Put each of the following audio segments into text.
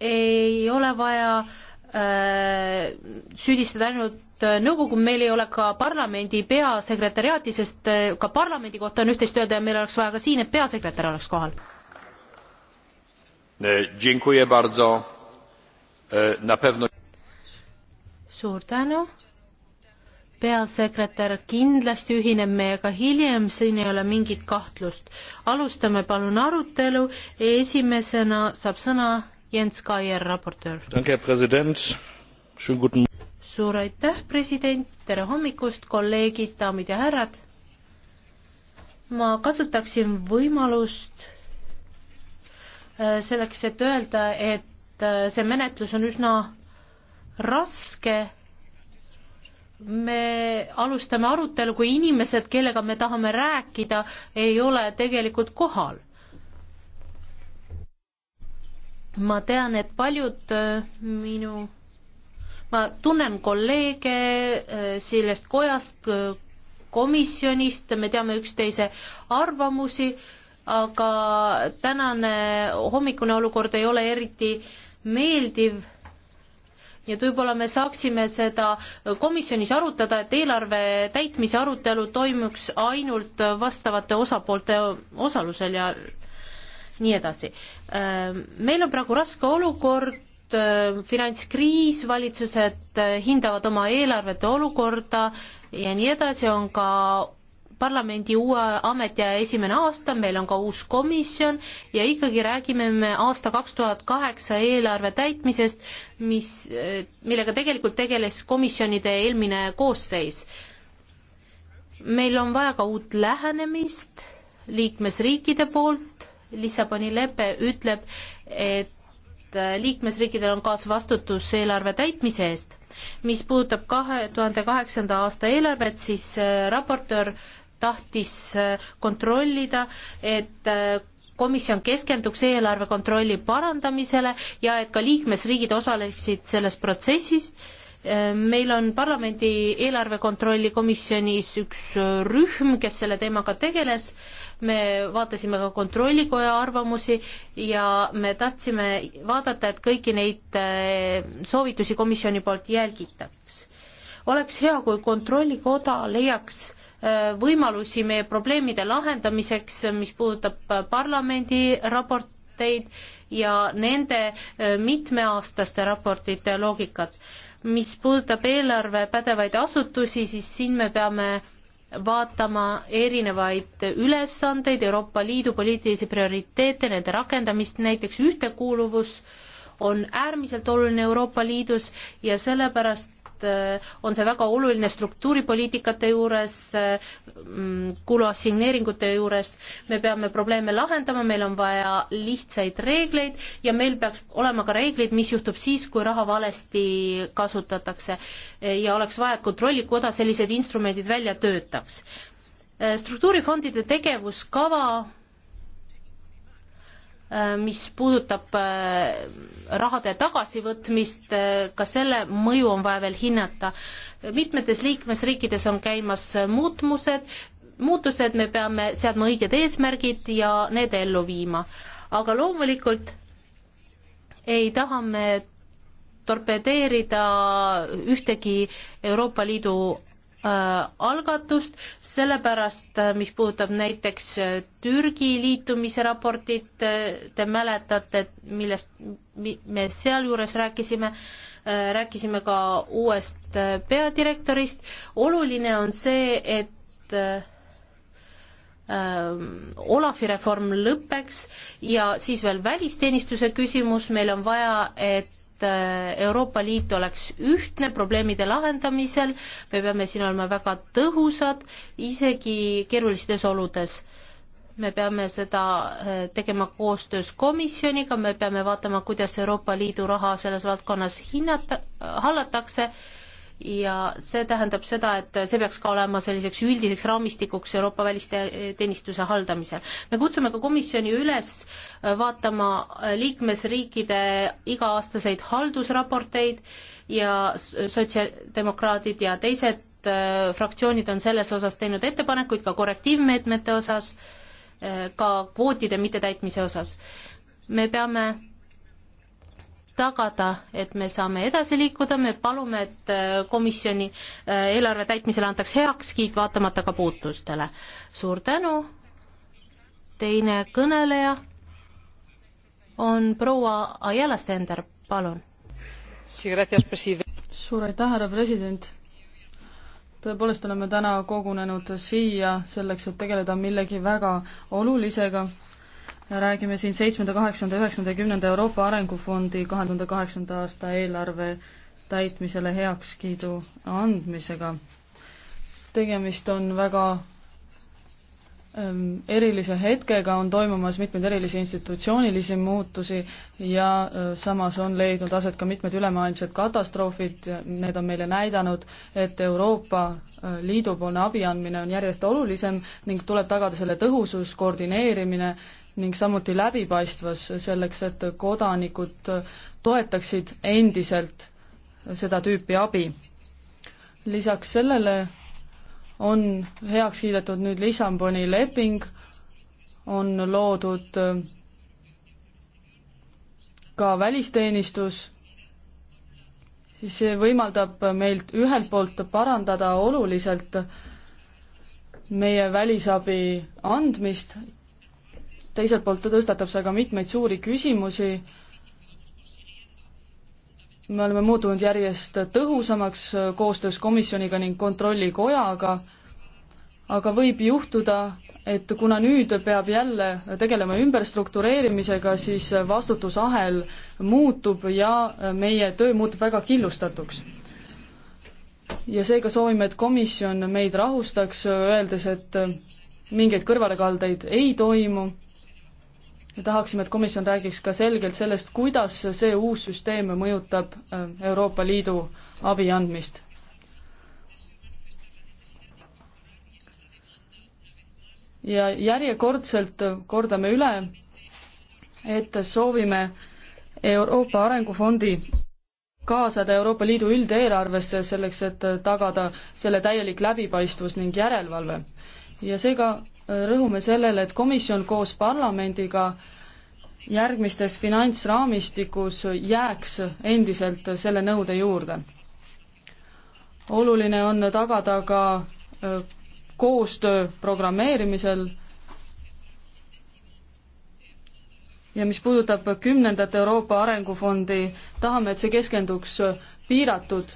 ei ole vaja äh, süüdistada ainult äh, nõukogu, meil ei ole ka parlamendi peasekretäriaati, sest äh, ka parlamendi kohta on üht-teist öelda ja meil oleks vaja ka siin, et peasekretär oleks kohal. Äh, suur tänu peasekretär kindlasti ühineb meiega hiljem, siin ei ole mingit kahtlust. alustame palun arutelu, esimesena saab sõna Jens Kaier, raportöör. suur aitäh, president, tere hommikust, kolleegid, daamid ja härrad. ma kasutaksin võimalust äh, selleks, et öelda, et äh, see menetlus on üsna raske. me alustame arutelu, kui inimesed, kellega me tahame rääkida, ei ole tegelikult kohal ma tean, et paljud äh, minu, ma tunnen kolleege äh, sellest kojast, äh, komisjonist, me teame üksteise arvamusi, aga tänane hommikune olukord ei ole eriti meeldiv nii et võib-olla me saaksime seda komisjonis arutada, et eelarve täitmise arutelu toimuks ainult vastavate osapoolte osalusel ja nii edasi. Äh, meil on praegu raske olukord, äh, finantskriis, valitsused äh, hindavad oma eelarvete olukorda ja nii edasi, on ka parlamendi uue ametiaja esimene aasta, meil on ka uus komisjon ja ikkagi räägime me aasta kaks tuhat kaheksa eelarve täitmisest, mis, millega tegelikult tegeles komisjonide eelmine koosseis. meil on vaja ka uut lähenemist liikmesriikide poolt, Lissaboni lepe ütleb, et äh, liikmesriikidel on kaasvastutus eelarve täitmise eest. mis puudutab kahe tuhande kaheksanda aasta eelarvet, siis äh, raportöör tahtis äh, kontrollida, et komisjon keskenduks eelarve kontrolli parandamisele ja et ka liikmesriigid osaleksid selles protsessis. meil on parlamendi eelarve kontrolli komisjonis üks rühm, kes selle teemaga tegeles me vaatasime ka Kontrollikoja arvamusi ja me tahtsime vaadata, et kõiki neid eh, soovitusi komisjoni poolt jälgitaks. oleks hea, kui Kontrollikoda leiaks eh, võimalusi meie probleemide lahendamiseks, mis puudutab eh, parlamendi raporteid ja nende mitmeaastaste raportite loogikat. mis puudutab eelarve pädevaid asutusi, siis siin me peame vaatama erinevaid ülesandeid, Euroopa Liidu poliitilisi prioriteete, nende rakendamist, näiteks ühtekuuluvus on äärmiselt oluline Euroopa Liidus ja sellepärast Äh, on see väga oluline struktuuripoliitikate juures, mm, kuluassigneeringute juures, me peame probleeme lahendama, meil on vaja lihtsaid reegleid ja meil peaks olema ka reeglid, mis juhtub siis, kui raha valesti kasutatakse. Äh, ja oleks vaja, et Kontrollikoda sellised instrumendid välja töötaks. Äh, struktuurifondide tegevuskava Äh, mis puudutab äh, rahade tagasivõtmist, äh, ka selle mõju on vaja veel hinnata. mitmetes liikmesriikides on käimas muutmused, muutused, me peame seadma õiged eesmärgid ja need ellu viima. aga loomulikult ei taha me torpedeerida ühtegi Euroopa Liidu Äh, algatust, sellepärast äh, mis puudutab näiteks äh, Türgi liitumise raportit, te mäletate, millest me sealjuures rääkisime, rääkisime ka uuest peadirektorist, oluline on see, et ähm, Olafi reform lõpeks ja siis veel välisteenistuse küsimus, meil on vaja, et et äh, Euroopa Liit oleks ühtne probleemide lahendamisel, me peame siin olema väga tõhusad, isegi keerulistes oludes. me peame seda äh, tegema koostöös komisjoniga, me peame vaatama, kuidas Euroopa Liidu raha selles valdkonnas hinnata, äh, hallatakse ja see tähendab seda, et see peaks ka olema selliseks üldiseks raamistikuks Euroopa välisteenistuse haldamisel. me kutsume ka komisjoni üles äh, vaatama äh, liikmesriikide iga-aastaseid haldusraporteid ja sotsiaaldemokraadid ja teised äh, fraktsioonid on selles osas teinud ettepanekuid ka korrektiivmeetmete osas, ka kvootide mittetäitmise osas. me peame tagada, et me saame edasi liikuda, me palume, et äh, komisjoni äh, eelarve täitmisele antaks heakskiit, vaatamata ka puutustele. suur tänu, teine kõneleja on proua Ayala Sender, palun. suur aitäh, härra president! tõepoolest oleme täna kogunenud siia selleks, et tegeleda millegi väga olulisega räägime siin seitsmenda, kaheksanda, üheksanda ja kümnenda Euroopa Arengufondi kahe tuhande kaheksanda aasta eelarve täitmisele heakskiidu andmisega. tegemist on väga ähm, erilise hetkega, on toimumas mitmeid erilisi institutsioonilisi muutusi ja äh, samas on leidnud aset ka mitmed ülemaailmsed katastroofid, need on meile näidanud, et Euroopa äh, Liidu poolne abi andmine on järjest olulisem ning tuleb tagada selle tõhusus, koordineerimine äh, ning samuti läbipaistvus selleks, et kodanikud toetaksid endiselt seda tüüpi abi. lisaks sellele on heaks kiidetud nüüd Lissaboni leping, on loodud ka välisteenistus, siis see võimaldab meilt ühelt poolt parandada oluliselt meie välisabi andmist teiselt poolt tõstatab see aga mitmeid suuri küsimusi, me oleme muutunud järjest tõhusamaks koostöös komisjoniga ning kontrollikojaga, aga võib juhtuda, et kuna nüüd peab jälle tegelema ümberstruktureerimisega, siis vastutusahel muutub ja meie töö muutub väga killustatuks. ja seega soovime, et komisjon meid rahustaks, öeldes, et mingeid kõrvalekaldeid ei toimu ja tahaksime, et komisjon räägiks ka selgelt sellest, kuidas see uus süsteem mõjutab äh, Euroopa Liidu abi andmist. ja järjekordselt kordame üle, et soovime Euroopa Arengufondi kaasada Euroopa Liidu üldeelarvesse selleks, et tagada selle täielik läbipaistvus ning järelevalve. ja seega rõhume sellele, et komisjon koos parlamendiga järgmistes finantsraamistikus jääks endiselt selle nõude juurde. oluline on tagada ka koostöö programmeerimisel ja mis puudutab kümnendat Euroopa Arengufondi, tahame, et see keskenduks piiratud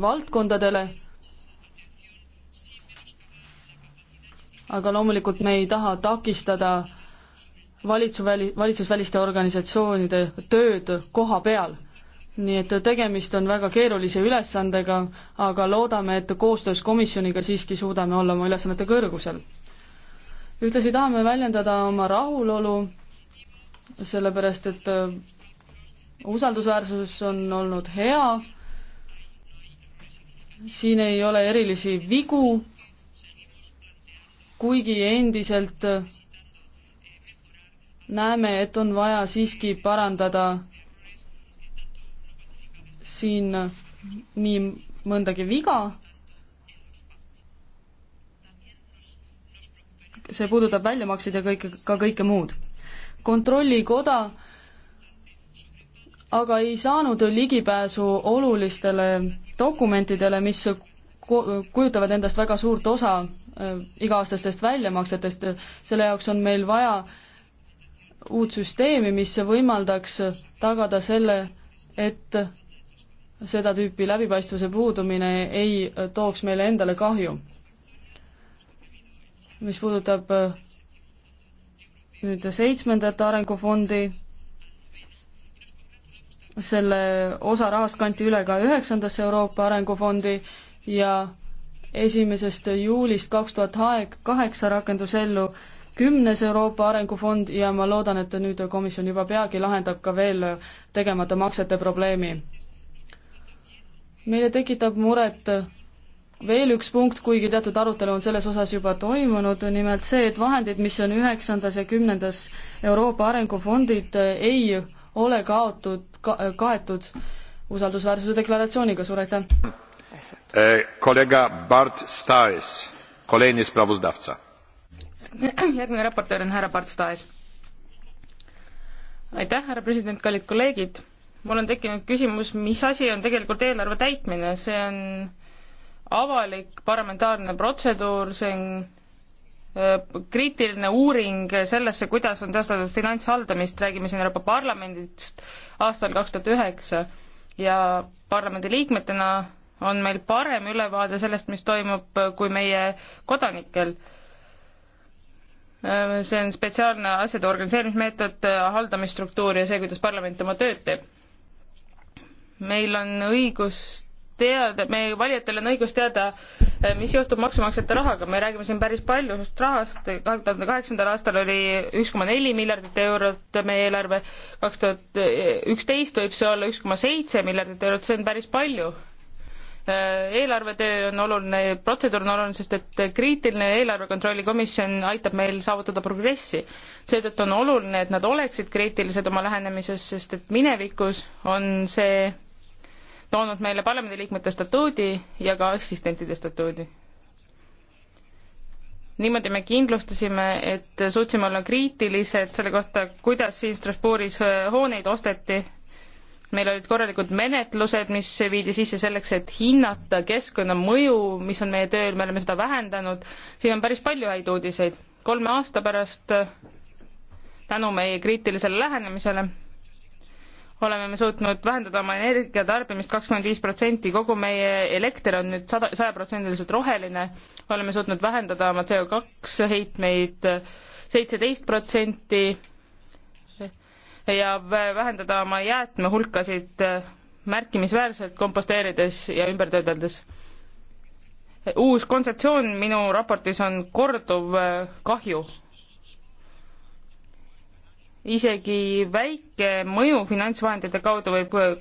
valdkondadele aga loomulikult me ei taha takistada valitsuväli, valitsusväliste organisatsioonide tööd koha peal. nii et tegemist on väga keerulise ülesandega, aga loodame, et koostöös komisjoniga siiski suudame olla oma ülesannete kõrgusel. ühtlasi tahame väljendada oma rahulolu, sellepärast et usaldusväärsus on olnud hea, siin ei ole erilisi vigu kuigi endiselt näeme, et on vaja siiski parandada siin nii mõndagi viga. see puudutab väljamakseid ja kõike, ka kõike muud. kontrollikoda aga ei saanud ligipääsu olulistele dokumentidele, mis kujutavad endast väga suurt osa äh, iga-aastastest väljamaksetest, selle jaoks on meil vaja uut süsteemi, mis võimaldaks tagada selle, et seda tüüpi läbipaistvuse puudumine ei tooks meile endale kahju. mis puudutab äh, nüüd seitsmendat arengufondi, selle osa rahast kanti üle ka üheksandasse Euroopa Arengufondi ja esimesest juulist kaks tuhat kaheksa rakendus ellu kümnes Euroopa Arengufond ja ma loodan, et nüüd komisjon juba peagi lahendab ka veel tegemata maksete probleemi. meile tekitab muret veel üks punkt, kuigi teatud arutelu on selles osas juba toimunud, nimelt see, et vahendid, mis on üheksandas ja kümnendas Euroopa Arengufondid, ei ole kaotud ka,, kaetud usaldusväärsuse deklaratsiooniga, suur aitäh! E, kolleeg Bart Stais, kolejne sprawozdawca. järgmine raportöör on härra Bart Stais. aitäh, härra president, kallid kolleegid. mul on tekkinud küsimus, mis asi on tegelikult eelarve täitmine, see on avalik parlamentaarne protseduur, see on e, kriitiline uuring sellesse, kuidas on tõstatud finantshaldamist, räägime siin Euroopa Parlamendist aastal kaks tuhat üheksa ja parlamendi liikmetena on meil parem ülevaade sellest, mis toimub, äh, kui meie kodanikel. Äh, see on spetsiaalne asjade organiseerimismeetod, äh, haldamisstruktuur ja see, kuidas parlament oma tööd teeb. meil on õigus teada, meie valijatel on õigus teada, mis juhtub maksumaksjate rahaga, me räägime siin päris palju rahast, kahe tuhande kaheksandal aastal oli üks koma neli miljardit eurot meie eelarve, kaks tuhat üksteist võib see olla üks koma seitse miljardit eurot, see on päris palju Äh, eelarvetöö on oluline, protseduur on oluline, sest et kriitiline eelarve kontrolli komisjon aitab meil saavutada progressi. seetõttu on oluline, et nad oleksid kriitilised oma lähenemises, sest et minevikus on see toonud meile parlamendiliikmete statuudi ja ka assistentide statuudi. niimoodi me kindlustasime, et suutsime olla kriitilised selle kohta, kuidas siin Strasbourgis hooneid osteti meil olid korralikud menetlused, mis viidi sisse selleks, et hinnata keskkonnamõju, mis on meie tööl, me oleme seda vähendanud, siin on päris palju häid uudiseid. kolme aasta pärast äh, tänu meie kriitilisele lähenemisele oleme me suutnud vähendada oma energiatarbimist kakskümmend viis protsenti, kogu meie elekter on nüüd sada, sajaprotsendiliselt roheline, oleme suutnud vähendada oma CO2 heitmeid äh, seitseteist protsenti ja vähendada oma jäätmehulkasid äh, märkimisväärselt komposteerides ja ümber töödeldes. uus kontseptsioon minu raportis on korduv äh, kahju. isegi väike mõju finantsvahendite kaudu võib äh,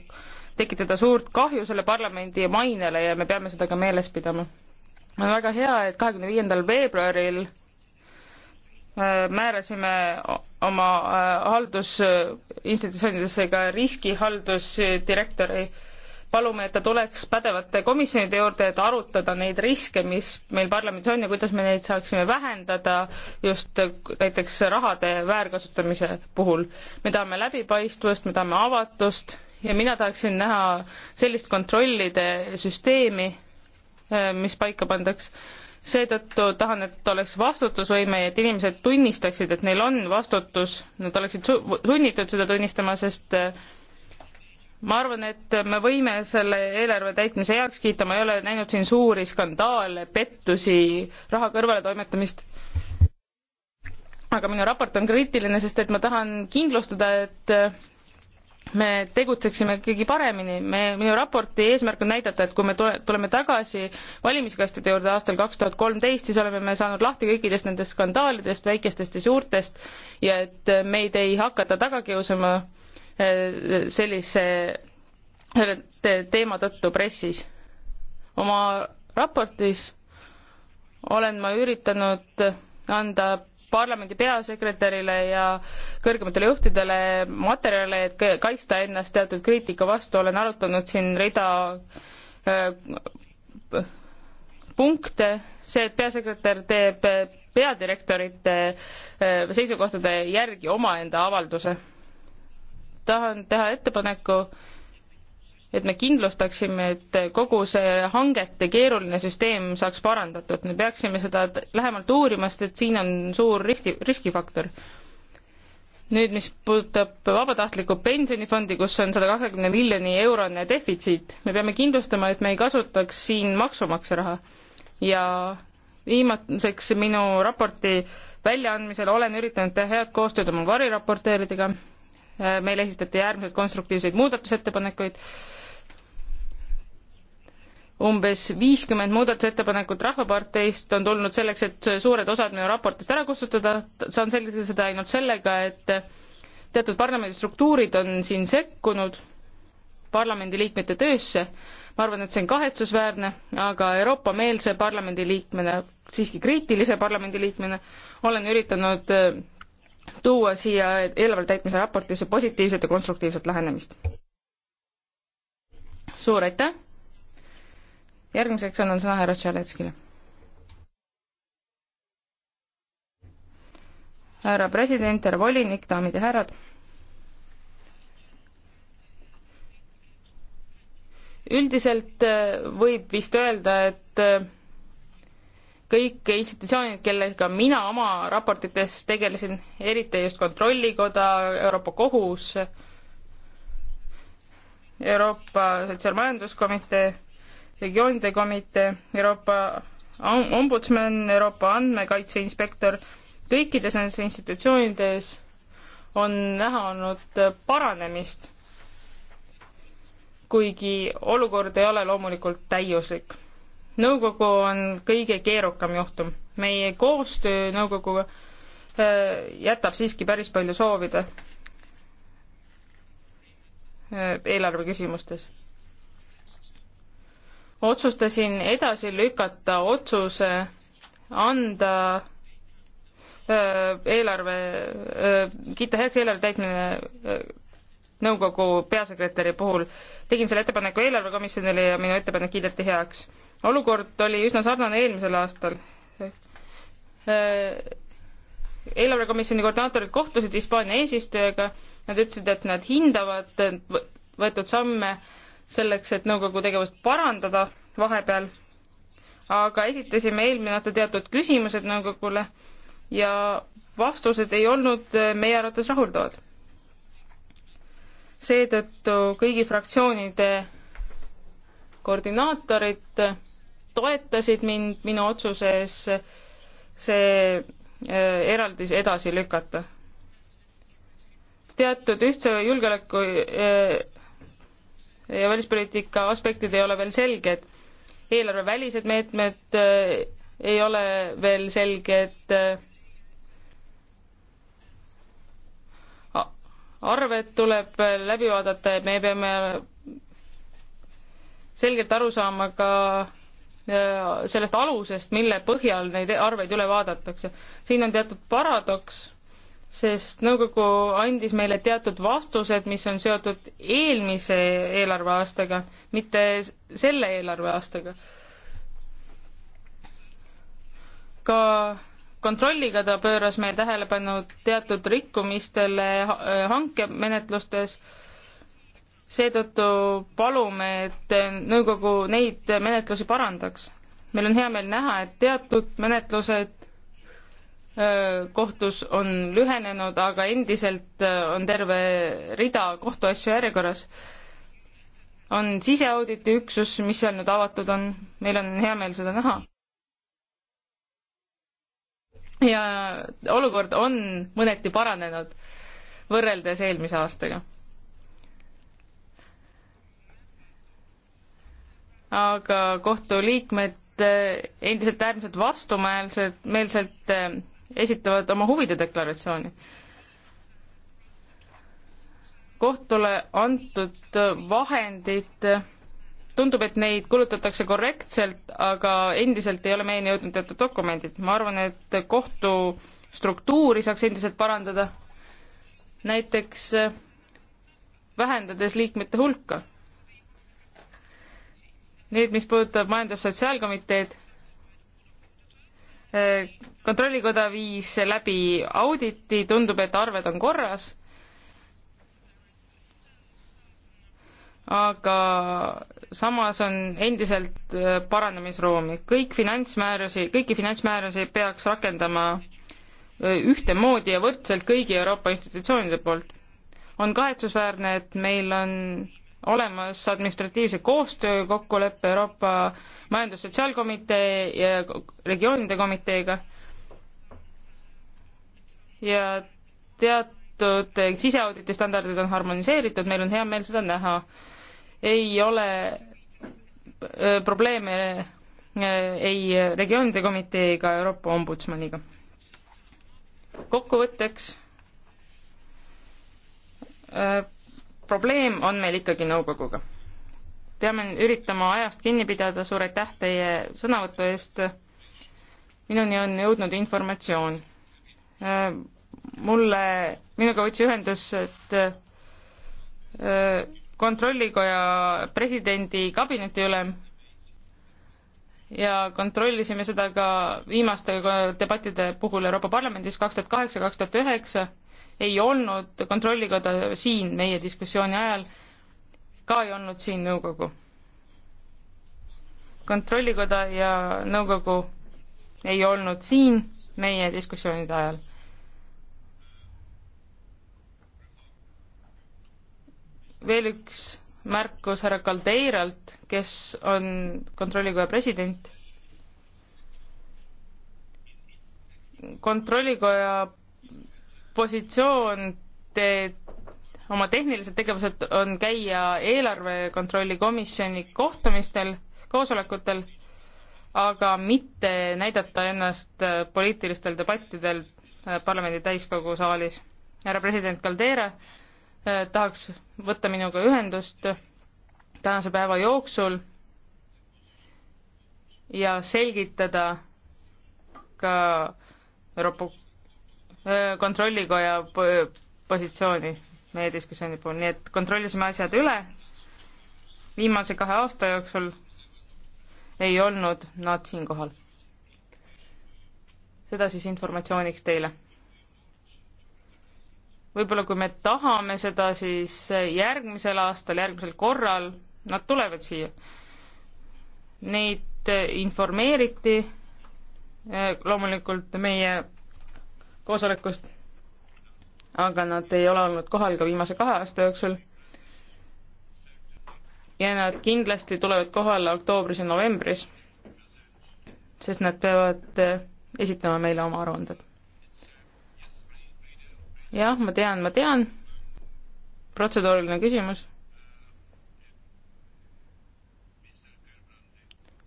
tekitada suurt kahju selle parlamendi mainele ja me peame seda ka meeles pidama. on väga hea, et kahekümne viiendal veebruaril määrasime oma äh, haldusinstitutsioonidesse ka riskihaldusdirektori. palume, et ta tuleks pädevate komisjonide juurde, et arutada neid riske, mis meil parlamendis on ja kuidas me neid saaksime vähendada just näiteks rahade väärkasutamise puhul. me tahame läbipaistvust, me tahame avatust ja mina tahaksin näha sellist kontrollide süsteemi, äh, mis paika pandaks seetõttu tahan, et oleks vastutusvõime ja et inimesed tunnistaksid, et neil on vastutus, nad oleksid su-, sunnitud seda tunnistama, sest eh, ma arvan, et me võime selle eelarve täitmise heaks kiita, ma ei ole näinud siin suuri skandaale, pettusi, raha kõrvaletoimetamist, aga minu raport on kriitiline, sest et ma tahan kindlustada, et me tegutseksime ikkagi paremini, me, minu raporti eesmärk on näidata, et kui me tule, tuleme tagasi valimiskastide juurde aastal kaks tuhat kolmteist, siis oleme me saanud lahti kõikidest nendest skandaalidest, väikestest ja suurtest, ja et meid ei hakata taga kiusama eh, sellise teema tõttu pressis. oma raportis olen ma üritanud anda parlamendi peasekretärile ja kõrgematele juhtidele materjale, et kaitsta ennast teatud kriitika vastu, olen arutanud siin rida äh, punkte, see, et peasekretär teeb peadirektorite äh, seisukohtade järgi omaenda avalduse. tahan teha ettepaneku äh, et me kindlustaksime, et kogu see hangete keeruline süsteem saaks parandatud, me peaksime seda lähemalt uurima, sest et siin on suur riski, riskifaktor. nüüd, mis puudutab vabatahtlikku pensionifondi, kus on sada kahekümne miljoni eurone defitsiit, me peame kindlustama, et me ei kasutaks siin maksumaksja raha. ja viimaseks minu raporti väljaandmisel olen üritanud teha head koostööd oma variraportööridega, äh, meile esitati äärmiselt konstruktiivseid muudatusettepanekuid, umbes viiskümmend muudatusettepanekut Rahvaparteist on tulnud selleks, et suured osad minu raportist ära kustutada, saan selgitada seda ainult sellega, et teatud parlamendistruktuurid on siin sekkunud parlamendiliikmete töösse, ma arvan, et see on kahetsusväärne, aga Euroopa-meelse parlamendiliikmena, siiski kriitilise parlamendiliikmena olen üritanud äh, tuua siia eelarve täitmise raportisse positiivset ja konstruktiivset lähenemist. suur aitäh! järgmiseks annan sõna härra Tšaletskile. härra president, härra volinik, daamid ja härrad. üldiselt äh, võib vist öelda, et äh, kõik institutsioonid, kellega mina oma raportites tegelesin, eriti just Kontrollikoda, Euroopa Kohus, Euroopa Sotsiaalmajanduskomitee, regioonide komitee, Euroopa ombudsman, Euroopa andmekaitseinspektor, kõikides nendes institutsioonides on näha olnud paranemist, kuigi olukord ei ole loomulikult täiuslik. nõukogu on kõige keerukam juhtum. meie koostöö nõukoguga äh, jätab siiski päris palju soovida äh, eelarve küsimustes otsustasin edasi lükata otsuse anda eelarve, kiita heaks eelarve täitmine nõukogu peasekretäri puhul. tegin selle ettepaneku eelarvekomisjonile ja minu ettepanek kiideti heaks. olukord oli üsna sarnane eelmisel aastal. eelarvekomisjoni koordinaatorid kohtusid Hispaania eesistujaga, nad ütlesid, et nad hindavad võetud samme selleks, et nõukogu tegevust parandada vahepeal, aga esitasime eelmine aasta teatud küsimused nõukogule ja vastused ei olnud äh, meie arvates rahuldavad. seetõttu kõigi fraktsioonide koordinaatorid toetasid mind minu otsuses see äh, eraldis edasi lükata. teatud ühtse julgeoleku äh, ja välispoliitika aspektid ei ole veel selged. eelarvevälised meetmed äh, ei ole veel selged. Äh, arved tuleb läbi vaadata ja me peame selgelt aru saama ka äh, sellest alusest, mille põhjal neid arveid üle vaadatakse. siin on teatud paradoks sest nõukogu andis meile teatud vastused, mis on seotud eelmise eelarveaastaga, mitte selle eelarveaastaga. ka kontrolliga ta pööras meie tähelepanu teatud rikkumistele hankemenetlustes, seetõttu palume, et nõukogu neid menetlusi parandaks. meil on hea meel näha, et teatud menetlused kohtus on lühenenud, aga endiselt on terve rida kohtuasju järjekorras. on siseauditi üksus, mis seal nüüd avatud on, meil on hea meel seda näha. ja olukord on mõneti paranenud võrreldes eelmise aastaga. aga kohtu liikmed endiselt äärmiselt vastumeelselt, meelselt esitavad oma huvide deklaratsiooni. kohtule antud vahendid, tundub, et neid kulutatakse korrektselt, aga endiselt ei ole meieni jõudnud teatud dokumendid. ma arvan, et kohtu struktuuri saaks endiselt parandada, näiteks vähendades liikmete hulka. nüüd, mis puudutab Majandus- ja Sotsiaalkomiteed kontrollikoda viis läbi auditi, tundub, et arved on korras. aga samas on endiselt äh, paranemisruumi, kõik finantsmäärusi, kõiki finantsmäärusi peaks rakendama äh, ühtemoodi ja võrdselt kõigi Euroopa institutsioonide poolt. on kahetsusväärne, et meil on olemas administratiivse koostöö kokkulepe Euroopa äh, majandus-sotsiaalkomitee ja regioonide komiteega ja teatud siseauditi standardid on harmoniseeritud, meil on hea meel seda näha. ei ole äh, probleeme äh, ei regioonide komitee ega Euroopa ombudsmaniga. kokkuvõtteks äh, probleem on meil ikkagi nõukoguga peame üritama ajast kinni pidada, suur aitäh teie sõnavõtu eest. minuni on jõudnud informatsioon. Äh, mulle, minuga võttis ühendus, et äh, kontrollikoja presidendi kabinetiülem ja kontrollisime seda ka viimaste debattide puhul Euroopa Parlamendis kaks tuhat kaheksa, kaks tuhat üheksa, ei olnud kontrollikoda siin meie diskussiooni ajal ka ei olnud siin nõukogu. kontrollikoda ja nõukogu ei olnud siin meie diskussioonide ajal. veel üks märkus härra Caldeiralt, kes on kontrollikoja president. kontrollikoja positsioon te oma tehnilised tegevused on käia eelarve kontrolli komisjoni kohtumistel, koosolekutel, aga mitte näidata ennast äh, poliitilistel debattidel äh, parlamendi täiskogu saalis. härra president Caldera äh, tahaks võtta minuga ühendust tänase päeva jooksul ja selgitada ka Euroopa Kontrollikoja positsiooni meie diskussiooni puhul, nii et kontrollisime asjad üle. viimase kahe aasta jooksul ei olnud nad siinkohal. seda siis informatsiooniks teile. võib-olla kui me tahame seda, siis järgmisel aastal, järgmisel korral nad tulevad siia. Neid informeeriti eh, loomulikult meie koosolekust aga nad ei ole olnud kohal ka viimase kahe aasta jooksul. ja nad kindlasti tulevad kohale oktoobris ja novembris, sest nad peavad eh, esitama meile oma aruanded. jah, ma tean, ma tean, protseduuriline küsimus.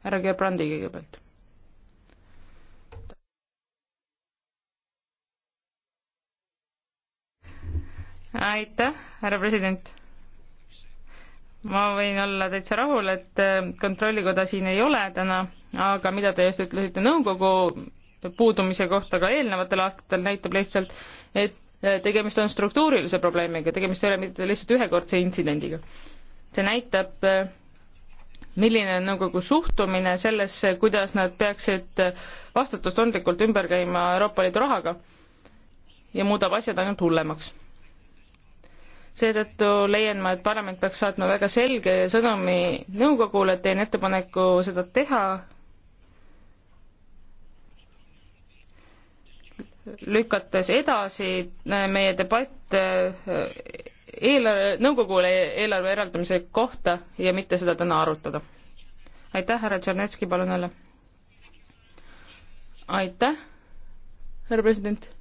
härra Gerbrandi kõigepealt aitäh, härra president. ma võin olla täitsa rahul, et äh, kontrollikoda siin ei ole täna, aga mida te just ütlesite nõukogu puudumise kohta ka eelnevatel aastatel, näitab lihtsalt, et äh, tegemist on struktuurilise probleemiga, tegemist ei ole mitte lihtsalt ühekordse intsidendiga. see näitab, äh, milline on nõukogu suhtumine sellesse, kuidas nad peaksid vastutustundlikult ümber käima Euroopa Liidu rahaga ja muudab asjad ainult hullemaks seetõttu leian ma, et parlament peaks saatma väga selge sõnumi nõukogule, teen ettepaneku seda teha. lükates edasi äh, meie debatt äh, eelarve, nõukogule eelarve eraldamise kohta ja mitte seda täna arutada. aitäh, härra Tšernetski, palun jälle. aitäh, härra president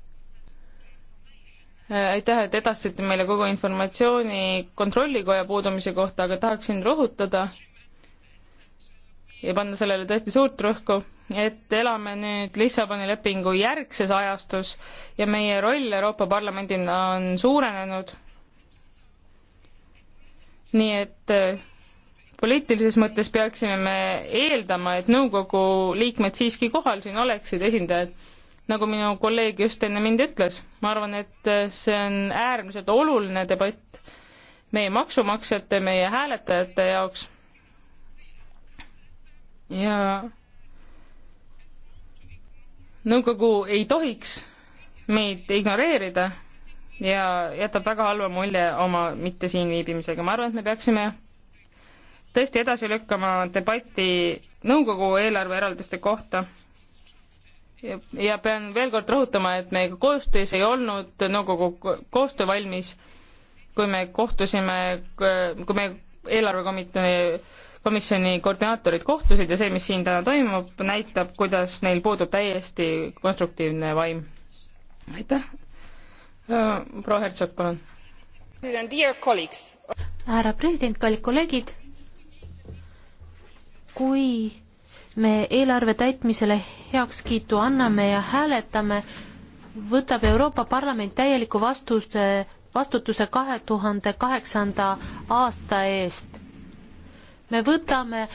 aitäh, et edastasite meile kogu informatsiooni kontrollikoja puudumise kohta, aga tahaksin rõhutada ja panna sellele tõesti suurt rõhku, et elame nüüd Lissaboni lepingu järgses ajastus ja meie roll Euroopa Parlamendina on suurenenud. nii et eh, poliitilises mõttes peaksime me eeldama, et nõukogu liikmed siiski kohal siin oleksid, esindajad nagu minu kolleeg just enne mind ütles, ma arvan, et äh, see on äärmiselt oluline debatt meie maksumaksjate, meie hääletajate jaoks. ja nõukogu ei tohiks meid ignoreerida ja jätab väga halva mulje oma mitte siin viibimisega. ma arvan, et me peaksime tõesti edasi lükkama debatti nõukogu eelarveeraldiste kohta ja pean veel kord rõhutama, et meie koostöös ei olnud nõukogu koostöö valmis, kui me kohtusime, kui me eelarvekomitee komisjoni koordinaatorid kohtusid ja see, mis siin täna toimub, näitab, kuidas neil puudub täiesti konstruktiivne vaim. aitäh. proua Hertsog, palun. härra president, kallid kolleegid, kui me eelarve täitmisele heakskiitu anname ja hääletame, võtab Euroopa Parlament täieliku vastuse, vastutuse kahe tuhande kaheksanda aasta eest. me võtame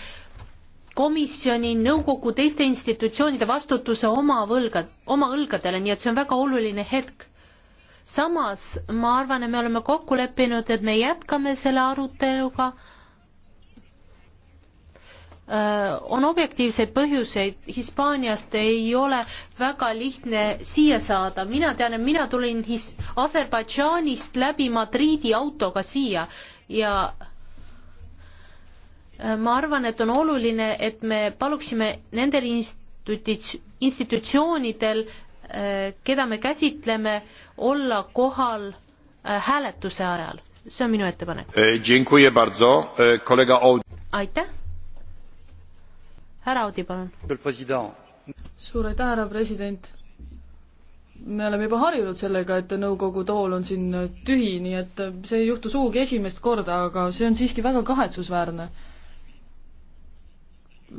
komisjoni, nõukogu, teiste institutsioonide vastutuse oma võlga, oma õlgadele, nii et see on väga oluline hetk. samas ma arvan, et me oleme kokku leppinud, et me jätkame selle aruteluga Äh, on objektiivseid põhjuseid, Hispaaniast ei ole väga lihtne siia saada, mina tean, et mina tulin His-, Aserbaidžaanist läbi Madriidi autoga siia ja äh, ma arvan, et on oluline, et me paluksime nendel instituts-, institutsioonidel, äh, keda me käsitleme, olla kohal hääletuse ajal, see on minu ettepanek. aitäh härra Audi, palun. suur aitäh, härra president. me oleme juba harjunud sellega, et nõukogu tool on siin tühi, nii et see ei juhtu sugugi esimest korda, aga see on siiski väga kahetsusväärne.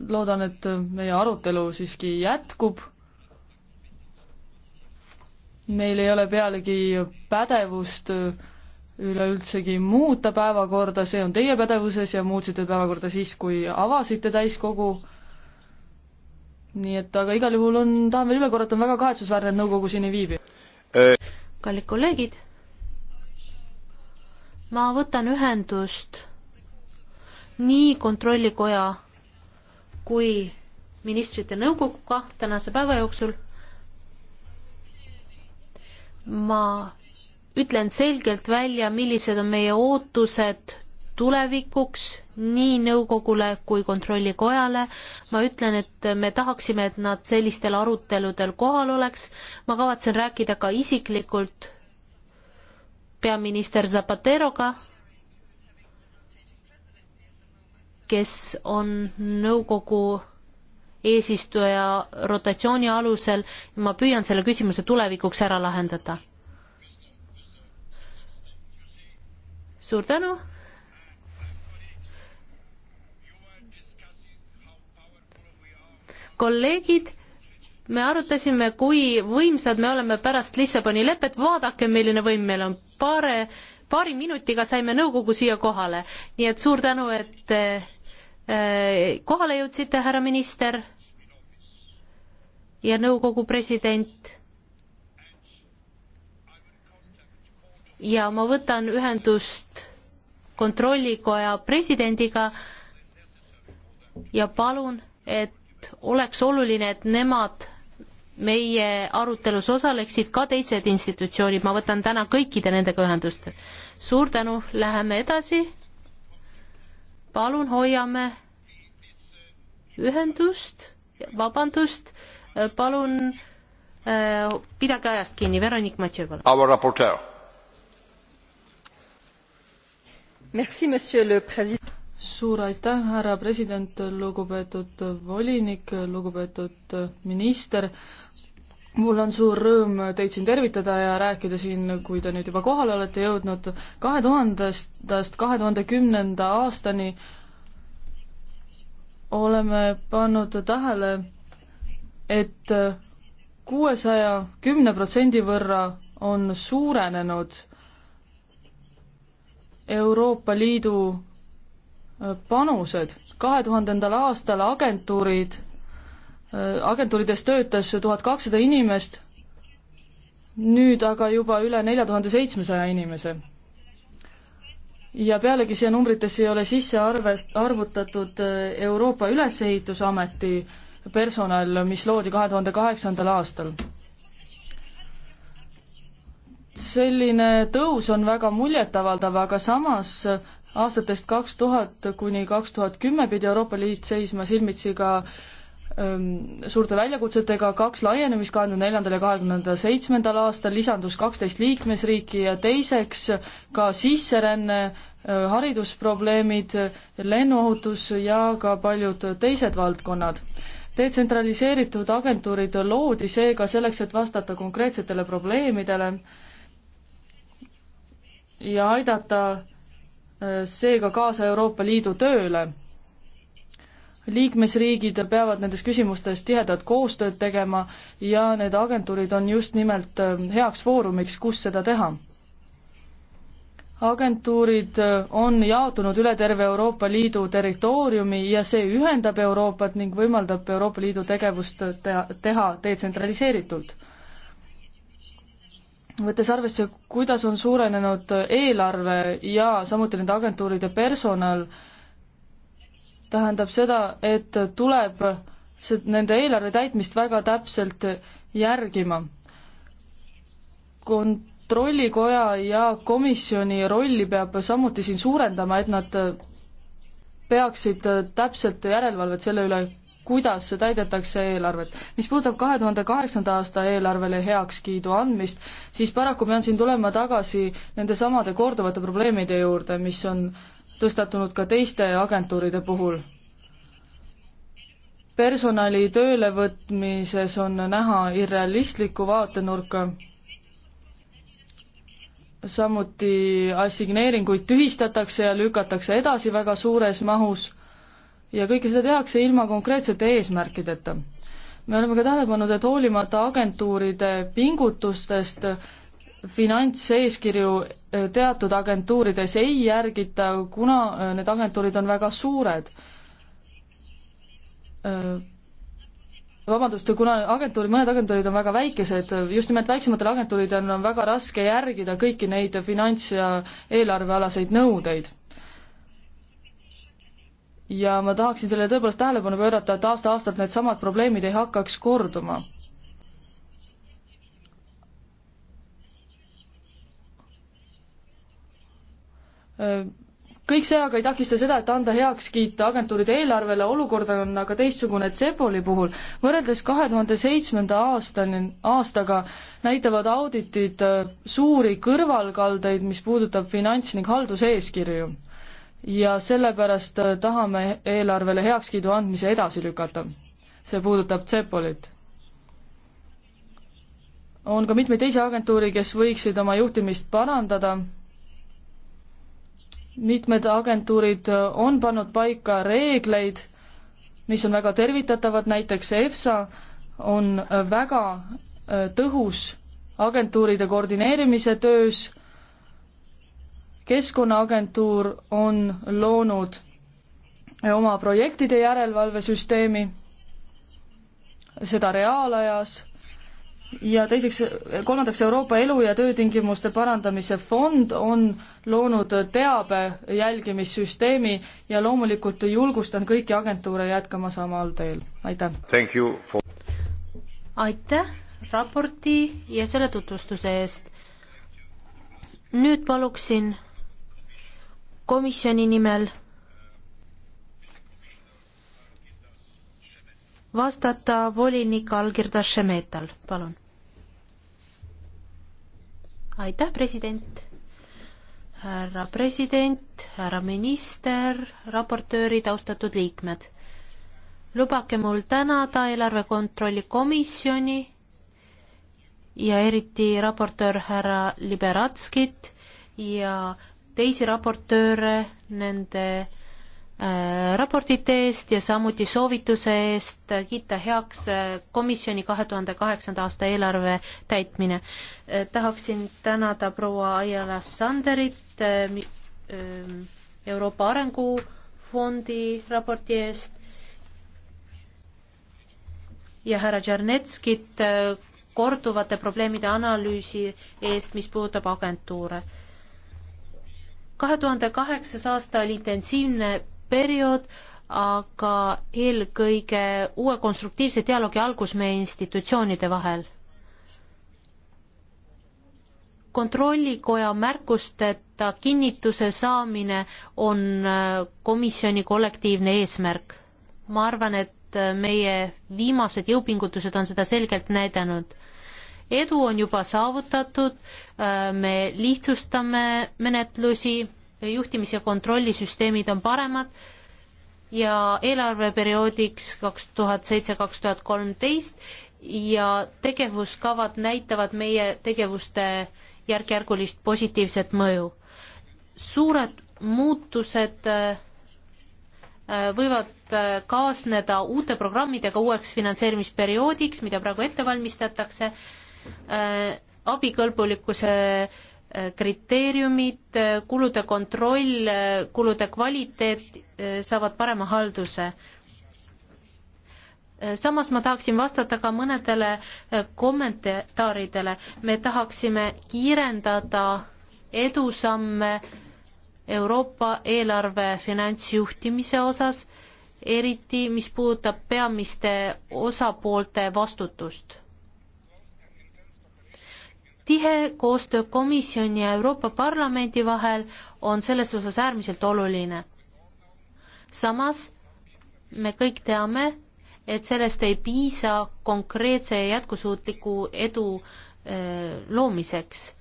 loodan, et meie arutelu siiski jätkub meil ei ole pealegi pädevust üleüldsegi muuta päevakorda, see on teie pädevuses ja muutsite päevakorda siis, kui avasite täiskogu nii et aga igal juhul on, tahan veel üle korrata, on väga kahetsusväärne, et nõukogu siin ei viibi. kallid kolleegid, ma võtan ühendust nii Kontrollikoja kui ministrite nõukoguga tänase päeva jooksul. ma ütlen selgelt välja, millised on meie ootused tulevikuks nii nõukogule kui kontrollikojale. ma ütlen, et me tahaksime, et nad sellistel aruteludel kohal oleks. ma kavatsen rääkida ka isiklikult peaminister Zapateroga, kes on nõukogu eesistuja rotatsiooni alusel ja ma püüan selle küsimuse tulevikuks ära lahendada. suur tänu kolleegid, me arutasime, kui võimsad me oleme pärast Lissaboni lepet, vaadake, milline võim meil on, paare, paari minutiga saime nõukogu siia kohale, nii et suur tänu, et äh, kohale jõudsite, härra minister ja nõukogu president. ja ma võtan ühendust kontrollikoja presidendiga ja palun, et et oleks oluline, et nemad meie arutelus osaleksid ka teised institutsioonid, ma võtan täna kõikide nendega ühendust. suur tänu, läheme edasi. palun hoiame ühendust, vabandust, palun äh, pidage ajast kinni, Veronik Matjõe, palun. Our raporteur. Merci, monsieur le president suur aitäh, härra president, lugupeetud volinik, lugupeetud minister. mul on suur rõõm teid siin tervitada ja rääkida siin, kui te nüüd juba kohale olete jõudnud, kahe tuhandestast kahe tuhande kümnenda aastani oleme pannud tähele et, et kuuesaja kümne protsendi võrra on suurenenud Euroopa Liidu panused. kahe tuhandendal aastal agentuurid, agentuurides töötas tuhat kakssada inimest, nüüd aga juba üle nelja tuhande seitsmesaja inimese. ja pealegi siia numbritesse ei ole sisse arvest-, arvutatud Euroopa Ülesehitusameti personal, mis loodi kahe tuhande kaheksandal aastal. selline tõus on väga muljetavaldav, aga samas aastatest kaks tuhat kuni kaks tuhat kümme pidi Euroopa Liit seisma silmitsi ka ähm, suurte väljakutsetega, kaks laienemist kahe tuhande neljandal ja kahekümnenda seitsmendal aastal, lisandus kaksteist liikmesriiki ja teiseks ka sisseränne äh,, haridusprobleemid, lennuohutus ja ka paljud teised valdkonnad detsentraliseeritud agentuurid loodi seega selleks, et vastata konkreetsetele probleemidele ja aidata seega kaasa Euroopa Liidu tööle. liikmesriigid peavad nendes küsimustes tihedat koostööd tegema ja need agentuurid on just nimelt äh, heaks foorumiks, kus seda teha. agentuurid äh, on jaotunud üle terve Euroopa Liidu territooriumi ja see ühendab Euroopat ning võimaldab Euroopa Liidu tegevust teha, teha detsentraliseeritult võttes arvesse, kuidas on suurenenud eelarve ja samuti nende agentuuride personal, tähendab seda, et tuleb nende eelarve täitmist väga täpselt järgima. kontrollikoja ja komisjoni rolli peab samuti siin suurendama, et nad peaksid täpselt järelevalvet selle üle, kuidas täidetakse eelarvet. mis puudutab kahe tuhande kaheksanda aasta eelarvele heakskiidu andmist, siis paraku pean siin tulema tagasi nendesamade korduvate probleemide juurde, mis on tõstatunud ka teiste agentuuride puhul. personali töölevõtmises on näha irrealistlikku vaatenurka, samuti assigneeringuid tühistatakse ja lükatakse edasi väga suures mahus ja kõike seda tehakse ilma konkreetsete eesmärkideta. me oleme ka tähele pannud, et hoolimata agentuuride pingutustest finantseeskirju eh, teatud agentuurides ei järgita, kuna eh, need agentuurid on väga suured. Eh, vabandust, kuna agentuurid, mõned agentuurid on väga väikesed, just nimelt väiksematel agentuuridel on väga raske järgida kõiki neid finants- ja eelarvealaseid nõudeid ja ma tahaksin sellele tõepoolest tähelepanu pöörata, et aasta-aastalt needsamad probleemid ei hakkaks korduma. kõik see aga ei takista seda, et anda heakskiit agentuuride eelarvele, olukord on aga teistsugune Tseboli puhul. võrreldes kahe tuhande seitsmenda aastani, aastaga näitavad auditid äh, suuri kõrvalkaldeid, mis puudutab finants- ning halduseeskirju ja sellepärast äh, tahame eelarvele heakskiidu andmise edasi lükata. see puudutab Cepolit. on ka mitmeid teisi agentuuri, kes võiksid oma juhtimist parandada, mitmed agentuurid äh, on pannud paika reegleid, mis on väga tervitatavad, näiteks EFSA on väga äh, tõhus agentuuride koordineerimise töös keskkonnaagentuur on loonud oma projektide järelevalvesüsteemi, seda reaalajas, ja teiseks, kolmandaks Euroopa elu- ja töötingimuste parandamise fond on loonud teabe jälgimissüsteemi ja loomulikult julgustan kõiki agentuure jätkama samal teel, aitäh! For... aitäh raporti ja selle tutvustuse eest! nüüd paluksin komisjoni nimel vastata volinik Algirdas Šemetal, palun. aitäh, president, härra president, härra minister, raportöörid, austatud liikmed. lubage mul tänada eelarve kontrolli komisjoni ja eriti raportöör härra Liberatskit ja äh, teisi raportööre nende äh, raportite eest ja samuti soovituse eest kiita heaks äh, komisjoni kahe tuhande kaheksanda aasta eelarve täitmine. Äh, tahaksin tänada proua Aijala Sanderit Euroopa Arengufondi raporti eest ja härra Tšernetskit korduvate probleemide analüüsi eest, mis puudutab agentuure kahe tuhande kaheksas aasta oli intensiivne periood, aga eelkõige uue konstruktiivse dialoogi algus meie institutsioonide vahel. kontrollikoja märkusteta kinnituse saamine on komisjoni kollektiivne eesmärk. ma arvan, et meie viimased jõupingutused on seda selgelt näidanud edu on juba saavutatud, äh, me lihtsustame menetlusi, juhtimis- ja kontrollisüsteemid on paremad ja eelarveperioodiks kaks tuhat seitse, kaks tuhat kolmteist ja tegevuskavad näitavad meie tegevuste järk-järgulist positiivset mõju. suured muutused äh, võivad äh, kaasneda uute programmidega uueks finantseerimisperioodiks, mida praegu ette valmistatakse Äh, abikõlbulikkuse äh, kriteeriumid, äh, kulude kontroll, kulude kvaliteet saavad parema halduse. samas ma tahaksin vastata ka mõnedele kommentaaridele. me tahaksime kiirendada edusamme Euroopa eelarve finantsjuhtimise osas, eriti mis puudutab peamiste osapoolte vastutust tihe koostöö komisjoni ja Euroopa Parlamendi vahel on selles osas äärmiselt oluline. samas me kõik teame, et sellest ei piisa konkreetse ja jätkusuutliku edu äh, loomiseks.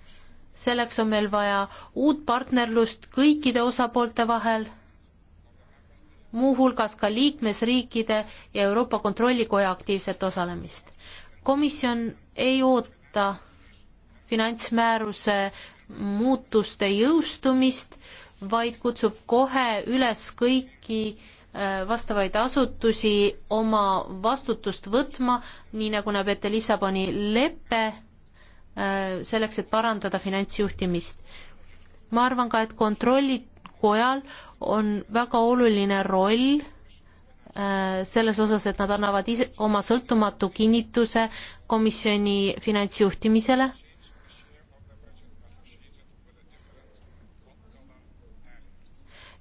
selleks on meil vaja uut partnerlust kõikide osapoolte vahel, muuhulgas ka liikmesriikide ja Euroopa Kontrollikoja aktiivset osalemist. komisjon ei oota finantsmääruse muutuste jõustumist, vaid kutsub kohe üles kõiki äh, vastavaid asutusi oma vastutust võtma, nii nagu näeb ette Lissaboni lepe, äh, selleks, et parandada finantsjuhtimist. ma arvan ka, et kontrollikojal on väga oluline roll äh, selles osas, et nad annavad ise oma sõltumatu kinnituse komisjoni finantsjuhtimisele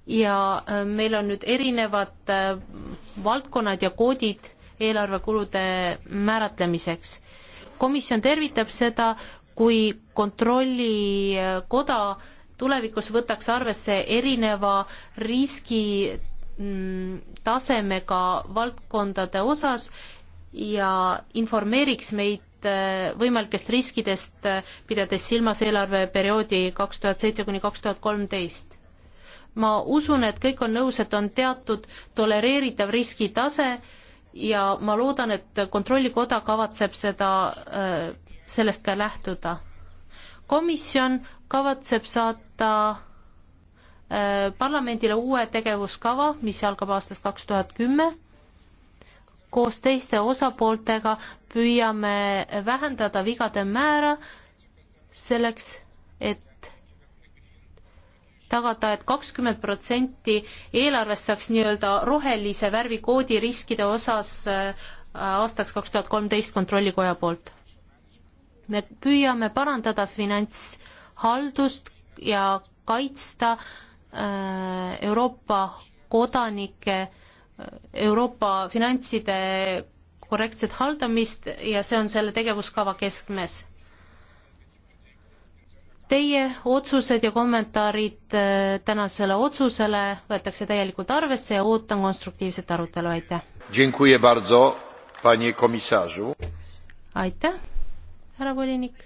ja äh, meil on nüüd erinevad äh, valdkonnad ja koodid eelarvekulude määratlemiseks. komisjon tervitab seda, kui kontrollikoda tulevikus võtaks arvesse erineva riski mm, tasemega valdkondade osas ja informeeriks meid äh, võimalikest riskidest, pidades silmas eelarveperioodi kaks tuhat seitse kuni kaks tuhat kolmteist ma usun, et kõik on nõus, et on teatud tolereeritav riskitase ja ma loodan, et Kontrollikoda kavatseb seda, äh, sellest ka lähtuda. komisjon kavatseb saata äh, parlamendile uue tegevuskava, mis algab aastast kaks tuhat kümme. koos teiste osapooltega püüame vähendada vigade määra selleks, et tagada et, et kakskümmend protsenti eelarvest saaks nii-öelda rohelise värvikoodi riskide osas äh, aastaks kaks tuhat kolmteist Kontrollikoja poolt. me püüame parandada finantshaldust ja kaitsta äh, Euroopa kodanike, äh, Euroopa finantside korrektset haldamist ja see on selle tegevuskava keskmes Teie otsused ja kommentaarid äh, tänasele otsusele võetakse täielikult arvesse ja ootan konstruktiivset arutelu, aitäh! aitäh, härra volinik!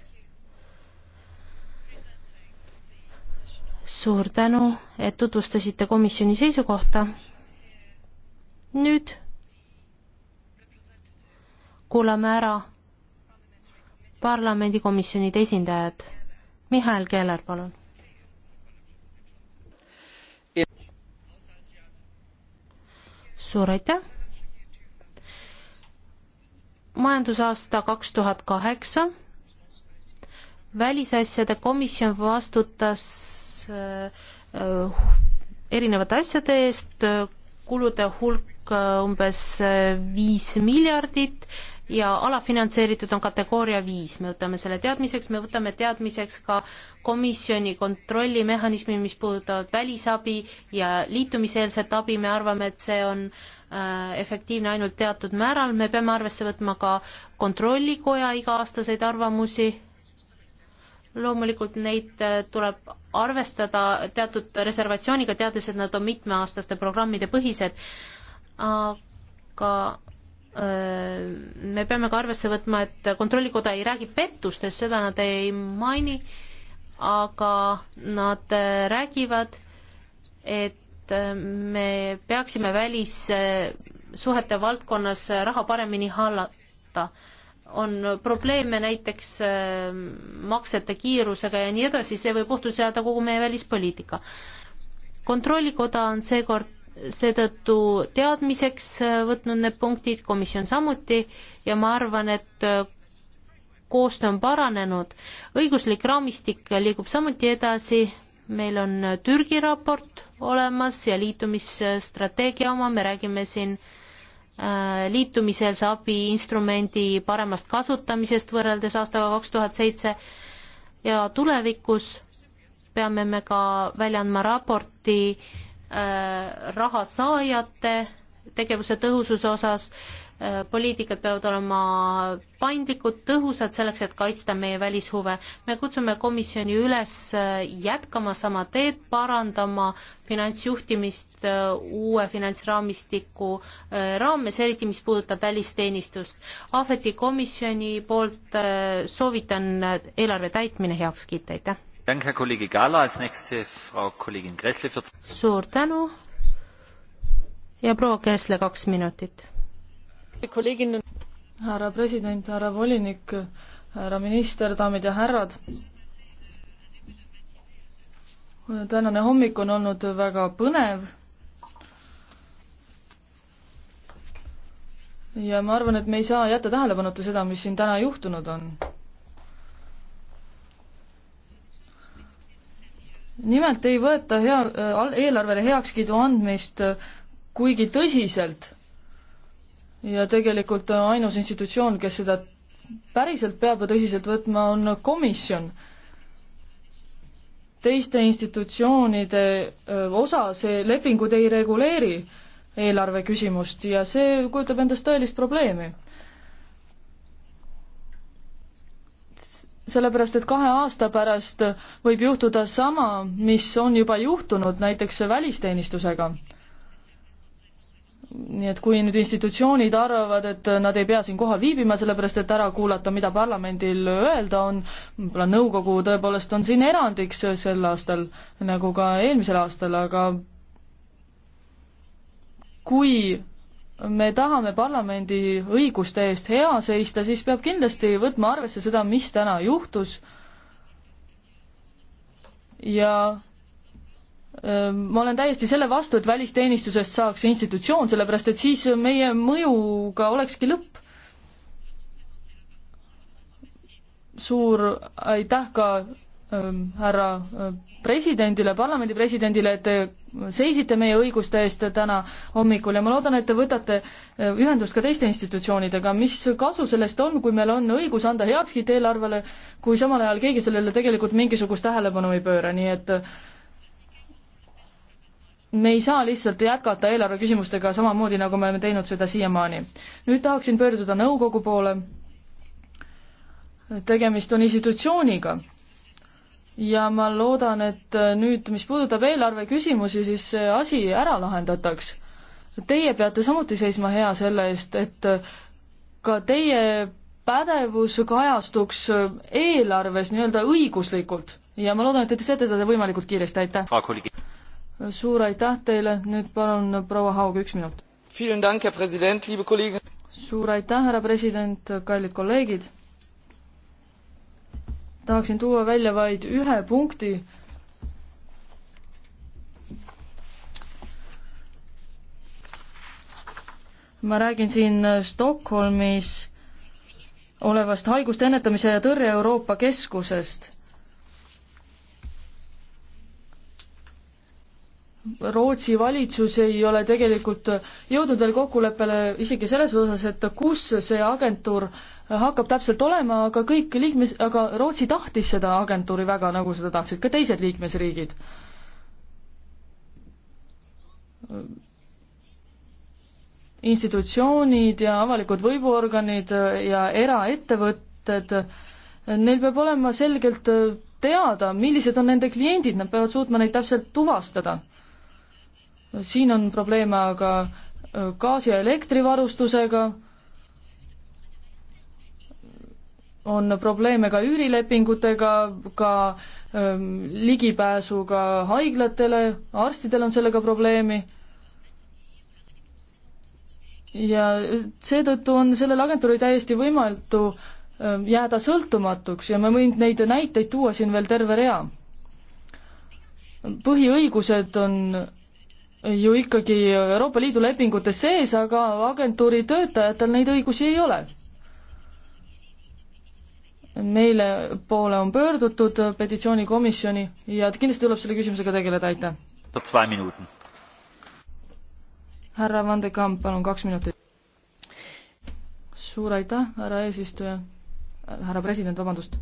suur tänu, et tutvustasite komisjoni seisukohta. nüüd kuulame ära parlamendikomisjonide esindajad Mihhail Keller, palun. suur aitäh. majandusaasta kaks tuhat kaheksa välisasjade komisjon vastutas äh, erinevate asjade eest, kulude hulk äh, umbes äh, viis miljardit ja alafinantseeritud on kategooria viis, me võtame selle teadmiseks, me võtame teadmiseks ka komisjoni kontrollimehhanismi, mis puudutavad välisabi ja liitumiseelset abi, me arvame, et see on äh, efektiivne ainult teatud määral, me peame arvesse võtma ka kontrollikoja iga-aastaseid arvamusi, loomulikult neid äh, tuleb arvestada teatud reservatsiooniga, teades, et nad on mitmeaastaste programmide põhised, aga me peame ka arvesse võtma, et Kontrollikoda ei räägi pettustest, seda nad ei maini, aga nad äh, räägivad, et äh, me peaksime välissuhete valdkonnas raha paremini hallata. on probleeme näiteks äh, maksete kiirusega ja nii edasi, see võib ohtu seada kogu meie välispoliitika. kontrollikoda on seekord seetõttu teadmiseks äh, võtnud need punktid, komisjon samuti, ja ma arvan, et äh, koostöö on paranenud. õiguslik raamistik liigub samuti edasi, meil on äh, Türgi raport olemas ja liitumisstrateegia oma, me räägime siin liitumiseelse abi instrumendi paremast kasutamisest võrreldes aastaga kaks tuhat seitse ja tulevikus peame me ka välja andma raporti äh, Äh, raha saajate tegevuse tõhususe osas, äh, poliitikad peavad olema paindlikud, tõhusad, selleks et kaitsta meie välishuve. me kutsume komisjoni üles äh, jätkama sama teed, parandama finantsjuhtimist uue finantsraamistiku raames, eriti mis puudutab välisteenistust. Ahveti komisjoni poolt soovitan eelarve täitmine heaks kiita, aitäh! suur tänu ja proua Kersle kaks minutit. härra president, härra volinik, härra minister, daamid ja härrad. tänane hommik on olnud väga põnev ja ma arvan, et me ei saa jätta tähelepanuta seda, mis siin täna juhtunud on. nimelt ei võeta hea, äh, eelarvele heakskiidu andmist äh, kuigi tõsiselt ja tegelikult äh, ainus institutsioon, kes seda päriselt peab tõsiselt võtma, on komisjon. teiste institutsioonide osa see lepingud ei reguleeri eelarve küsimust ja see kujutab endast tõelist probleemi sellepärast, et kahe aasta pärast võib juhtuda sama, mis on juba juhtunud näiteks välisteenistusega. nii et kui nüüd institutsioonid arvavad, et nad ei pea siin kohal viibima, sellepärast et ära kuulata, mida parlamendil öelda on, võib-olla nõukogu tõepoolest on siin erandiks sel aastal, nagu ka eelmisel aastal, aga kui me tahame parlamendi õiguste eest hea seista, siis peab kindlasti võtma arvesse seda, mis täna juhtus. ja ähm, ma olen täiesti selle vastu, et välisteenistusest saaks institutsioon, sellepärast et siis meie mõjuga olekski lõpp. suur aitäh ka Ähm, härra äh, presidendile, parlamendi presidendile, et te seisite meie õiguste eest täna hommikul ja ma loodan, et te võtate äh, ühendust ka teiste institutsioonidega, mis kasu sellest on, kui meil on õigus anda heakskiit eelarvele, kui samal ajal keegi sellele tegelikult mingisugust tähelepanu ei pööra, nii et äh, me ei saa lihtsalt jätkata eelarve küsimustega samamoodi, nagu me oleme teinud seda siiamaani. nüüd tahaksin pöörduda nõukogu poole, tegemist on institutsiooniga ja ma loodan, et äh, nüüd, mis puudutab eelarve küsimusi, siis see asi ära lahendataks. Teie peate samuti seisma hea selle eest, et äh, ka teie pädevus kajastuks äh, eelarves nii-öelda õiguslikult ja ma loodan, et te teete seda võimalikult kiiresti, aitäh! suur aitäh teile, nüüd palun proua Haug, üks minut. suur aitäh, härra president, kallid kolleegid! tahaksin tuua välja vaid ühe punkti. ma räägin siin Stockholmis olevast haiguste ennetamise ja tõrje Euroopa Keskusest. Rootsi valitsus ei ole tegelikult jõudnud veel kokkuleppele isegi selles osas, et kus see agentuur äh, hakkab täpselt olema, aga kõik liikmes, aga Rootsi tahtis seda agentuuri väga, nagu seda tahtsid ka teised liikmesriigid. institutsioonid ja avalikud võimuorganid ja eraettevõtted, neil peab olema selgelt teada, millised on nende kliendid, nad peavad suutma neid täpselt tuvastada. siin on probleeme aga gaasi- ja elektrivarustusega on probleeme ka üürilepingutega, ka ähm, ligipääsuga haiglatele, arstidel on sellega probleemi. ja seetõttu on sellel agentuuril täiesti võimatu ähm, jääda sõltumatuks ja ma võin neid näiteid tuua siin veel terve rea. põhiõigused on ju ikkagi Euroopa Liidu lepingute sees, aga agentuuri töötajatel neid õigusi ei ole meile poole on pöördutud, petitsioonikomisjoni, ja kindlasti tuleb selle küsimusega tegeleda, aitäh! härra Van de Kamp, palun kaks minutit. suur aitäh, härra eesistuja, härra president, vabandust.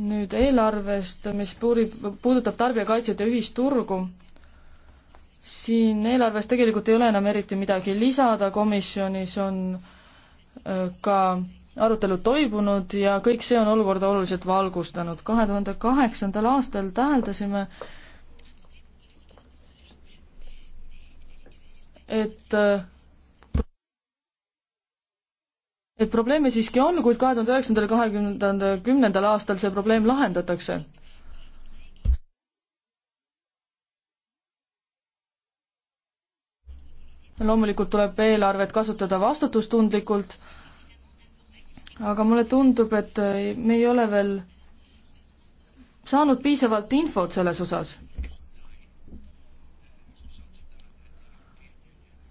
nüüd eelarvest, mis puurib, puudutab tarbijakaitset ja ühisturgu, siin eelarves tegelikult ei ole enam eriti midagi lisada, komisjonis on äh, ka arutelud toimunud ja kõik see on olukorda oluliselt valgustanud. kahe tuhande kaheksandal aastal täheldasime, et et probleeme siiski on, kuid kahe tuhande üheksandal, kahekümnendal, kümnendal aastal see probleem lahendatakse loomulikult tuleb eelarvet kasutada vastutustundlikult, aga mulle tundub, et äh, me ei ole veel saanud piisavalt infot selles osas.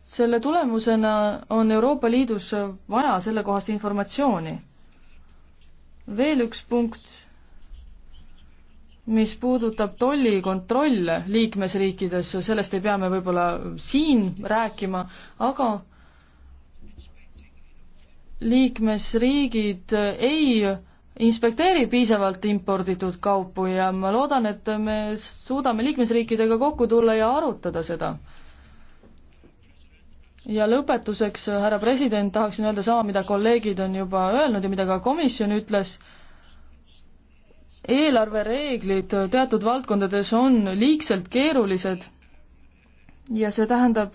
selle tulemusena on Euroopa Liidus vaja sellekohast informatsiooni. veel üks punkt mis puudutab tollikontrolle liikmesriikides, sellest ei pea me võib-olla siin rääkima, aga liikmesriigid ei inspekteeri piisavalt imporditud kaupu ja ma loodan, et me suudame liikmesriikidega kokku tulla ja arutada seda. ja lõpetuseks, härra president, tahaksin öelda sama, mida kolleegid on juba öelnud ja mida ka komisjon ütles eelarvereeglid teatud valdkondades on liigselt keerulised ja see tähendab,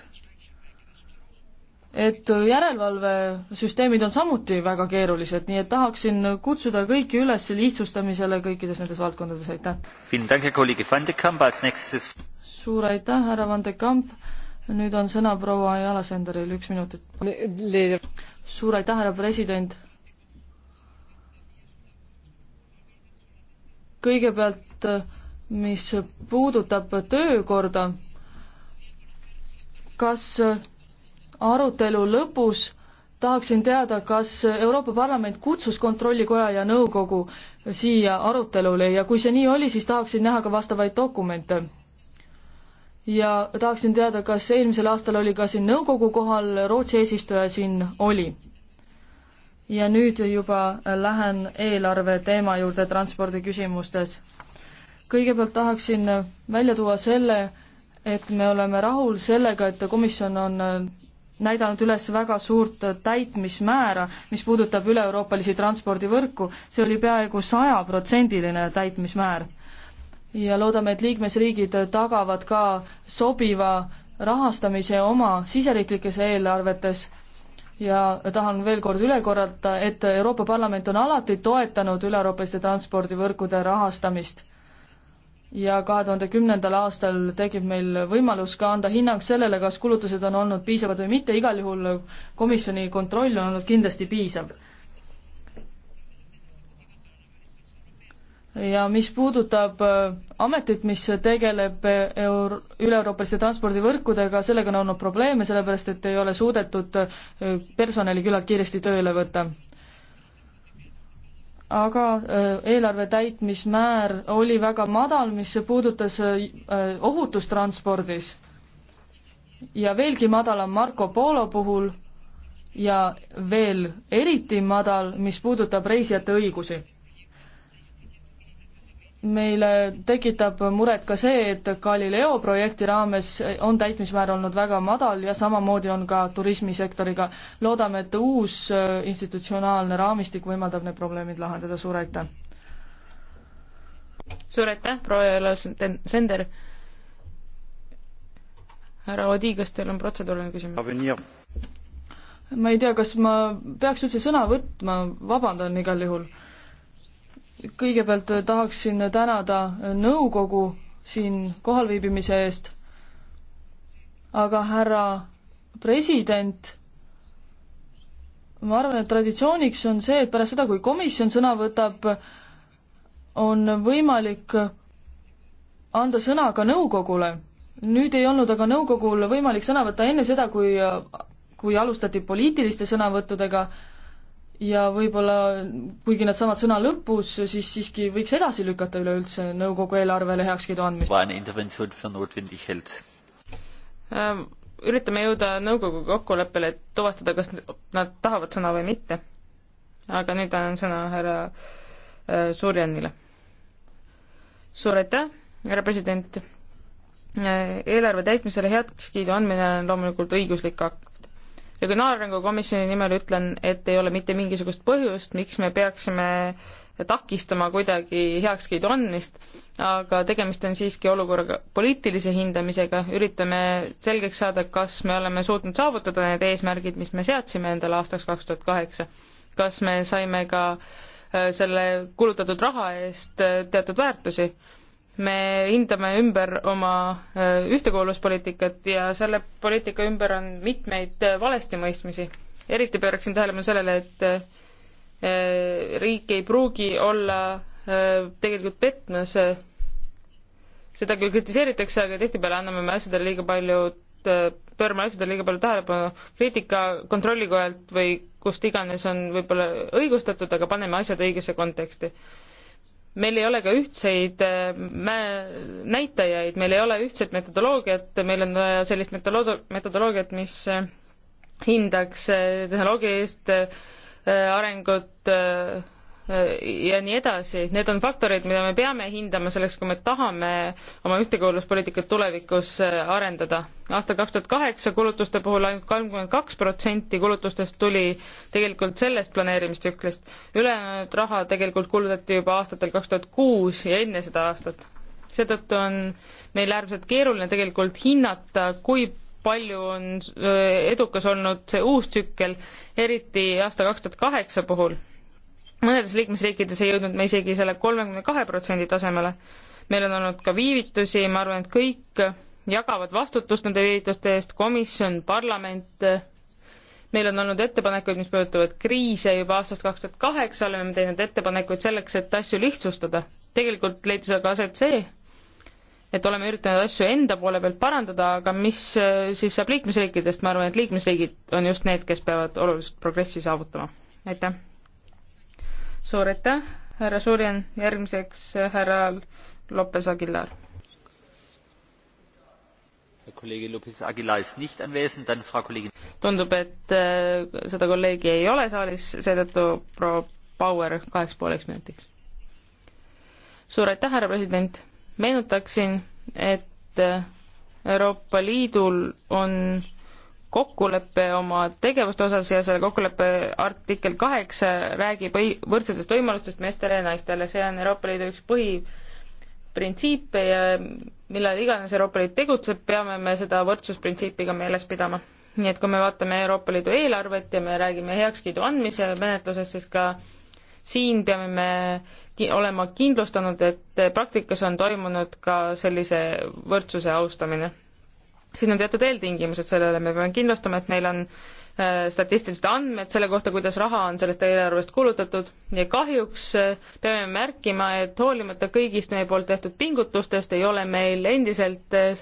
et järelevalvesüsteemid on samuti väga keerulised, nii et tahaksin kutsuda kõiki üles lihtsustamisele kõikides nendes valdkondades, aitäh! suur aitäh, härra Van de Kamp, nüüd on sõna proua Jalasenderil, üks minut. suur aitäh, härra president! kõigepealt, mis puudutab töökorda, kas arutelu lõpus tahaksin teada, kas Euroopa Parlament kutsus Kontrollikoja ja nõukogu siia arutelule ja kui see nii oli, siis tahaksin näha ka vastavaid dokumente. ja tahaksin teada, kas eelmisel aastal oli ka siin nõukogu kohal Rootsi eesistuja siin oli ja nüüd juba lähen eelarve teema juurde transpordiküsimustes. kõigepealt tahaksin välja tuua selle, et me oleme rahul sellega, et komisjon on näidanud üles väga suurt täitmismäära, mis puudutab üle-euroopalisi transpordivõrku, see oli peaaegu sajaprotsendiline täitmismäär. ja loodame, et liikmesriigid tagavad ka sobiva rahastamise oma siseriiklikes eelarvetes ja tahan veel kord üle korrata, et Euroopa Parlament on alati toetanud üleeuroopaliste transpordivõrkude rahastamist. ja kahe tuhande kümnendal aastal tekib meil võimalus ka anda hinnang sellele, kas kulutused on olnud piisavad või mitte, igal juhul komisjoni kontroll on olnud kindlasti piisav ja mis puudutab äh, ametit, mis tegeleb äh, euro-, üle-euroopaliste transpordivõrkudega, sellega on olnud probleeme, sellepärast et ei ole suudetud äh, personali küllalt kiiresti tööle võtta. aga eelarve täitmismäär oli väga madal, mis puudutas ohutustranspordis ja veelgi madalam Marco Polo puhul ja veel eriti madal, mis puudutab reisijate õigusi meile tekitab muret ka see, et Galileo projekti raames on täitmismäär olnud väga madal ja samamoodi on ka turismisektoriga. loodame, et uus äh, institutsionaalne raamistik võimaldab need probleemid lahendada, suur aitäh! suur aitäh, proua Jõelav-Sender! härra Odi, kas teil on protseduuriline küsimus? ma ei tea, kas ma peaks üldse sõna võtma, vabandan igal juhul kõigepealt äh, tahaksin tänada äh, nõukogu siin kohalviibimise eest, aga härra president, ma arvan, et traditsiooniks on see, et pärast seda, kui komisjon sõna võtab, on võimalik äh, anda sõna ka nõukogule. nüüd ei olnud aga nõukogul võimalik sõna võtta enne seda, kui, kui alustati poliitiliste sõnavõttudega ja võib-olla, kuigi needsamad sõna lõpus, siis siiski võiks edasi lükata üleüldse nõukogu eelarvele heakskiidu andmist. Ähm, üritame jõuda nõukogu kokkuleppele, et tuvastada, kas nad tahavad sõna või mitte. aga nüüd annan sõna härra äh, Surjanile. suur aitäh, härra president. Äh, eelarve täitmisele heakskiidu andmine on loomulikult õiguslik akt regionaalarengu komisjoni nimel ütlen, et ei ole mitte mingisugust põhjust, miks me peaksime takistama kuidagi heakskiidu andmist, aga tegemist on siiski olukorraga, poliitilise hindamisega, üritame selgeks saada, kas me oleme suutnud saavutada need eesmärgid, mis me seadsime endale aastaks kaks tuhat kaheksa. kas me saime ka äh, selle kulutatud raha eest äh, teatud väärtusi me hindame ümber oma äh, ühtekuuluvuspoliitikat ja selle poliitika ümber on mitmeid äh, valestimõistmisi. eriti pööraksin tähelepanu sellele, et äh, riik ei pruugi olla tegelikult petmas. seda küll kritiseeritakse, aga tihtipeale anname me asjadele liiga palju, pöörame asjadele liiga palju tähelepanu. kriitika kontrollikojalt või kust iganes on võib-olla õigustatud, aga paneme asjad õigesse konteksti meil ei ole ka ühtseid äh, mä-, näitajaid, meil ei ole ühtset metodoloogiat, meil on vaja sellist metoloog-, metodoloogiat, mis äh, hindaks äh, tehnoloogilist arengut, Äh, ja nii edasi, need on faktoreid, mida me peame hindama selleks, kui me tahame oma ühtekuuluvuspoliitikat tulevikus äh, arendada. aastal kaks tuhat kaheksa kulutuste puhul ainult kolmkümmend kaks protsenti kulutustest tuli tegelikult sellest planeerimistsüklist. ülejäänud raha tegelikult kulutati juba aastatel kaks tuhat kuus ja enne seda aastat. seetõttu on meil äärmiselt keeruline tegelikult hinnata, kui palju on äh, edukas olnud see uus tsükkel, eriti aasta kaks tuhat kaheksa puhul mõnedes liikmesriikides ei jõudnud me isegi selle kolmekümne kahe protsendi tasemele. meil on olnud ka viivitusi, ma arvan, et kõik jagavad vastutust nende viivituste eest, komisjon, parlament, meil on olnud ettepanekuid, mis puudutavad kriise juba aastast kaks tuhat kaheksa, oleme teinud ettepanekuid selleks, et asju lihtsustada. tegelikult leidis aga aset see, et oleme üritanud asju enda poole pealt parandada, aga mis eh, siis saab liikmesriikidest, ma arvan, et liikmesriigid on just need, kes peavad oluliselt progressi saavutama. aitäh! suur aitäh, härra Surjan, järgmiseks härra Lopes Aguilar. tundub, et äh, seda kolleegi ei ole saalis, seetõttu proua Bauer kaheks pooleks minutiks. suur aitäh, härra president, meenutaksin, et äh, Euroopa Liidul on kokkuleppe oma tegevuste osas ja selle kokkuleppe artikkel kaheksa räägib võrdsetest võimalustest meestele ja naistele, see on Euroopa Liidu üks põhiprintsiipe ja millal iganes Euroopa Liit tegutseb, peame me seda võrdsusprintsiipi ka meeles pidama. nii et kui me vaatame Euroopa Liidu eelarvet ja me räägime heakskiidu andmise menetlusest, siis ka siin peame me ki olema kindlustanud, et praktikas on toimunud ka sellise võrdsuse austamine siin on teatud eeltingimused sellele, me peame kindlustama, et meil on äh, statistilised andmed selle kohta, kuidas raha on sellest eelarvest kulutatud ja kahjuks äh, peame märkima, et hoolimata kõigist meie poolt tehtud pingutustest ei ole meil endiselt äh,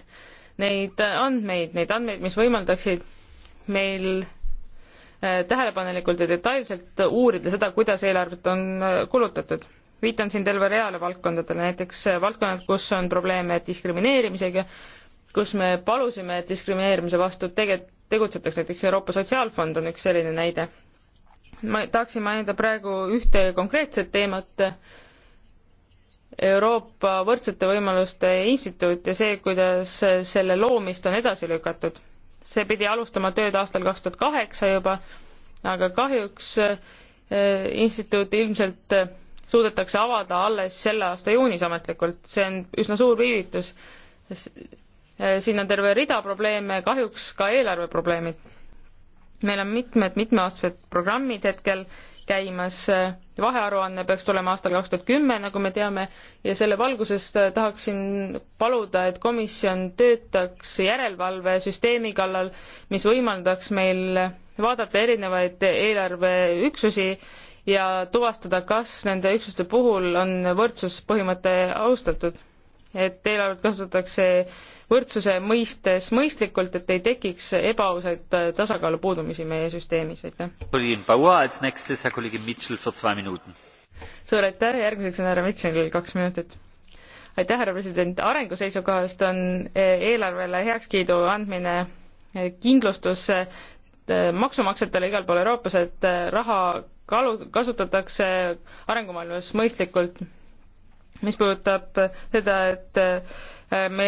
neid andmeid, neid andmeid, mis võimaldaksid meil tähelepanelikult ja detailselt uurida seda, kuidas eelarvet on kulutatud viitan siin terve reale valdkondadele, näiteks valdkonnad, kus on probleeme diskrimineerimisega, kus me palusime, et diskrimineerimise vastu tege-, tegutsetaks, näiteks Euroopa Sotsiaalfond on üks selline näide. ma tahaksin mainida praegu ühte konkreetset teemat, Euroopa Võrdsete Võimaluste Instituut ja see, kuidas selle loomist on edasi lükatud. see pidi alustama tööd aastal kaks tuhat kaheksa juba, aga kahjuks eh, instituut ilmselt suudetakse avada alles selle aasta juunis ametlikult, see on üsna suur viivitus Eh, siin on terve rida probleeme, kahjuks ka eelarveprobleemid. meil on mitmed mitmeaastased programmid hetkel käimas, vahearuanne peaks tulema aastal kaks tuhat kümme, nagu me teame, ja selle valguses eh, tahaksin paluda, et komisjon töötaks järelevalvesüsteemi kallal, mis võimaldaks meil vaadata erinevaid eelarveüksusi ja tuvastada, kas nende üksuste puhul on võrdsuspõhimõte austatud. et eelarvet kasutatakse võrdsuse mõistes mõistlikult, et ei tekiks ebaausaid äh, tasakaalu puudumisi meie süsteemis, aitäh. suur aitäh, järgmiseks on härra Mitchellil kaks minutit aitäh, härra president, arengu seisukohast on äh, eelarvele heakskiidu andmine äh, kindlustus maksumaksjatele igal pool Euroopas, et raha kalu-, kasutatakse arengumaailmas mõistlikult mis puudutab seda, et äh, me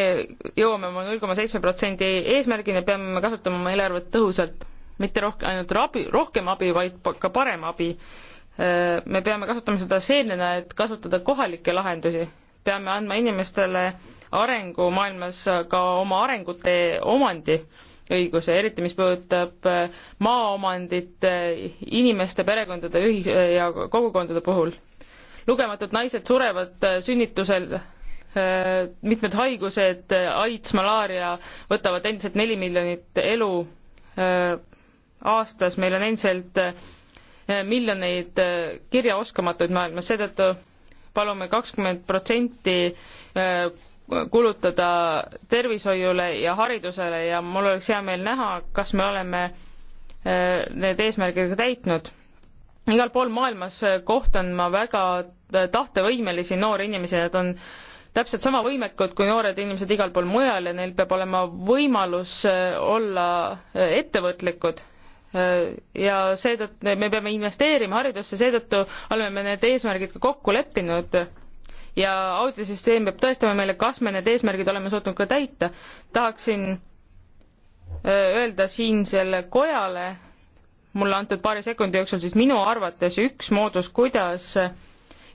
jõuame oma null koma seitsme protsendi eesmärgini, peame kasutama oma eelarvet tõhusalt, mitte rohkem, ainult abi, rohkem abi, vaid ka parem abi. Äh, me peame kasutama seda seenena, et kasutada kohalikke lahendusi, peame andma inimestele arengu maailmas ka oma arengute omandi õiguse, eriti mis puudutab äh, maaomandit inimeste, perekondade ühi- ja kogukondade puhul lugematud naised surevad äh, sünnitusel, äh, mitmed haigused, äh, aids, malaaria võtavad endiselt neli miljonit elu aastas, meil on endiselt miljoneid kirjaoskamatuid maailmas, seetõttu palume kakskümmend protsenti kulutada tervishoiule ja haridusele ja mul oleks hea meel näha, kas me oleme need eesmärgid ka täitnud igal pool maailmas kohtan ma väga tahtevõimelisi noori inimesi, nad on täpselt sama võimekud kui noored inimesed igal pool mujal ja neil peab olema võimalus äh, olla äh, ettevõtlikud. Äh, ja seetõttu me peame investeerima haridusse, seetõttu oleme me need eesmärgid ka kokku leppinud ja audiosüsteem peab tõestama meile, kas me need eesmärgid oleme suutnud ka täita. tahaksin öelda siin selle kojale mulle antud paari sekundi jooksul, siis minu arvates üks moodus, kuidas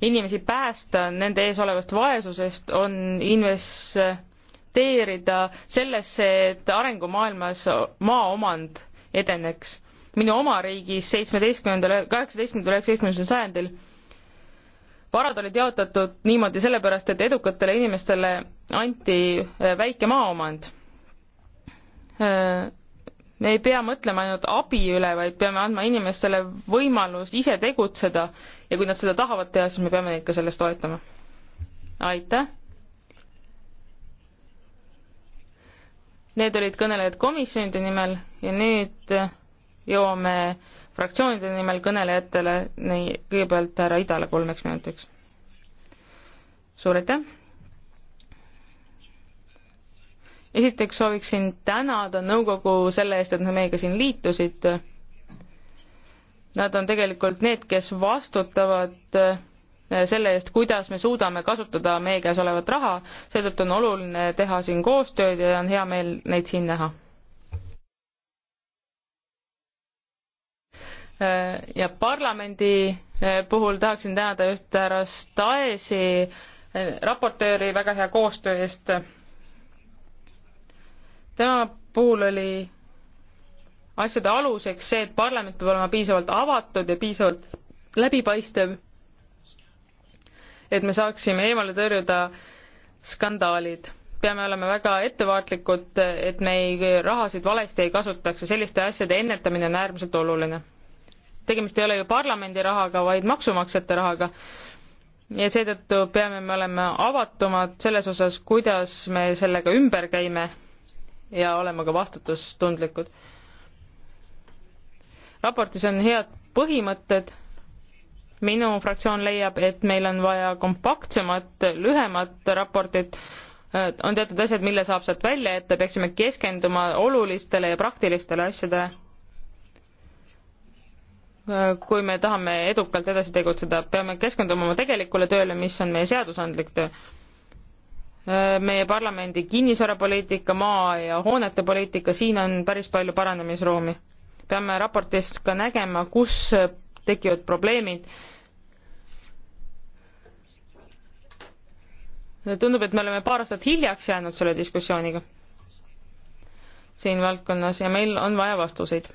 inimesi päästa nende ees olevast vaesusest, on investeerida sellesse, et arengumaailmas maaomand edeneks. minu oma riigis seitsmeteistkümnendal, kaheksateistkümnendal, üheksateistkümnendal sajandil varad olid jaotatud niimoodi sellepärast, et edukatele inimestele anti väike maaomand me ei pea mõtlema ainult abi üle, vaid peame andma inimestele võimalus ise tegutseda ja kui nad seda tahavad teha, siis me peame neid ka selles toetama. aitäh! Need olid kõnelejad komisjonide nimel ja nüüd jõuame fraktsioonide nimel kõnelejatele, nii kõigepealt härra Idale kolmeks minutiks. suur aitäh! esiteks sooviksin tänada nõukogu selle eest, et nad meiega siin liitusid. Nad on tegelikult need, kes vastutavad eh, selle eest, kuidas me suudame kasutada meie käes olevat raha, seetõttu on oluline teha siin koostööd ja on hea meel neid siin näha. Eh, ja parlamendi eh, puhul tahaksin tänada just härra Staesi raportööri väga hea koostöö eest tema puhul oli asjade aluseks see, et parlament peab olema piisavalt avatud ja piisavalt läbipaistev, et me saaksime eemale tõrjuda skandaalid. peame olema väga ettevaatlikud, et me ei, rahasid valesti ei kasutaks ja selliste asjade ennetamine on äärmiselt oluline. tegemist ei ole ju parlamendi rahaga, vaid maksumaksjate rahaga ja seetõttu peame me olema avatumad selles osas, kuidas me sellega ümber käime ja olema ka vastutustundlikud. raportis on head põhimõtted, minu fraktsioon leiab, et meil on vaja kompaktsemat, lühemat raportit, on teatud asjad, mille saab sealt välja jätta, peaksime keskenduma olulistele ja praktilistele asjadele. kui me tahame edukalt edasi tegutseda, peame keskenduma oma tegelikule tööle, mis on meie seadusandlik töö meie parlamendi kinnisvarapoliitika, maa- ja hoonete poliitika, siin on päris palju paranemisruumi. peame raportist ka nägema, kus tekivad probleemid. tundub, et me oleme paar aastat hiljaks jäänud selle diskussiooniga siin valdkonnas ja meil on vaja vastuseid.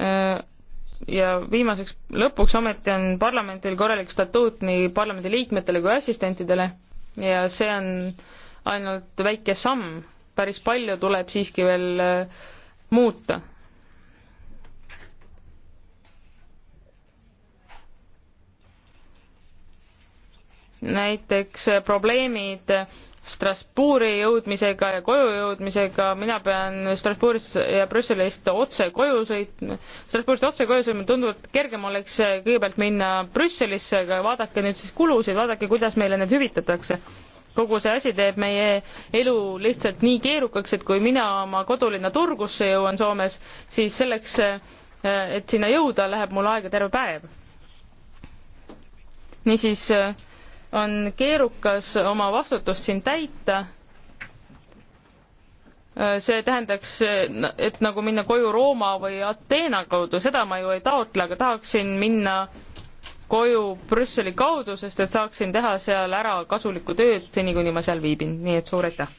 Äh, ja viimaseks, lõpuks ometi on parlamendil korralik statuut nii parlamendi liikmetele kui assistentidele ja see on ainult väike samm, päris palju tuleb siiski veel äh, muuta. näiteks äh, probleemid Strasbourgi jõudmisega ja koju jõudmisega, mina pean Strasbourgist ja Brüsselist otse koju sõitma, Strasbourgist otse koju sõitma, tunduvalt kergem oleks kõigepealt minna Brüsselisse, aga vaadake nüüd siis kulusid, vaadake, kuidas meile need hüvitatakse kogu see asi teeb meie elu lihtsalt nii keerukaks, et kui mina oma kodulinna Turgusse jõuan Soomes, siis selleks, et sinna jõuda, läheb mul aega terve päev. niisiis on keerukas oma vastutust siin täita. see tähendaks, et nagu minna koju Rooma või Ateena kaudu, seda ma ju ei taotle, aga tahaksin minna koju Brüsseli kaudu, sest et saaksin teha seal ära kasulikku tööd seni, kuni ma seal viibin, nii et suur aitäh.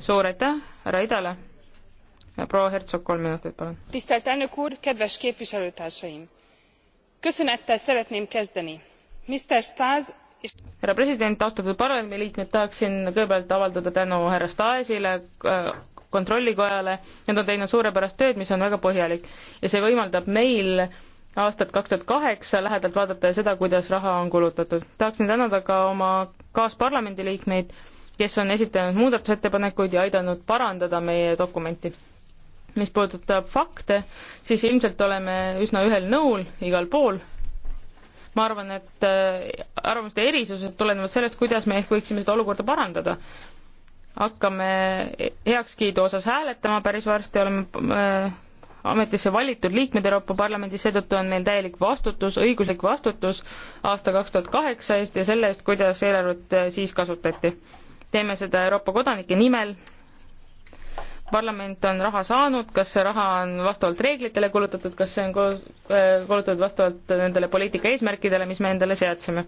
suur aitäh, härra Idale. proua Hertsog, kolm minutit, palun köszönettel szeretném kezdeni mr stas härra president austatud parlamendiliikmed tahaksin kõigepealt avaldada tänu härra stasile äh, kontrollikojale nad on teinud suurepärast tööd mis on väga põhjalik ja see võimaldab meil aastat kaks tuhat kaheksa lähedalt vaadata seda kuidas raha on kulutatud tahaksin tänada ka oma kaasparlamendi liikmeid kes on esitanud muudatusettepanekuid ja aidanud parandada meie dokumenti mis puudutab fakte, siis ilmselt oleme üsna ühel nõul igal pool. ma arvan, et äh, arvamuste erisused tulenevad sellest, kuidas me ehk võiksime seda olukorda parandada. hakkame heakskiidu osas hääletama, päris varsti oleme äh, ametisse valitud liikmed Euroopa Parlamendis, seetõttu on meil täielik vastutus, õiguslik vastutus aasta kaks tuhat kaheksa eest ja selle eest, kuidas eelarvet äh, siis kasutati. teeme seda Euroopa kodanike nimel, parlament on raha saanud, kas see raha on vastavalt reeglitele kulutatud, kas see on kulutatud vastavalt nendele poliitika eesmärkidele, mis me endale seadsime.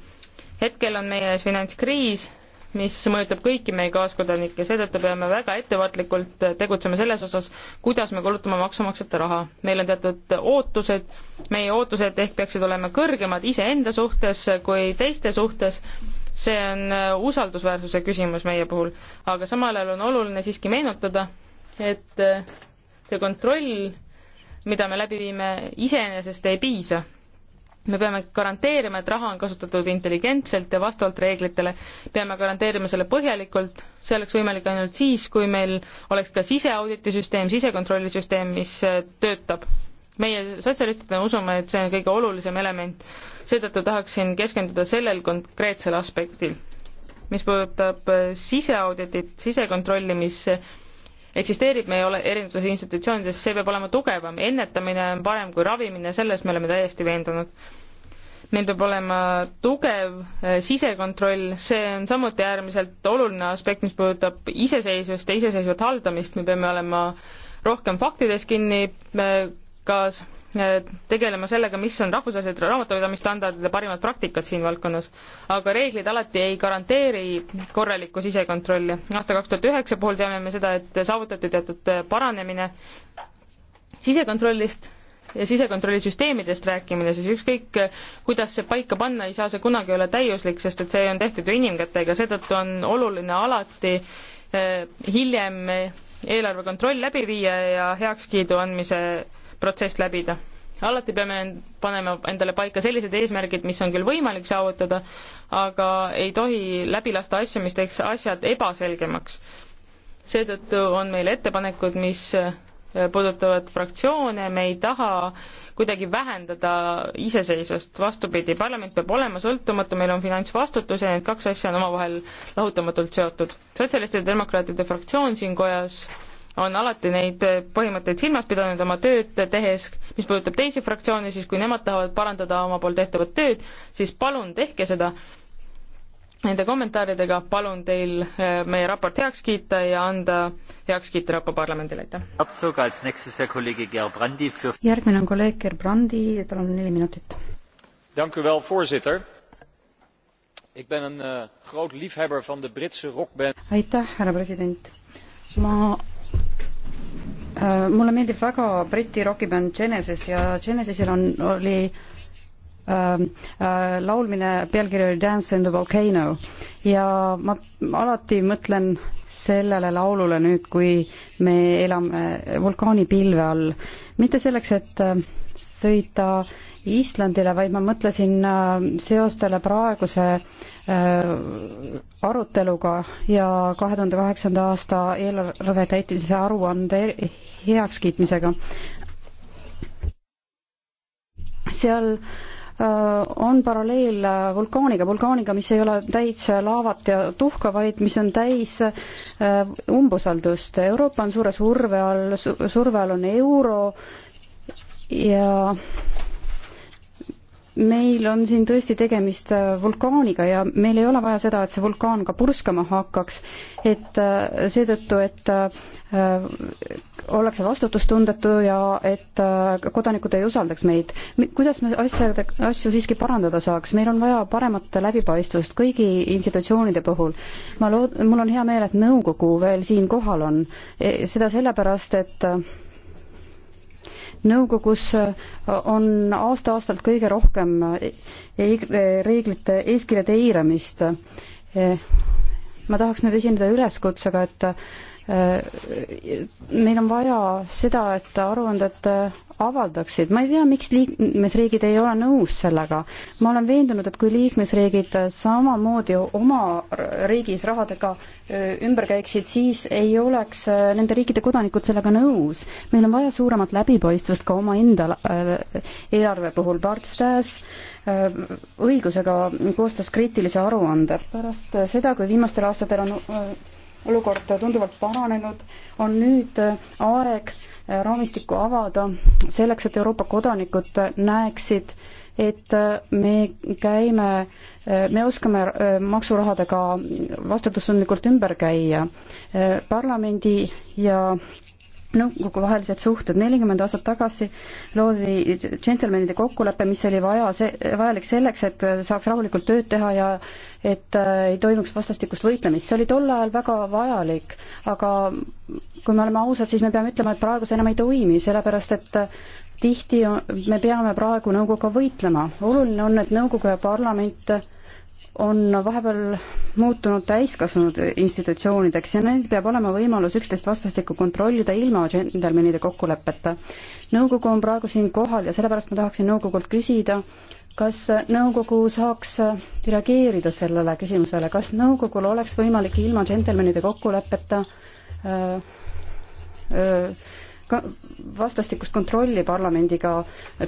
hetkel on meie ees finantskriis, mis mõjutab kõiki meie kaaskodanikke, seetõttu peame väga ettevaatlikult tegutsema selles osas, kuidas me kulutame maksumaksjate raha. meil on teatud ootused, meie ootused ehk peaksid olema kõrgemad iseenda suhtes kui teiste suhtes, see on usaldusväärsuse küsimus meie puhul, aga samal ajal on oluline siiski meenutada, et äh, see kontroll, mida me läbi viime, iseenesest ei piisa. me peame garanteerima, et raha on kasutatud intelligentselt ja vastavalt reeglitele, peame garanteerima selle põhjalikult, see oleks võimalik ainult siis, kui meil oleks ka siseauditisüsteem, sisekontrollisüsteem, mis äh, töötab meie sotsialistidena usume, et see on kõige olulisem element, seetõttu tahaksin keskenduda sellel konkreetsel aspektil, mis puudutab äh, siseauditit, sisekontrolli, mis eksisteerib, me ei ole erinevates institutsioonides, see peab olema tugevam, ennetamine on parem kui ravimine, selles me oleme täiesti veendunud. meil peab olema tugev eh, sisekontroll, see on samuti äärmiselt oluline aspekt, mis puudutab iseseisvust ja iseseisvat haldamist, me peame olema rohkem faktides kinni, eh, kaas-, tegelema sellega, mis on rahvusvahelised raamatupidamisstandardid ja parimad praktikad siin valdkonnas. aga reeglid alati ei garanteeri korralikku sisekontrolli. aasta kaks tuhat üheksa puhul teame me seda, et saavutati teatud paranemine sisekontrollist ja sisekontrollisüsteemidest rääkimine, siis ükskõik, kuidas see paika panna, ei saa see kunagi olla täiuslik, sest et see on tehtud ju inimkätega, seetõttu on oluline alati eh, hiljem eelarve kontroll läbi viia ja heakskiidu andmise protsess läbida. alati peame panema endale paika sellised eesmärgid, mis on küll võimalik saavutada, aga ei tohi läbi lasta asju, mis teeks asjad ebaselgemaks. seetõttu on meil ettepanekud, mis eh, puudutavad fraktsioone, me ei taha kuidagi vähendada iseseisvust, vastupidi, parlament peab olema sõltumatu, meil on finantsvastutus ja need kaks asja on omavahel lahutamatult seotud. sotsialistide ja demokraatide fraktsioon siin kojas on alati neid põhimõtteid silmas pidanud oma tööd tehes, mis puudutab teisi fraktsioone, siis kui nemad tahavad parandada oma poolt tehtavat tööd, siis palun tehke seda. Nende kommentaaridega palun teil eh, meie raport heaks kiita ja anda heakskiit Euroopa Parlamendile, aitäh. järgmine on kolleeg Gerbrandi, tal on neli minutit. Ik ben een uh, groot liefhebber van de Britse rockband. Aitäh, härra president. Ma Äh, mulle meeldib väga Briti rokibänd Genesis ja Genesisil on, oli äh, äh, laulmine pealkiri oli Dance in the volcano ja ma alati mõtlen sellele laulule nüüd, kui me elame vulkaanipilve all. mitte selleks, et äh, sõita Islandile, vaid ma mõtlesin äh, seostele praeguse äh, aruteluga ja kahe tuhande kaheksanda aasta eelarve täitmise aruande heakskiitmisega. seal äh, on paralleel vulkaaniga, vulkaaniga, mis ei ole täis laavat ja tuhka, vaid mis on täis umbusaldust. Euroopa on suure surve all, surve all on euro ja meil on siin tõesti tegemist äh, vulkaaniga ja meil ei ole vaja seda, et see vulkaan ka purskama hakkaks, et äh, seetõttu, et äh, ollakse vastutustundetu ja et kodanikud ei usaldaks meid. kuidas me asjade, asju siiski parandada saaks, meil on vaja paremat läbipaistvust kõigi institutsioonide puhul. ma lood-, mul on hea meel, et nõukogu veel siin kohal on, e, seda sellepärast, et nõukogus äh, on aasta-aastalt kõige rohkem äh, e-, e-, reeglite, eeskirjade eiramist. Äh, ma tahaks nüüd esineda üleskutsega, et meil on vaja seda, et aruanded avaldaksid, ma ei tea, miks liikmesriigid ei ole nõus sellega. ma olen veendunud, et kui liikmesriigid samamoodi oma riigis rahadega ümber käiksid, siis ei oleks nende riikide kodanikud sellega nõus. meil on vaja suuremat läbipaistvust ka omaenda eelarve puhul. Bart Stas õigusega koostas kriitilise aruande. pärast seda, kui viimastel aastatel on olukord tunduvalt paranenud, on nüüd aeg raamistikku avada selleks, et Euroopa kodanikud näeksid, et me käime, me oskame äh, maksurahadega vastutustundlikult ümber käia. Äh, parlamendi ja nõukogu vahelised suhted. nelikümmend aastat tagasi loosi džentelmenide kokkulepe, mis oli vaja, see, vajalik selleks, et saaks rahulikult tööd teha ja et äh, ei toimuks vastastikust võitlemist. see oli tol ajal väga vajalik, aga kui me oleme ausad, siis me peame ütlema, et praegu see enam ei toimi, sellepärast et äh, tihti me peame praegu nõukoguga võitlema. oluline on, et nõukogu ja parlament äh, on vahepeal muutunud täiskasvanud institutsioonideks ja neil peab olema võimalus üksteist vastastikku kontrollida ilma džentelmenide kokkuleppeta. nõukogu on praegu siin kohal ja sellepärast ma tahaksin nõukogult küsida, kas nõukogu saaks reageerida sellele küsimusele, kas nõukogul oleks võimalik ilma džentelmenide kokkuleppeta öö, äh, öö, äh, ka vastastikust kontrolli parlamendiga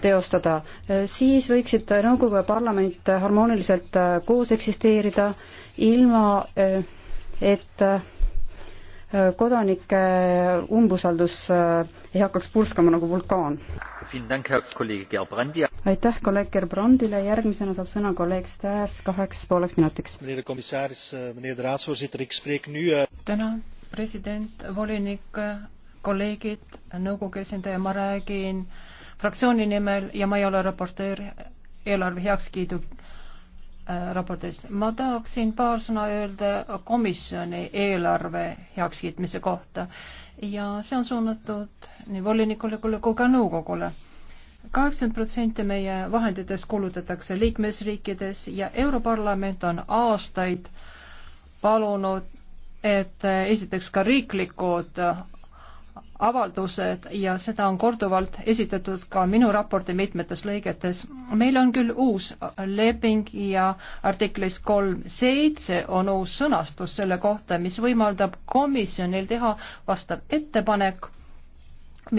teostada, siis võiksid nõukogu ja parlament harmooniliselt koos eksisteerida, ilma et kodanike umbusaldus ei hakkaks purskama nagu vulkaan. aitäh kolleeg Gerbrandile, järgmisena saab sõna kolleeg Stas kaheks pooleks minutiks. Eh, tänan, president, volinik kolleegid, nõukogu esindaja, ma räägin fraktsiooni nimel ja ma ei ole raportöör eelarve heakskiidu äh, raportist. ma tahaksin paar sõna öelda komisjoni eelarve heakskiitmise kohta ja see on suunatud nii volinikule kui ka nõukogule. kaheksakümmend protsenti meie vahenditest kulutatakse liikmesriikides ja Europarlament on aastaid palunud, et äh, esiteks ka riiklikud avaldused ja seda on korduvalt esitatud ka minu raporti mitmetes lõigetes. meil on küll uus leping ja artiklis kolm seitse on uus sõnastus selle kohta, mis võimaldab komisjonil teha vastav ettepanek,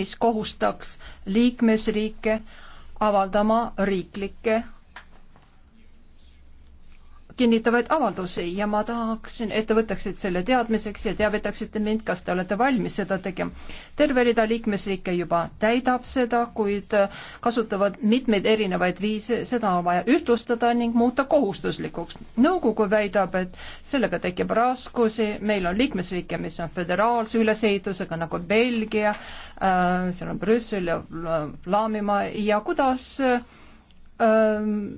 mis kohustaks liikmesriike avaldama riiklikke kinnitavaid avaldusi ja ma tahaksin, et te võtaksid selle teadmiseks ja teavitaksite mind, kas te olete valmis seda tegema. terve rida liikmesriike juba täidab seda, kuid äh, kasutavad mitmeid erinevaid viise, seda on vaja ühtlustada ning muuta kohustuslikuks. nõukogu väidab, et sellega tekib raskusi, meil on liikmesriike, mis on föderaalse ülesehitusega nagu Belgia, äh, seal on Brüssel ja Laamimaa ja kuidas äh, Ähm,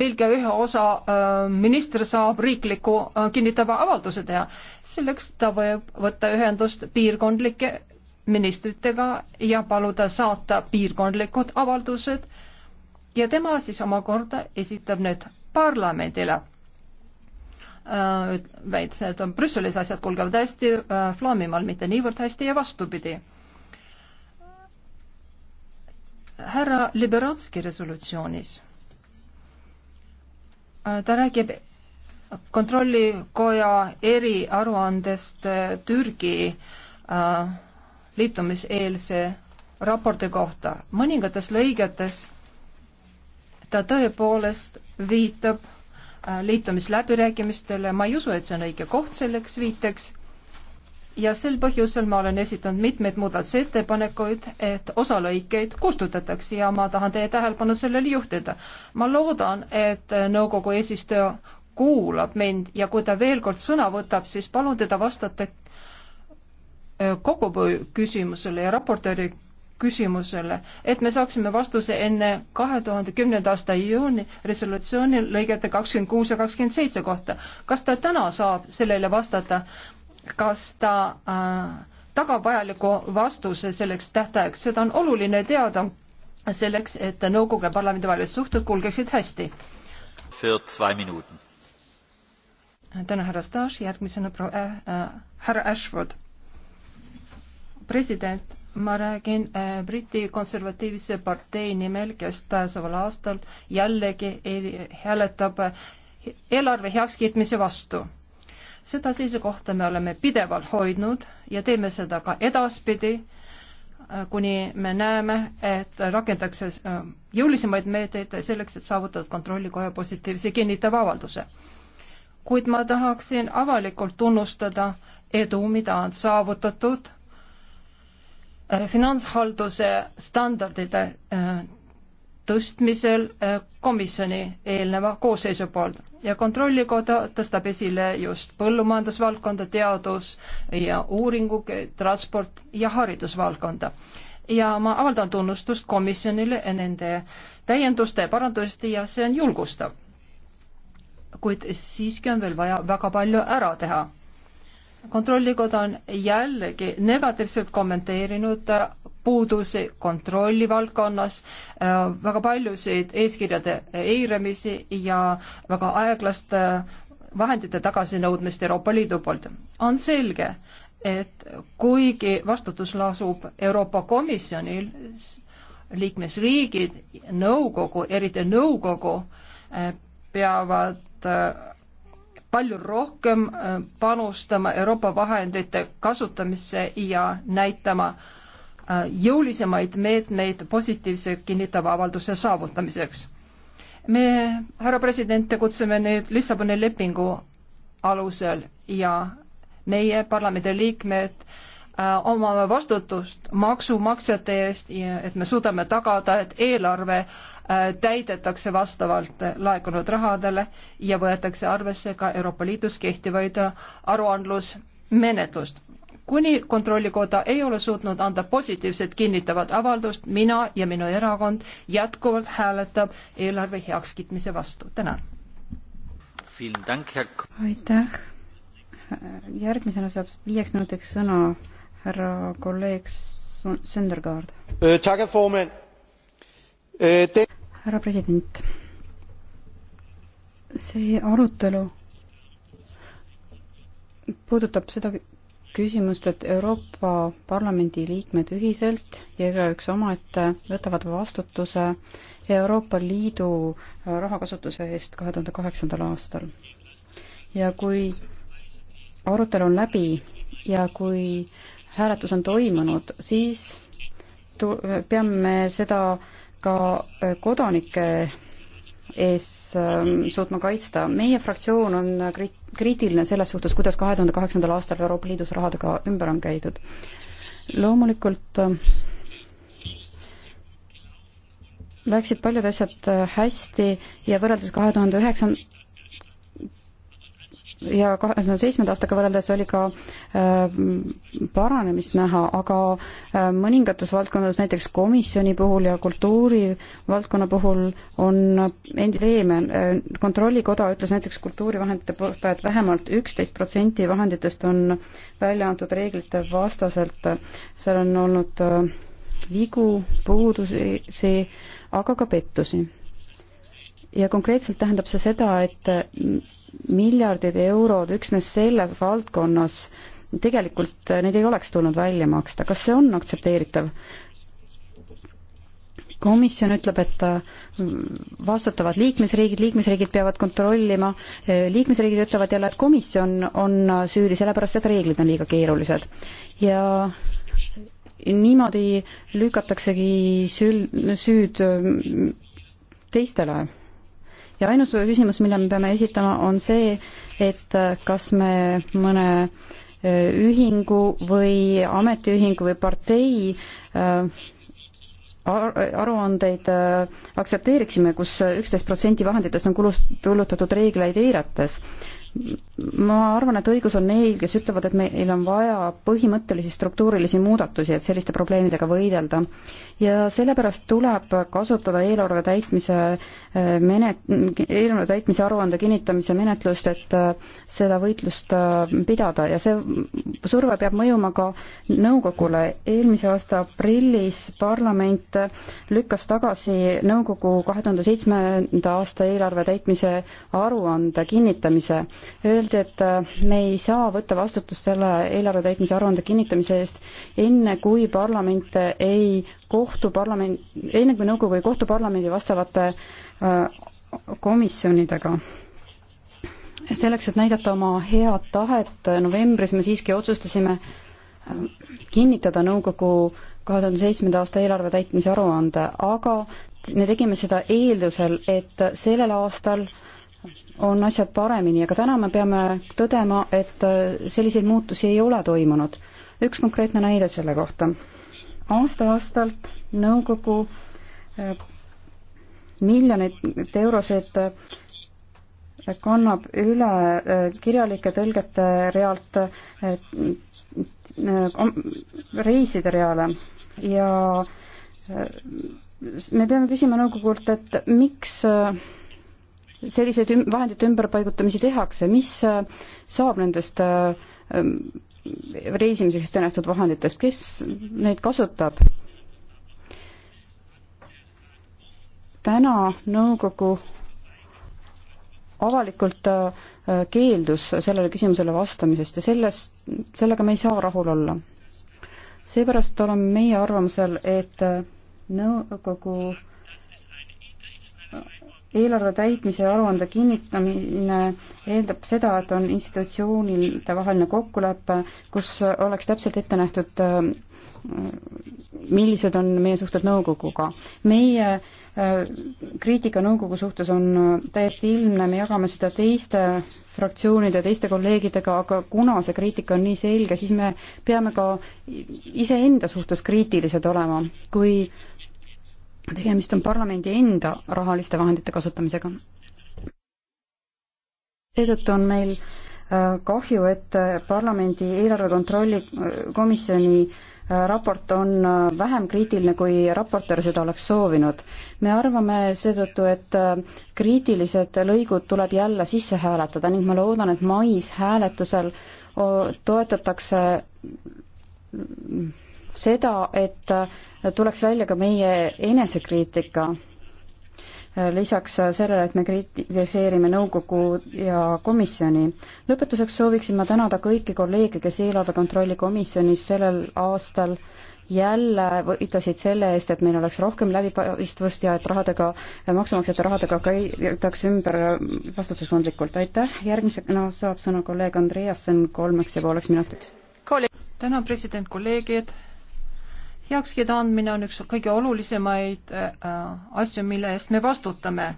Belgia ühe osa ähm, minister saab riikliku äh, kinnitava avalduse teha. selleks ta võib võtta ühendust piirkondlike ministritega ja paluda saata piirkondlikud avaldused ja tema siis omakorda esitab need parlamendile. Äh, väites, et Brüsselis asjad kulgevad hästi, äh, Flaamimaal mitte niivõrd hästi ja vastupidi härra Liberatski resolutsioonis. ta räägib kontrollikoja eriaruandest äh, Türgi äh, liitumiseelse raporti kohta. mõningates lõigetes ta tõepoolest viitab äh, liitumisläbirääkimistele, ma ei usu, et see on õige koht selleks viiteks ja sel põhjusel ma olen esitanud mitmeid muudatusettepanekuid, et osa lõikeid kustutatakse ja ma tahan teie tähelepanu sellele juhtida. ma loodan, et nõukogu eesistuja kuulab mind ja kui ta veel kord sõna võtab, siis palun teda vastata äh, kogu küsimusele ja raportööri küsimusele, et me saaksime vastuse enne kahe tuhande kümnenda aasta juuni resolutsiooni lõigete kakskümmend kuus ja kakskümmend seitse kohta. kas ta täna saab sellele vastata? kas ta äh, tagab vajaliku vastuse selleks tähtajaks, seda on oluline teada selleks, et nõukogu ja parlamendi vahelised suhted kulgeksid hästi. tänan, härra Staaž, järgmisena pro- äh,, äh, härra Ashford. president, ma räägin äh, Briti konservatiivse partei nimel, kes käesoleval aastal jällegi hääletab eelarve heakskiitmise vastu seda seisukohta me oleme pidevalt hoidnud ja teeme seda ka edaspidi, äh, kuni me näeme, et rakendatakse äh, jõulisemaid meetmeid selleks, et saavutada kontrollikoja positiivse kinnitava avalduse. kuid ma tahaksin avalikult tunnustada edu, mida on saavutatud äh, finantshalduse standardide tõstmisel äh, komisjoni eelneva koosseisu poolt ja Kontrollikoda tõstab esile just põllumajandusvaldkonda, teadus ja uuringu, transport ja haridusvaldkonda. ja ma avaldan tunnustust komisjonile nende täienduste ja paranduste ja see on julgustav. kuid siiski on veel vaja väga palju ära teha kontrollikoda on jällegi negatiivselt kommenteerinud puudusi kontrolli valdkonnas, äh, väga paljusid eeskirjade eiramisi ja väga aeglast äh, vahendite tagasinõudmist Euroopa Liidu poolt. on selge, et kuigi vastutus lasub Euroopa Komisjonil, liikmesriigid, nõukogu, eriti nõukogu, äh, peavad palju rohkem äh, panustama Euroopa vahendite kasutamisse ja näitama äh, jõulisemaid meetmeid positiivse kinnitava avalduse saavutamiseks. me, härra president, tegutseme nüüd Lissaboni lepingu alusel ja meie parlamendi liikmed Äh, omame vastutust maksumaksjate eest ja et me suudame tagada, et eelarve äh, täidetakse vastavalt äh, laekunud rahadele ja võetakse arvesse ka Euroopa Liidus kehtivaid aruandlusmenetlust. kuni Kontrollikoda ei ole suutnud anda positiivset kinnitavat avaldust, mina ja minu erakond jätkuvalt hääletab eelarve heakskiitmise vastu. tänan. aitäh. järgmisena saab viieks minutiks sõna härra kolleeg Sõndergaard. härra president, see arutelu puudutab seda küsimust, et Euroopa Parlamendi liikmed ühiselt ja igaüks omaette võtavad vastutuse Euroopa Liidu rahakasutuse eest kahe tuhande kaheksandal aastal. ja kui arutelu on läbi ja kui äh, hääletus on toimunud, siis tu-, peame seda ka äh, kodanike ees ähm, suutma kaitsta. meie fraktsioon on kri-, kriitiline selles suhtes, kuidas kahe tuhande kaheksandal aastal Euroopa Liidus rahadega ümber on käidud. loomulikult äh, läksid paljud asjad äh, hästi ja võrreldes kahe tuhande üheksa, ja kahe tuhande seitsmenda aastaga võrreldes oli ka äh, paranemist näha, aga äh, mõningates valdkondades, näiteks komisjoni puhul ja kultuurivaldkonna puhul on endiseeme äh,. kontrollikoda ütles näiteks kultuurivahendite kohta, et vähemalt üksteist protsenti vahenditest on välja antud reeglite vastaselt. seal on olnud äh, vigu, puudusi, aga ka pettusi ja konkreetselt tähendab see seda, et miljardid eurod üksnes selles valdkonnas, tegelikult neid ei oleks tulnud välja maksta, kas see on aktsepteeritav? komisjon ütleb, et mm, vastutavad liikmesriigid, liikmesriigid peavad kontrollima, liikmesriigid ütlevad jälle, et komisjon on süüdi, sellepärast et reeglid on liiga keerulised. ja niimoodi lükataksegi sül-, süüd teistele ja ainus küsimus, mille me peame esitama, on see, et äh, kas me mõne äh, ühingu või ametiühingu või partei äh, aruandeid aktsepteeriksime kus, kus üksteist protsenti vahenditest on kulust-, kulutatud reegleid eirates ma arvan, et õigus on neil, kes ütlevad, et meil on vaja põhimõttelisi struktuurilisi muudatusi, et selliste probleemidega võidelda. ja sellepärast tuleb kasutada eelarve täitmise eh, menet-, eelarve täitmise aruande kinnitamise menetlust, et eh, seda võitlust eh, pidada ja see surve peab mõjuma ka nõukogule. eelmise aasta aprillis parlament lükkas tagasi nõukogu kahe tuhande seitsmenda aasta eelarve täitmise aruande kinnitamise öeldi, et äh, me ei saa võtta vastutust selle eelarve täitmise aruande kinnitamise eest, enne kui parlament ei kohtu parlament, enne kui nõukogu ei kohtu parlamendi vastavate äh, komisjonidega. selleks, et näidata oma head tahet, novembris me siiski otsustasime äh, kinnitada nõukogu kahe tuhande seitsmenda aasta eelarve täitmise aruande, aga me tegime seda eeldusel, et sellel aastal äh, on asjad paremini, aga täna me peame tõdema, et äh, selliseid muutusi ei ole toimunud. üks konkreetne näide selle kohta. aasta-aastalt nõukogu äh, miljoneid eurosid äh, kannab üle kirjalike tõlgete realt reiside reale ja me peame küsima nõukogult, et miks selliseid üm-, vahendite ümberpaigutamisi tehakse, mis äh, saab nendest äh, ähm, reisimiseks ette nähtud vahenditest, kes neid kasutab? täna nõukogu avalikult äh, keeldus sellele küsimusele vastamisest ja sellest, sellega me ei saa rahul olla. seepärast oleme meie arvamusel, et nõukogu no, eelarve täitmise aruande kinnitamine eeldab seda, et on institutsioonide vaheline kokkulepe, kus oleks täpselt ette nähtud, äh, millised on meie suhted nõukoguga. meie äh, kriitika nõukogu suhtes on äh, täiesti ilmne, me jagame seda teiste fraktsioonide, teiste kolleegidega, aga kuna see kriitika on nii selge, siis me peame ka iseenda suhtes kriitilised olema. kui tegemist on parlamendi enda rahaliste vahendite kasutamisega. seetõttu on meil äh, kahju, et äh, parlamendi eelarve kontrolli äh, komisjoni raport on vähem kriitiline, kui raportöör seda oleks soovinud. me arvame seetõttu, et kriitilised lõigud tuleb jälle sisse hääletada ning ma loodan, et mais hääletusel toetatakse seda, et tuleks välja ka meie enesekriitika. lisaks sellele, et me kritiseerime nõukogu ja komisjoni. lõpetuseks sooviksin ma tänada kõiki kolleege, kes eelarve kontrolli komisjonis sellel aastal jälle võitlesid selle eest, et meil oleks rohkem läbipaistvust ja et rahadega, maksumaksjate rahadega käidaks ümber vastutustundlikult. aitäh, järgmisena no, saab sõna kolleeg Andreasen kolmeks ja pooleks minutiks täna president kolleegid heakskiidu andmine on üks kõige olulisemaid äh, äh, asju, mille eest me vastutame.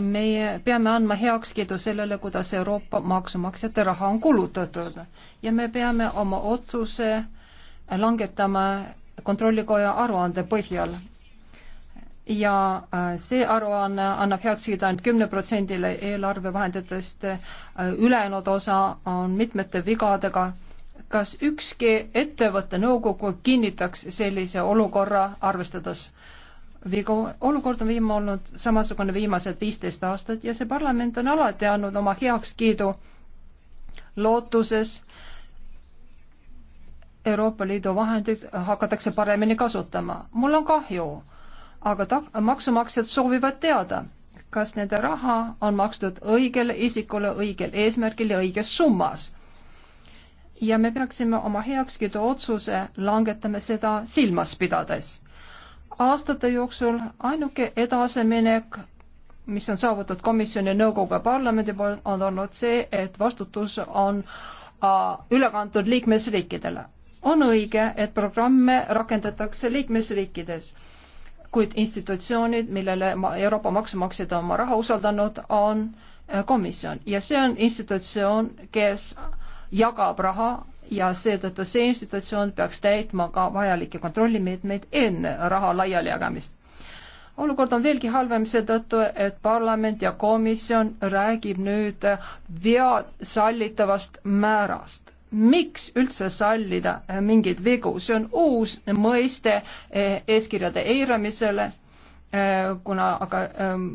meie peame andma heakskiidu sellele, kuidas Euroopa maksumaksjate raha on kulutatud ja me peame oma otsuse langetama kontrollikoja aruande põhjal. ja äh, see aruanne annab heakskiidu ainult kümne protsendile eelarvevahenditest, ülejäänud osa on mitmete vigadega kas ükski ettevõtte nõukogu kinnitaks sellise olukorra, arvestades vigu, olukord on viima olnud samasugune viimased viisteist aastat ja see parlament on alati andnud oma heakskiidu lootuses Euroopa Liidu vahendeid hakatakse paremini kasutama. mul on kahju, aga ta-, maksumaksjad soovivad teada, kas nende raha on makstud õigele isikule õigel eesmärgil ja õiges summas ja me peaksime oma heakskiidu otsuse langetama seda silmas pidades. aastate jooksul ainuke edasiminek, mis on saavutatud komisjoni, nõukogu ja parlamendi poolt, on olnud see, et vastutus on äh, üle kantud liikmesriikidele. on õige, et programme rakendatakse liikmesriikides kuid institutsioonid, millele ma Euroopa maksumaksjad on oma raha usaldanud, on äh, komisjon ja see on institutsioon, kes jagab raha ja seetõttu see institutsioon peaks täitma ka vajalikke kontrollimeetmeid enne raha laialijagamist. olukord on veelgi halvem seetõttu, et parlament ja komisjon räägib nüüd vead sallitavast määrast miks üldse sallida mingeid vigu, see on uus mõiste eh, eeskirjade eiramisele, eh, kuna aga ehm,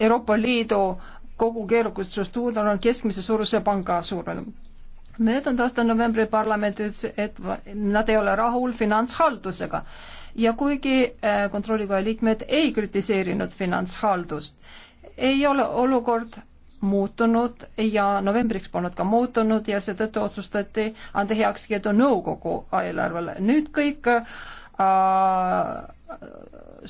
Euroopa Liidu kogu keerukus struktuur on keskmise suuruse panga suurenenud möödunud aasta novembri parlament ütles, et nad ei ole rahul finantshaldusega ja kuigi äh, kontrollikoja liikmed ei kritiseerinud finantshaldust, ei ole olukord muutunud ja novembriks polnud ka muutunud ja seetõttu otsustati anda heakskiidu nõukogu eelarvele. nüüd kõik äh,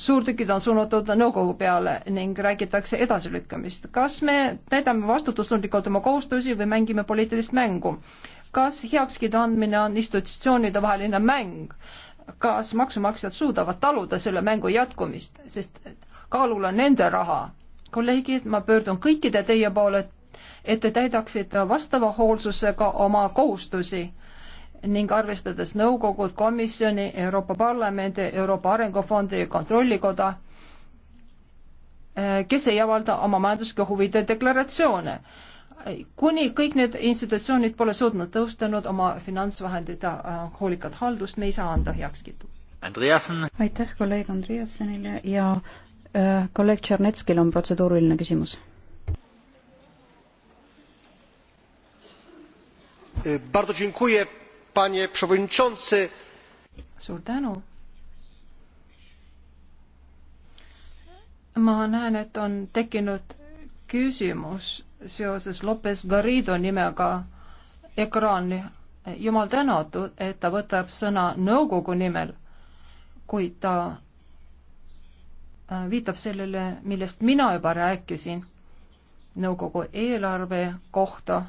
suurtükid on suunatud nõukogu peale ning räägitakse edasilükkamist. kas me täidame vastutustundlikult oma kohustusi või mängime poliitilist mängu? kas heakskiidu andmine on institutsioonide vaheline mäng? kas maksumaksjad suudavad taluda selle mängu jätkumist, sest kaalul on nende raha? kolleegid, ma pöördun kõikide teie poole, et te täidaksite vastava hoolsusega oma kohustusi ning arvestades nõukogud, komisjoni, Euroopa Parlamendi, Euroopa Arengufondi ja Kontrollikoda, eh, kes ei avalda oma majanduslike huvide deklaratsioone. kuni kõik need institutsioonid pole suutnud tõustanud oma finantsvahendite eh, hoolikat haldust, me ei saa anda heakskiitu. aitäh kolleeg Andreasenile ja äh, kolleeg Tšernetskil on protseduuriline küsimus bardzo dziękuję panie przewodniczący! ma näen et on tekkinud küsimus seoses lopez garrido nimega ekraani jumal tänatud et ta võtab sõna nõukogu nimel kuid ta äh, viitab sellele millest mina juba rääkisin nõukogu eelarve kohta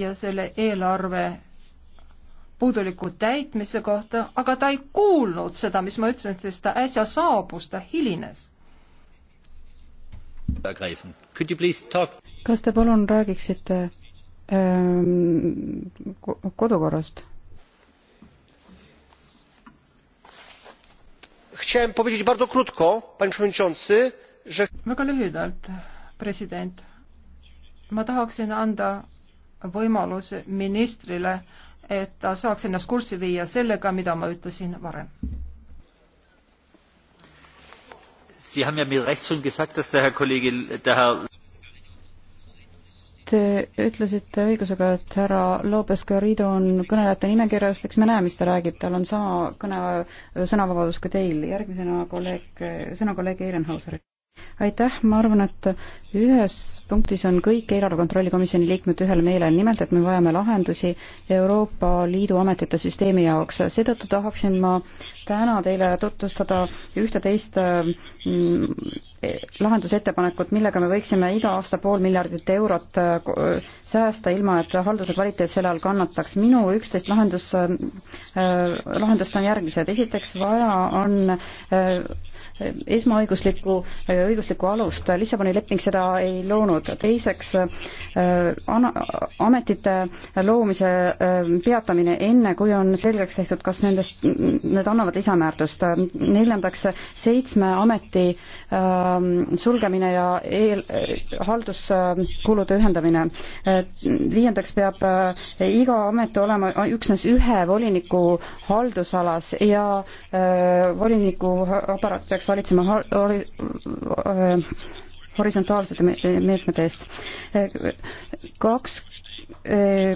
ja selle eelarve puuduliku täitmise kohta, aga ta ei kuulnud seda, mis ma ütlesin, sest ta äsja saabus, ta hilines. kas te palun räägiksite ähm, kodukorrast? chciałem powiedzieć bardzo krótko panie przewodniczący że väga lühidalt president ma tahaksin anda võimalus ministrile, et ta saaks ennast kurssi viia sellega, mida ma ütlesin varem. Sie haben ja mir recht schon gesagt, dass der Herr Kollege, der Herr Te ütlesite õigusega, et härra Lopez Garrido on kõnelejate nimekirjas, eks me näe, mis ta räägib, tal on sama kõne, sõnavabadus kui teil. järgmisena kolleeg, sõna kolleeg Ehrenhauserile aitäh, ma arvan, et ühes punktis on kõik eelarve kontrolli komisjoni liikmed ühel meelel, nimelt et me vajame lahendusi Euroopa Liidu ametite süsteemi jaoks. seetõttu tahaksin ma täna teile tutvustada ühte-teist mm, lahendusettepanekut, millega me võiksime iga aasta pool miljardit eurot äh, säästa, ilma et halduse kvaliteet selle all kannataks. minu üksteist lahendus, äh, lahendust on järgmised. esiteks vaja on äh, esmaõiguslikku, õiguslikku alust. Lissaboni leping seda ei loonud. teiseks, ametite loomise peatamine enne, kui on selgeks tehtud, kas nendest, need annavad lisamäärdust. neljandaks, seitsme ameti äh, Ähm, sulgemine ja eel, äh, halduskulude ühendamine. viiendaks peab äh, iga amet olema üksnes ühe voliniku haldusalas ja äh, voliniku aparaat peaks valitsema hal-, horisontaalsete meetmete eest. kaks Äh,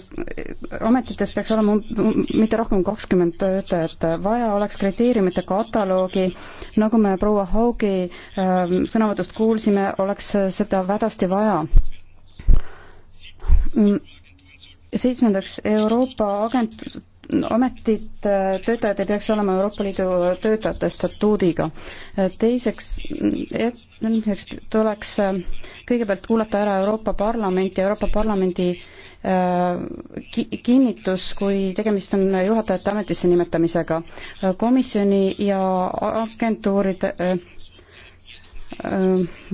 ametites peaks olema um-, um-, mitte rohkem kakskümmend töötajat, vaja oleks kriteeriumite kataloogi, nagu me proua Haugi ähm, sõnavõtust kuulsime, oleks seda hädasti vaja. Mm, seitsmendaks, Euroopa agent-, ametid, töötajad ei peaks olema Euroopa Liidu töötajate statuudiga. teiseks, järgmiseks tuleks kõigepealt kuulata ära Euroopa Parlament ja Euroopa Parlamendi äh, Äh, kinnitus, kui tegemist on juhatajate ametisse nimetamisega. Äh, komisjoni ja agentuuride äh,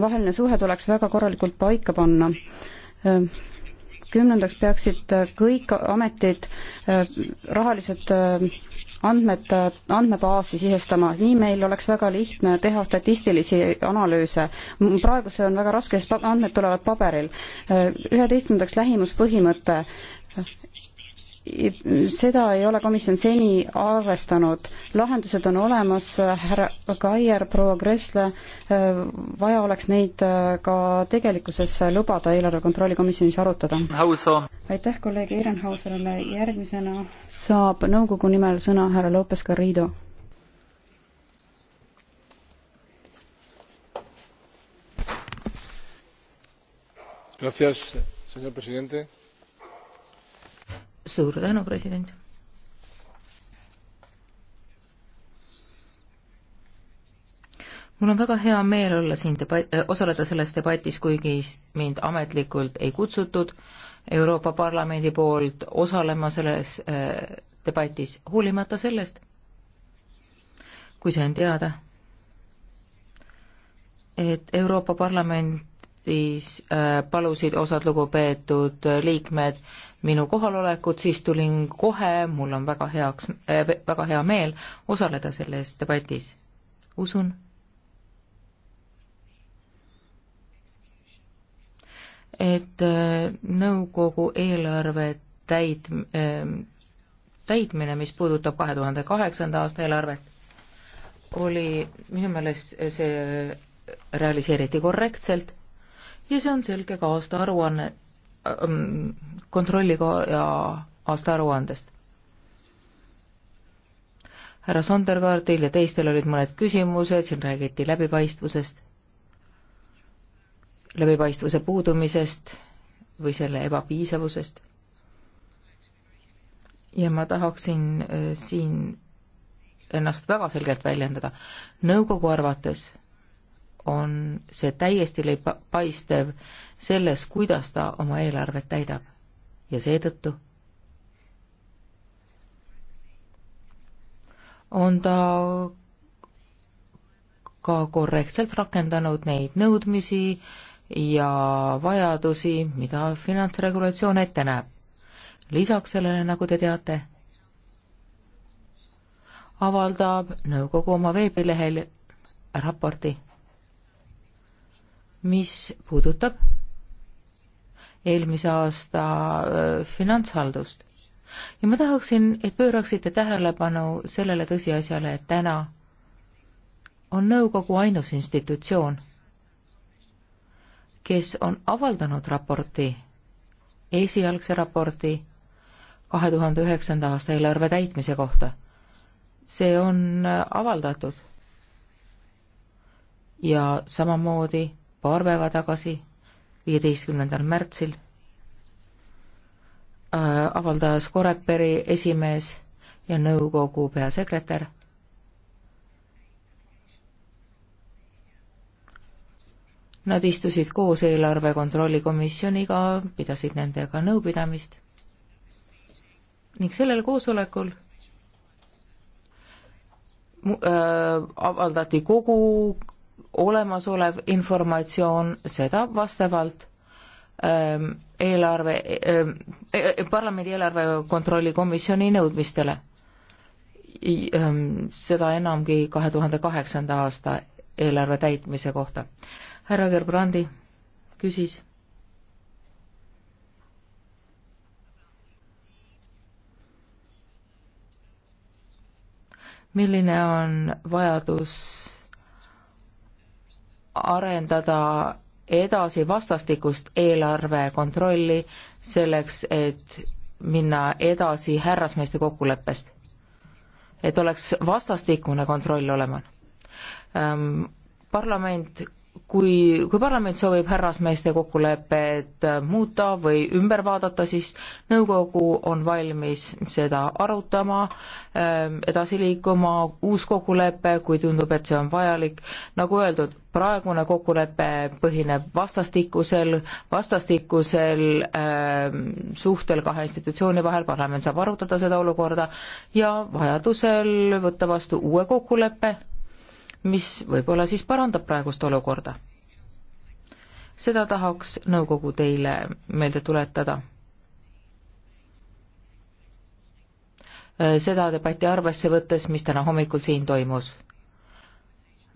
vaheline suhe tuleks väga korralikult paika panna. kümnendaks peaksid kõik ametid rahalised andmed, andmebaasi sisestama, nii meil oleks väga lihtne teha statistilisi analüüse. praegu see on väga raske, sest andmed tulevad paberil. üheteistkümnendaks lähimuspõhimõte. seda ei ole komisjon seni arvestanud. lahendused on olemas, härra Kaier, proua Kressle, vaja oleks neid ka tegelikkuses lubada eelarve kontrolli komisjonis arutada aitäh kolleeg Ehrenhauserile, järgmisena saab nõukogu nimel sõna härra Lopez Garrido. suur tänu, president. mul on väga hea meel olla siin debat-, osaleda selles debatis, kuigi mind ametlikult ei kutsutud äh, Euroopa Parlamendi poolt osalema selles äh, debatis, hoolimata sellest, kui see on teada, et Euroopa Parlamendis äh, palusid osad lugupeetud äh, liikmed minu kohalolekut, siis tulin kohe, mul on väga heaks, väga hea meel osaleda selles debatis. usun et äh, nõukogu eelarve täid-, äh, täitmine, mis puudutab kahe tuhande kaheksanda aasta eelarvet, oli minu meelest äh, see realiseeriti korrektselt ja see on selge ka aastaaruanne, kontrollikoja aastaaruandest härra Sondergaardil ja teistel olid mõned küsimused, siin räägiti läbipaistvusest läbipaistvuse puudumisest või selle ebapiisavusest. ja ma tahaksin äh, siin ennast väga selgelt väljendada. nõukogu arvates on see täiesti paistev selles, kuidas ta oma eelarvet täidab. ja seetõttu on ta ka korrektselt rakendanud neid nõudmisi, ja vajadusi, mida finantsregulatsioon ette näeb. lisaks sellele, nagu te teate, avaldab nõukogu oma veebilehel raporti, mis puudutab eelmise aasta finantshaldust. ja ma tahaksin, et pööraksite tähelepanu sellele tõsiasjale, et täna on nõukogu ainus institutsioon, kes on avaldanud raporti, esialgse raporti kahe tuhande üheksanda aasta eelarve täitmise kohta. see on äh, avaldatud. ja samamoodi paar päeva tagasi, viieteistkümnendal märtsil äh, avaldas Koreperi esimees ja nõukogu peasekretär Nad istusid koos eelarve kontrolli komisjoniga, pidasid nendega nõupidamist ning sellel koosolekul äh, avaldati kogu olemasolev informatsioon, seda vastavalt äh, eelarve äh,, parlamendi eelarve kontrolli komisjoni nõudmistele. Ähm, seda enamgi kahe tuhande kaheksanda aasta eelarve täitmise kohta härra Gerbrandi küsis milline on vajadus arendada edasi vastastikust eelarve kontrolli selleks, et minna edasi härrasmeeste kokkuleppest. et oleks vastastikune kontroll olema ähm,. parlament kui, kui parlament soovib härrasmeeste kokkulepet muuta või ümber vaadata, siis nõukogu on valmis seda arutama, ähm, edasi liikuma, uus kokkulepe, kui tundub, et see on vajalik. nagu öeldud, praegune kokkulepe põhineb vastastikusel, vastastikusel äh, suhtel kahe institutsiooni vahel, parlament saab arutada seda olukorda ja vajadusel võtta vastu uue kokkuleppe mis võib-olla siis parandab praegust olukorda. seda tahaks nõukogu teile meelde tuletada. seda debatti arvesse võttes, mis täna hommikul siin toimus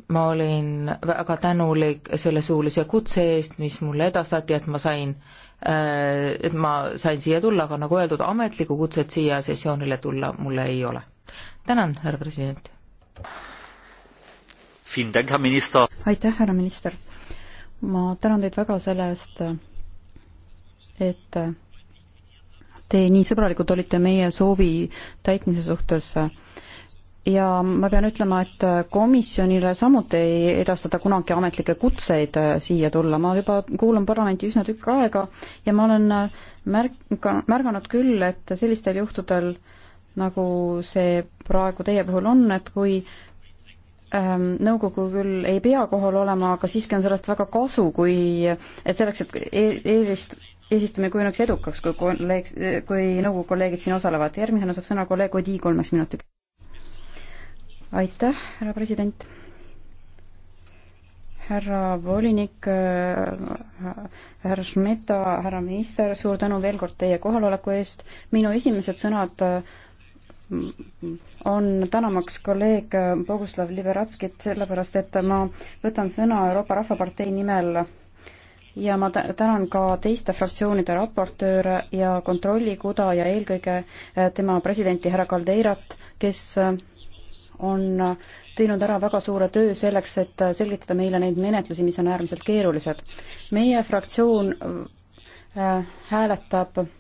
ma olin väga tänulik selle suulise kutse eest, mis mulle edastati, et ma sain, äh, et ma sain siia tulla, aga nagu öeldud, ametlikku kutset siia sessioonile tulla mul ei ole. tänan, härra president aitäh, härra minister! ma tänan teid väga selle eest, et te nii sõbralikud olite meie soovi täitmise suhtes ja ma pean ütlema, et komisjonile samuti ei edastata kunagi ametlikke kutseid siia tulla, ma juba kuulan parlamenti üsna tükk aega ja ma olen märka, märganud küll, et sellistel juhtudel nagu see praegu teie puhul on, et kui Ehm, nõukogu küll ei pea kohal olema, aga siiski on sellest väga kasu, kui, et selleks, et e-, eelist- e, eesistumine kujuneks edukaks, kui kolleeg, kui nõukogu kolleegid siin osalevad. järgmisena saab sõna kolleeg Odi kolmeks minutiks. aitäh, härra president. härra volinik, äh, härra Šmeta, härra minister, suur tänu veel kord teie kohaloleku eest. minu esimesed sõnad äh, on tänamaks kolleeg Boguslav Liberatskit, sellepärast et ma võtan sõna Euroopa Rahvapartei nimel ja ma tänan ka teiste fraktsioonide raportööre ja Kontrollikuda ja eelkõige eh, tema presidenti härra Kaldeirat, kes eh, on teinud ära väga suure töö selleks, et eh, selgitada meile neid menetlusi, mis on äärmiselt keerulised. meie fraktsioon hääletab äh,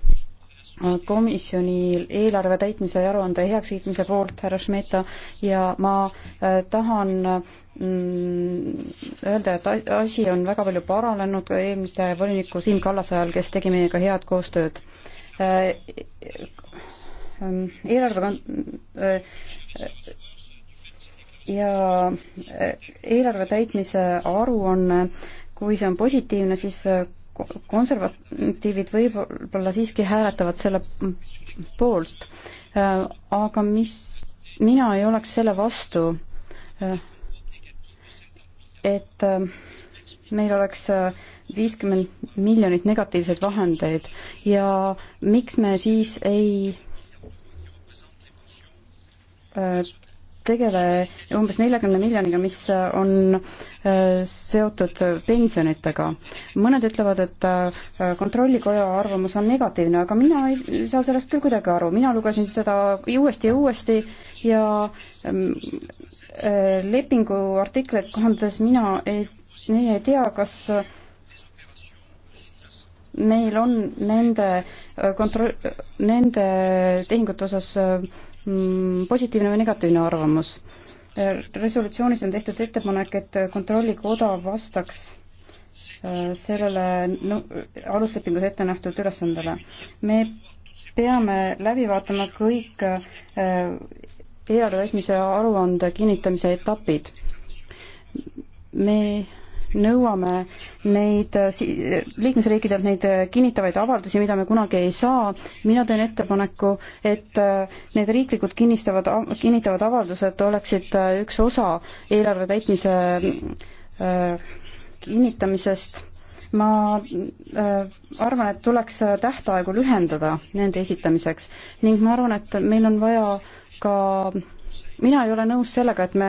komisjoni eelarve täitmise aruande heakskiitmise poolt, härra Šmeta, ja ma äh, tahan mm, öelda, et asi on väga palju paranenud eelmise voliniku Siim Kallase ajal, kes tegi meiega head koostööd. Äh, äh, eelarve ja eelarve täitmise aruanne, kui see on positiivne, siis konservatiivid võib-olla siiski hääletavad selle poolt, äh, aga mis, mina ei oleks selle vastu, äh, et äh, meil oleks viiskümmend miljonit negatiivseid vahendeid ja miks me siis ei tegele umbes neljakümne miljoniga, mis on äh, seotud pensionitega. mõned ütlevad, et äh, kontrollikoja arvamus on negatiivne, aga mina ei saa sellest küll kuidagi aru, mina lugesin seda uuesti ja uuesti ja ähm, äh, lepingu artikleid kohandades mina ei, ei tea, kas meil on nende kontroll, nende tehingute osas Mm, positiivne või negatiivne arvamus. Äh, resolutsioonis on tehtud ettepanek, et kontrollikoda vastaks äh, sellele no, aluslepingus ette nähtud ülesandele. me peame läbi vaatama kõik äh, eelarve esimese aruande kinnitamise etapid. me nõuame neid äh, liikmesriikidelt neid äh, kinnitavaid avaldusi, mida me kunagi ei saa. mina teen ettepaneku, et äh, need riiklikud kinnistavad, kinnitavad avaldused oleksid üks osa eelarve täitmise kinnitamisest ma äh, arvan, et tuleks tähtaegu lühendada nende esitamiseks ning ma arvan, et meil on vaja ka äh, mina ei ole nõus sellega, et me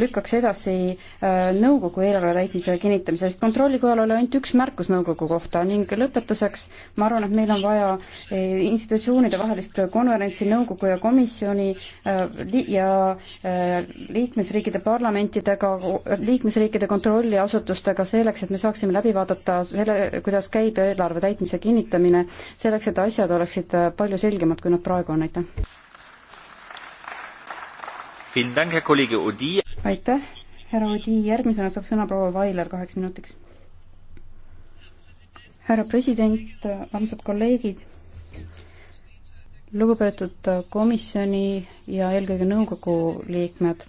lükkaks edasi äh, nõukogu eelarve täitmise kinnitamise, sest kontrollikojal oli ainult üks märkus nõukogu kohta ning lõpetuseks ma arvan, et meil on vaja äh, institutsioonide vahelist konverentsi nõukogu ja komisjoni äh, ja liikmesriikide parlamentidega, liikmesriikide kontrolliasutustega selleks, et me saaksime läbi vaadata selle, kuidas käib eelarve täitmise kinnitamine, selleks, et asjad oleksid palju selgemad, kui nad praegu on, aitäh! aitäh, härra Odi, järgmisena saab sõna proua Vailar kaheks minutiks. härra president, armsad kolleegid, lugupeetud komisjoni ja eelkõige nõukogu liikmed,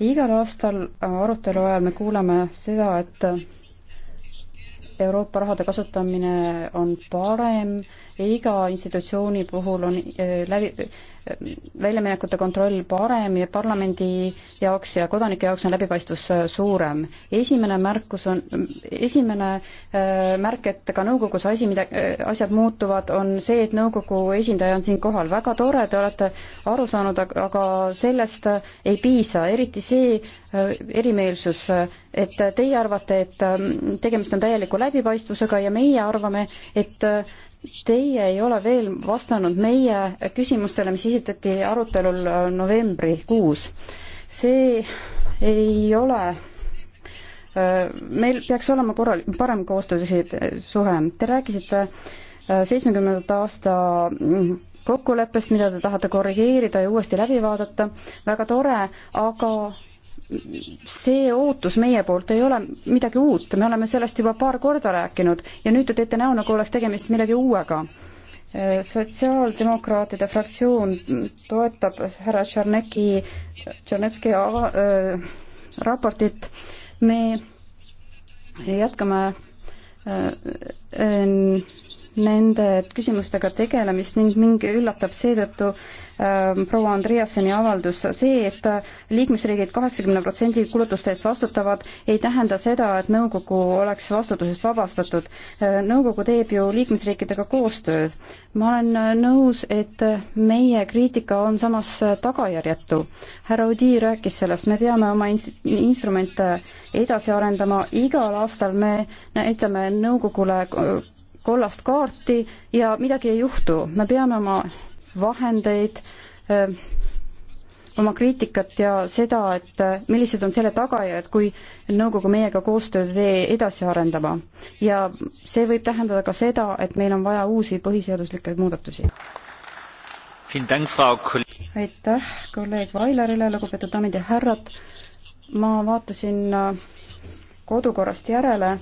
igal aastal arutelu ajal me kuuleme seda, et Euroopa rahade kasutamine on parem iga institutsiooni puhul on äh, läbi, väljaminekute kontroll parem ja parlamendi jaoks ja kodanike jaoks on läbipaistvus äh, suurem. esimene märkus on, esimene äh, märk, et ka nõukogus asi, mida, asjad muutuvad, on see, et nõukogu esindaja on siin kohal. väga tore, te olete aru saanud, aga sellest ei piisa, eriti see erimeelsus, et teie arvate, et ähm, tegemist on täieliku läbipaistvusega ja meie arvame, et Teie ei ole veel vastanud meie küsimustele, mis esitati arutelul äh, novembrikuus. see ei ole äh, meil peaks olema korral-, parem koostöösuhe. Te rääkisite äh, seitsmekümnendate aasta mm, kokkuleppest, mida te tahate korrigeerida ja uuesti läbi vaadata, väga tore, aga see ootus meie poolt ei ole midagi uut, me oleme sellest juba paar korda rääkinud ja nüüd te teete näo, nagu oleks tegemist millegi uuega. sotsiaaldemokraatide fraktsioon toetab härra Tšernäki, Tšernetski äh, raportit, me jätkame äh, äh, nende küsimustega tegelemist ning mind üllatab seetõttu äh, proua Andreaseni avaldus. see, et liikmesriigid kaheksakümne protsendi kulutuste eest vastutavad, ei tähenda seda, et nõukogu oleks vastutusest vabastatud. Äh, nõukogu teeb ju liikmesriikidega koostööd. ma olen äh, nõus, et äh, meie kriitika on samas tagajärjetu. härra Udi rääkis sellest, me peame oma inst-, instrumente edasi arendama, igal aastal me näitame nõukogule kollast kaarti ja midagi ei juhtu. me peame oma vahendeid, oma kriitikat ja seda, et millised on selle tagajärjed, kui nõukogu meiega koostööd edasi arendama. ja see võib tähendada ka seda, et meil on vaja uusi põhiseaduslikke muudatusi. aitäh kolleeg Vailerile, lugupeetud daamid ja härrad. ma vaatasin kodukorrast järele,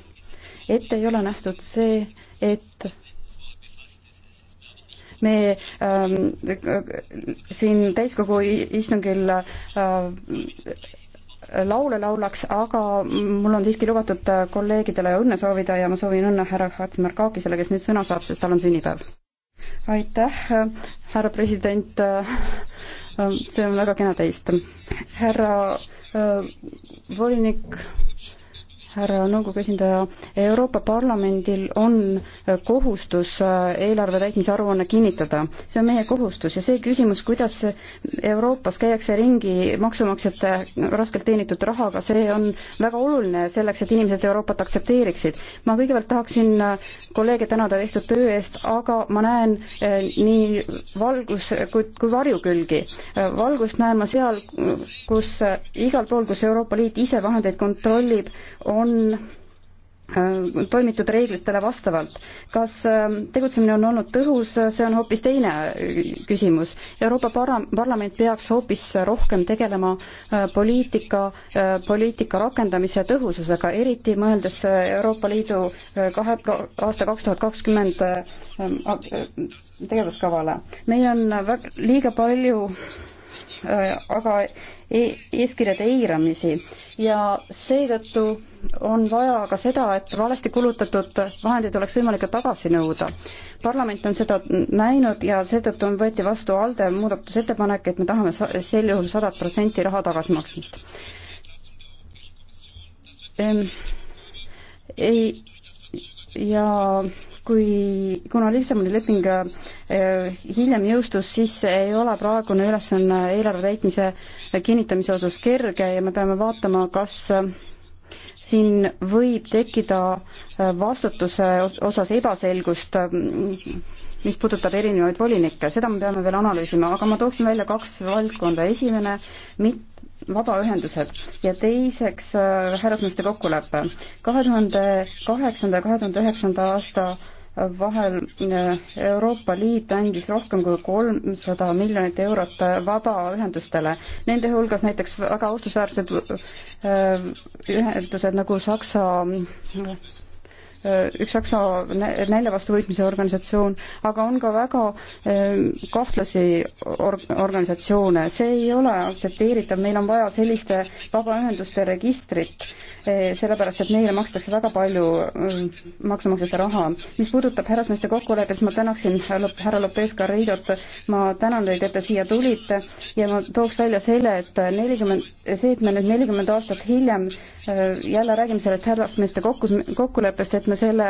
ette ei ole nähtud see, et me ähm, siin täiskogu istungil äh, laule laulaks, aga mul on siiski lubatud äh, kolleegidele õnne soovida ja ma soovin õnne härra Hatsimarkakisele, kes nüüd sõna saab, sest tal on sünnipäev. aitäh, härra president, äh, äh, see on väga kena teist. härra äh, volinik härra nõukogu esindaja, Euroopa Parlamendil on äh, kohustus äh, eelarve täitmise aruanne kinnitada. see on meie kohustus ja see küsimus, kuidas Euroopas käiakse ringi maksumaksjate raskelt teenitud rahaga, see on väga oluline selleks, et inimesed Euroopat aktsepteeriksid. ma kõigepealt tahaksin äh, kolleege tänada tehtud töö eest, aga ma näen nii valgus kui, kui varjukülgi. valgust näen ma seal, kus igal pool, kus Euroopa Liit ise vahendeid kontrollib, on on äh, toimitud reeglitele vastavalt. kas äh, tegutsemine on olnud tõhus, see on hoopis teine äh, küsimus. Euroopa para-, Parlament peaks hoopis rohkem tegelema poliitika, poliitika rakendamise tõhususega, eriti mõeldes Euroopa Liidu kahe, aasta kaks tuhat kakskümmend tegevuskavale. meil on väga, liiga palju aga E-, eeskirjade eiramisi ja seetõttu on vaja ka seda, et valesti kulutatud vahendeid oleks võimalik ka tagasi nõuda. parlament on seda näinud ja seetõttu on, võeti vastu ALDE muudatusettepanek, et me tahame sel juhul sadat protsenti raha tagasimaksmist. Ehm, ei, ja kui, kuna Lissaboni leping eh, hiljem jõustus, siis ei ole praegune ülesanne eelarve täitmise kinnitamise osas kerge ja me peame vaatama, kas eh, siin võib tekkida eh, vastutuse osas ebaselgust, mis puudutab erinevaid volinikke, seda me peame veel analüüsima, aga ma tooksin välja kaks valdkonda, esimene, mit-, vabaühendused ja teiseks härrasmeeste kokkulepe. kahe tuhande kaheksanda ja kahe tuhande üheksanda aasta vahel äh, Euroopa Liit andis rohkem kui kolmsada miljonit eurot äh, vabaühendustele. Nende hulgas näiteks väga austusväärsed äh, ühendused nagu Saksa üks Saksa nälja vastu võitmise organisatsioon, aga on ka väga kahtlasi org-, organisatsioone, see ei ole aktsepteeritav, meil on vaja selliste vabaühenduste registrit Eh, sellepärast et neile makstakse väga palju mm, maksumaksjate raha. mis puudutab härrasmeeste kokkulepet, siis ma tänaksin härra Lopez Garridot, ma tänan teid, et te siia tulite ja ma tooks välja selle, et nelikümmend, see, et me nüüd nelikümmend aastat hiljem eh, jälle räägime sellest härrasmeeste kokku, kokkuleppest, et me selle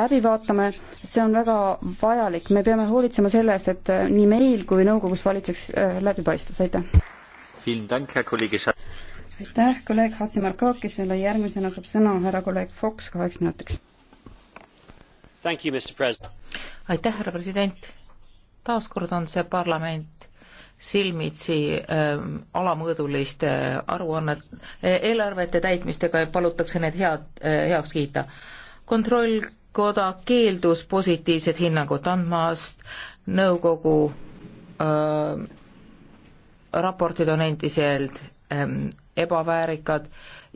läbi vaatame, see on väga vajalik, me peame hoolitsema selle eest, et eh, nii meil kui nõukogus valitseks läbipaistvus, aitäh! aitäh, kolleeg Hatsimarkakisele, järgmisena saab sõna härra kolleeg Fox kaheks minutiks. aitäh, härra president. taaskord on see parlament silmitsi äh, alamõõduliste aruannet, e, eelarvete täitmistega ja palutakse need head äh,, heaks kiita. kontrollkoda keeldus positiivset hinnangut andmast, nõukogu äh, raportid on endiselt ähm, ebaväärikad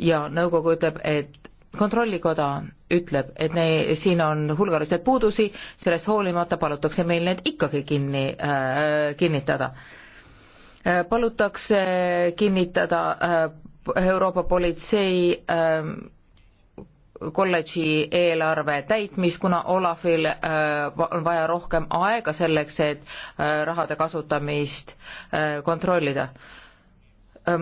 ja nõukogu ütleb, et kontrollikoda ütleb, et ne-, siin on hulgaliselt puudusi, sellest hoolimata palutakse meil need ikkagi kinni äh,, kinnitada äh,. palutakse kinnitada äh, Euroopa politsei äh, kolledži eelarve täitmist, kuna Olafil äh, on vaja rohkem aega selleks, et äh, rahade kasutamist äh, kontrollida äh,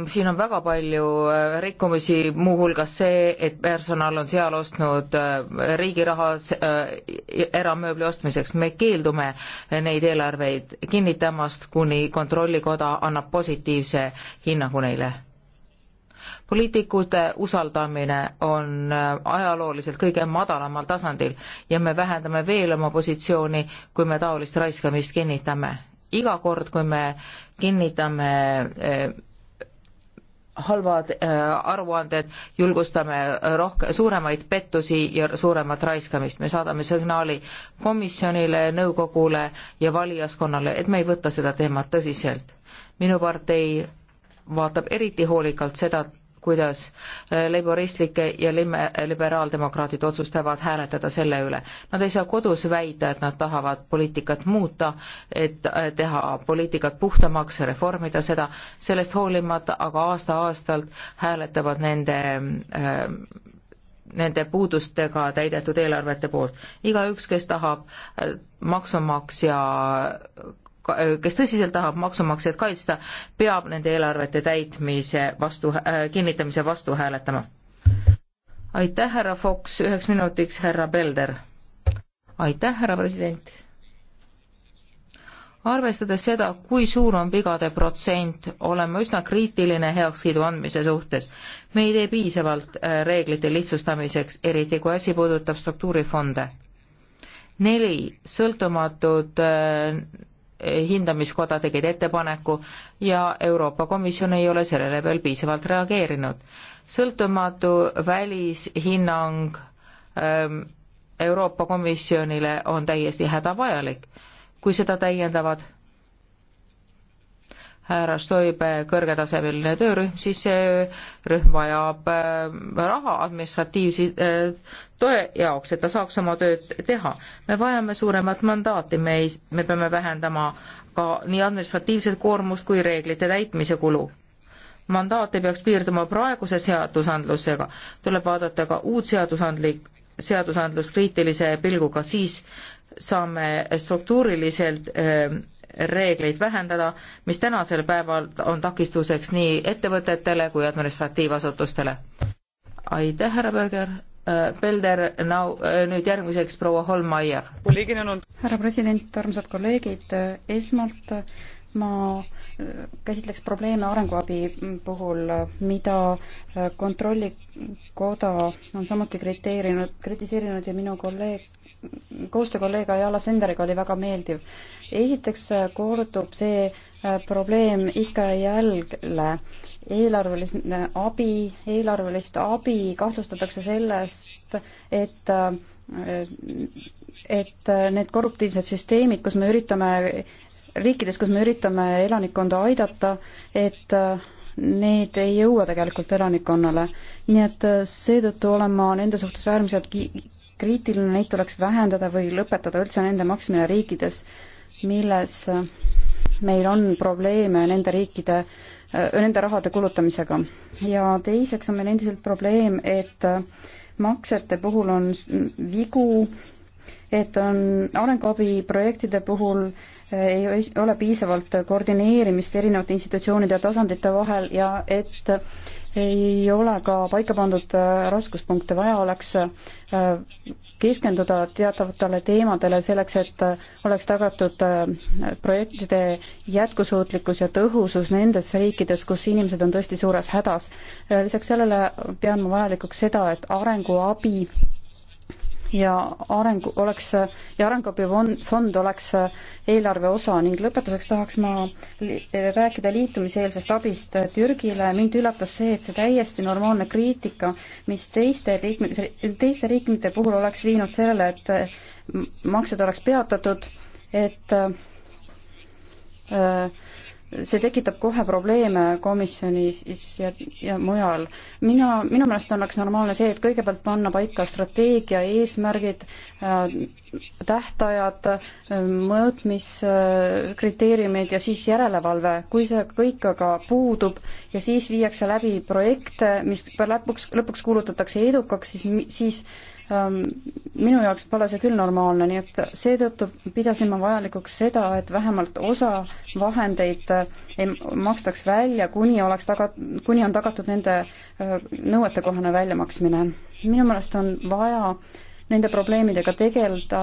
siin on väga palju äh, rikkumisi, muuhulgas see, et personal on seal ostnud äh, riigi raha äh, eramööbli ostmiseks. me keeldume neid eelarveid kinnitamast, kuni Kontrollikoda annab positiivse hinnangu neile. poliitikute usaldamine on ajalooliselt kõige madalamal tasandil ja me vähendame veel oma positsiooni, kui me taolist raiskamist kinnitame iga kord, kui me kinnitame halvad äh, aruanded, julgustame rohkem, suuremaid pettusi ja suuremat raiskamist. me saadame signaali komisjonile, nõukogule ja valijaskonnale, et me ei võta seda teemat tõsiselt. minu partei vaatab eriti hoolikalt seda kuidas äh, laboristlike ja lime, liberaaldemokraadid otsustavad hääletada selle üle. Nad ei saa kodus väita, et nad tahavad poliitikat muuta, et äh, teha poliitikat puhtamaks, reformida seda, sellest hoolimata aga aasta-aastalt hääletavad nende äh, nende puudustega täidetud eelarvete poolt. igaüks, kes tahab äh, maksumaksja kes tõsiselt tahab maksumaksjaid kaitsta, peab nende eelarvete täitmise vastu äh,, kinnitamise vastu hääletama. aitäh, härra Fox, üheks minutiks härra Belder. aitäh, härra president. arvestades seda, kui suur on vigade protsent, olen ma üsna kriitiline heakskiidu andmise suhtes. me ei tee piisavalt äh, reeglite lihtsustamiseks, eriti kui asi puudutab struktuurifonde neli sõltumatut äh, hindamiskoda tegid ettepaneku ja Euroopa Komisjon ei ole sellele veel piisavalt reageerinud. sõltumatu välishinnang ähm, Euroopa Komisjonile on täiesti hädavajalik. kui seda täiendavad härra Stoibe kõrgetasemeline töörühm, siis see rühm vajab äh, raha administratiivsi äh, toe jaoks, et ta saaks oma tööd teha. me vajame suuremat mandaati, me ei, me peame vähendama ka nii administratiivset koormust kui reeglite täitmise kulu. mandaat ei peaks piirduma praeguse seadusandlusega, tuleb vaadata ka uut seadusandlik, seadusandlust kriitilise pilguga, siis saame struktuuriliselt öö, äh, reegleid vähendada, mis tänasel päeval on takistuseks nii ettevõtetele kui administratiivasutustele. aitäh, härra Berger. Pelder, äh, now, äh, nüüd järgmiseks proua Holmaier. härra president, armsad kolleegid, äh, esmalt ma käsitleks probleeme arenguabi puhul, mida Kontrollikoda on samuti kriteerinud, kritiseerinud ja minu kolleeg koostöö kolleeg Ayala Senderiga oli väga meeldiv. esiteks kordub see äh, probleem ikka ja jälle. eelarveline abi, eelarvelist abi kahtlustatakse sellest, et äh, et äh, need korruptiivsed süsteemid, kus me üritame, riikides, kus me üritame elanikkonda aidata, et need ei jõua tegelikult elanikkonnale. nii et seetõttu olen ma nende suhtes äärmiselt ki-, kriitiline, neid tuleks vähendada või lõpetada üldse nende maksmine riikides, milles meil on probleeme nende riikide, nende rahade kulutamisega. ja teiseks on meil endiselt probleem, et maksete puhul on vigu, et on arenguabiprojektide puhul ei ole piisavalt koordineerimist erinevate institutsioonide ja tasandite vahel ja et ei ole ka paika pandud äh, raskuspunkte, vaja oleks äh, keskenduda teatavatele teemadele selleks, et äh, oleks tagatud projektide jätkusuutlikkus ja tõhusus nendes riikides, kus inimesed on tõesti suures hädas. lisaks sellele pean ma vajalikuks seda, et arenguabi ja areng oleks ja arengufond oleks eelarve osa ning lõpetuseks tahaks ma rääkida liitumiseelsest abist Türgile. mind üllatas see, et see täiesti normaalne kriitika, mis teiste liikme, teiste riikide puhul oleks viinud sellele, et maksed oleks peatatud, et äh, see tekitab kohe probleeme komisjonis ja, ja mujal. mina, minu meelest oleks normaalne see, et kõigepealt panna paika strateegia eesmärgid äh,, tähtajad äh,, mõõtmiskriteeriumid äh, ja siis järelevalve. kui see kõik aga puudub ja siis viiakse läbi projekte, mis lõpuks, lõpuks kuulutatakse edukaks, siis, siis äh, Ähm, minu jaoks pole see küll normaalne, nii et seetõttu pidasin ma vajalikuks seda, et vähemalt osa vahendeid äh, ei makstaks välja, kuni oleks taga, kuni on tagatud nende äh, nõuetekohane väljamaksmine. minu meelest on vaja nende probleemidega tegeleda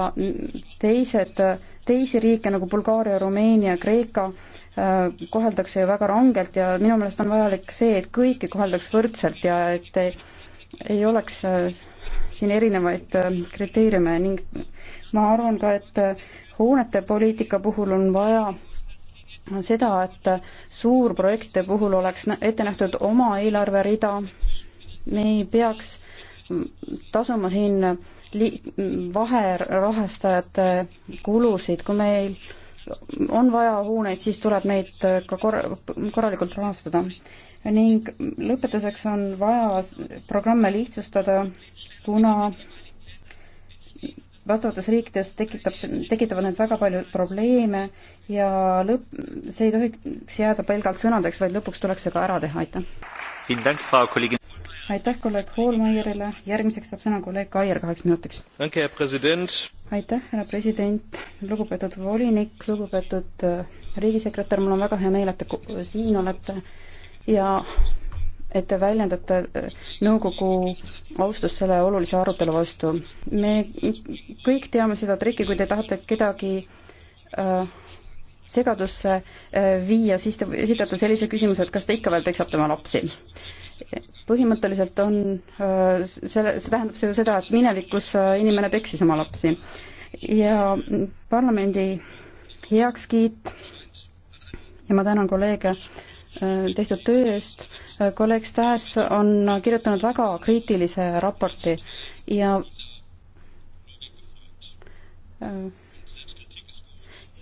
teised, teisi riike nagu Bulgaaria, Rumeenia, Kreeka äh, koheldakse ju väga rangelt ja minu meelest on vajalik see, et kõiki koheldaks võrdselt ja et ei, ei oleks siin erinevaid äh, kriteeriume ning ma arvan ka, et äh, hoonete poliitika puhul on vaja seda, et äh, suurprojektide puhul oleks ette nähtud oma eelarverida, me ei peaks mm, tasuma siin li-, vaherahastajate kulusid, kui meil on vaja hooneid, siis tuleb neid ka kor-, korralikult rahastada ning lõpetuseks on vaja programme lihtsustada, kuna vastavates riikides tekitab, tekitavad need väga palju probleeme ja lõpp, see ei tohiks jääda pelgalt sõnadeks, vaid lõpuks tuleks see ka ära teha, aitäh. aitäh kolleeg Hoolmeierile, järgmiseks saab sõna kolleeg Kaier kaheks minutiks. aitäh, härra president, lugupeetud volinik, lugupeetud äh, riigisekretär, mul on väga hea meel, et te siin olete ja et te väljendate äh, nõukogu austust selle olulise arutelu vastu. me kõik teame seda trikki, kui te tahate kedagi äh, segadusse äh, viia, siis te esitate sellise küsimuse, et kas ta ikka veel peksab tema lapsi. põhimõtteliselt on äh, selle, see tähendab ju seda, et minevikus äh, inimene peksis oma lapsi ja parlamendi heakskiit ja ma tänan kolleege äh, Äh, tehtud töö eest. kolleeg Stas on kirjutanud väga kriitilise raporti ja äh,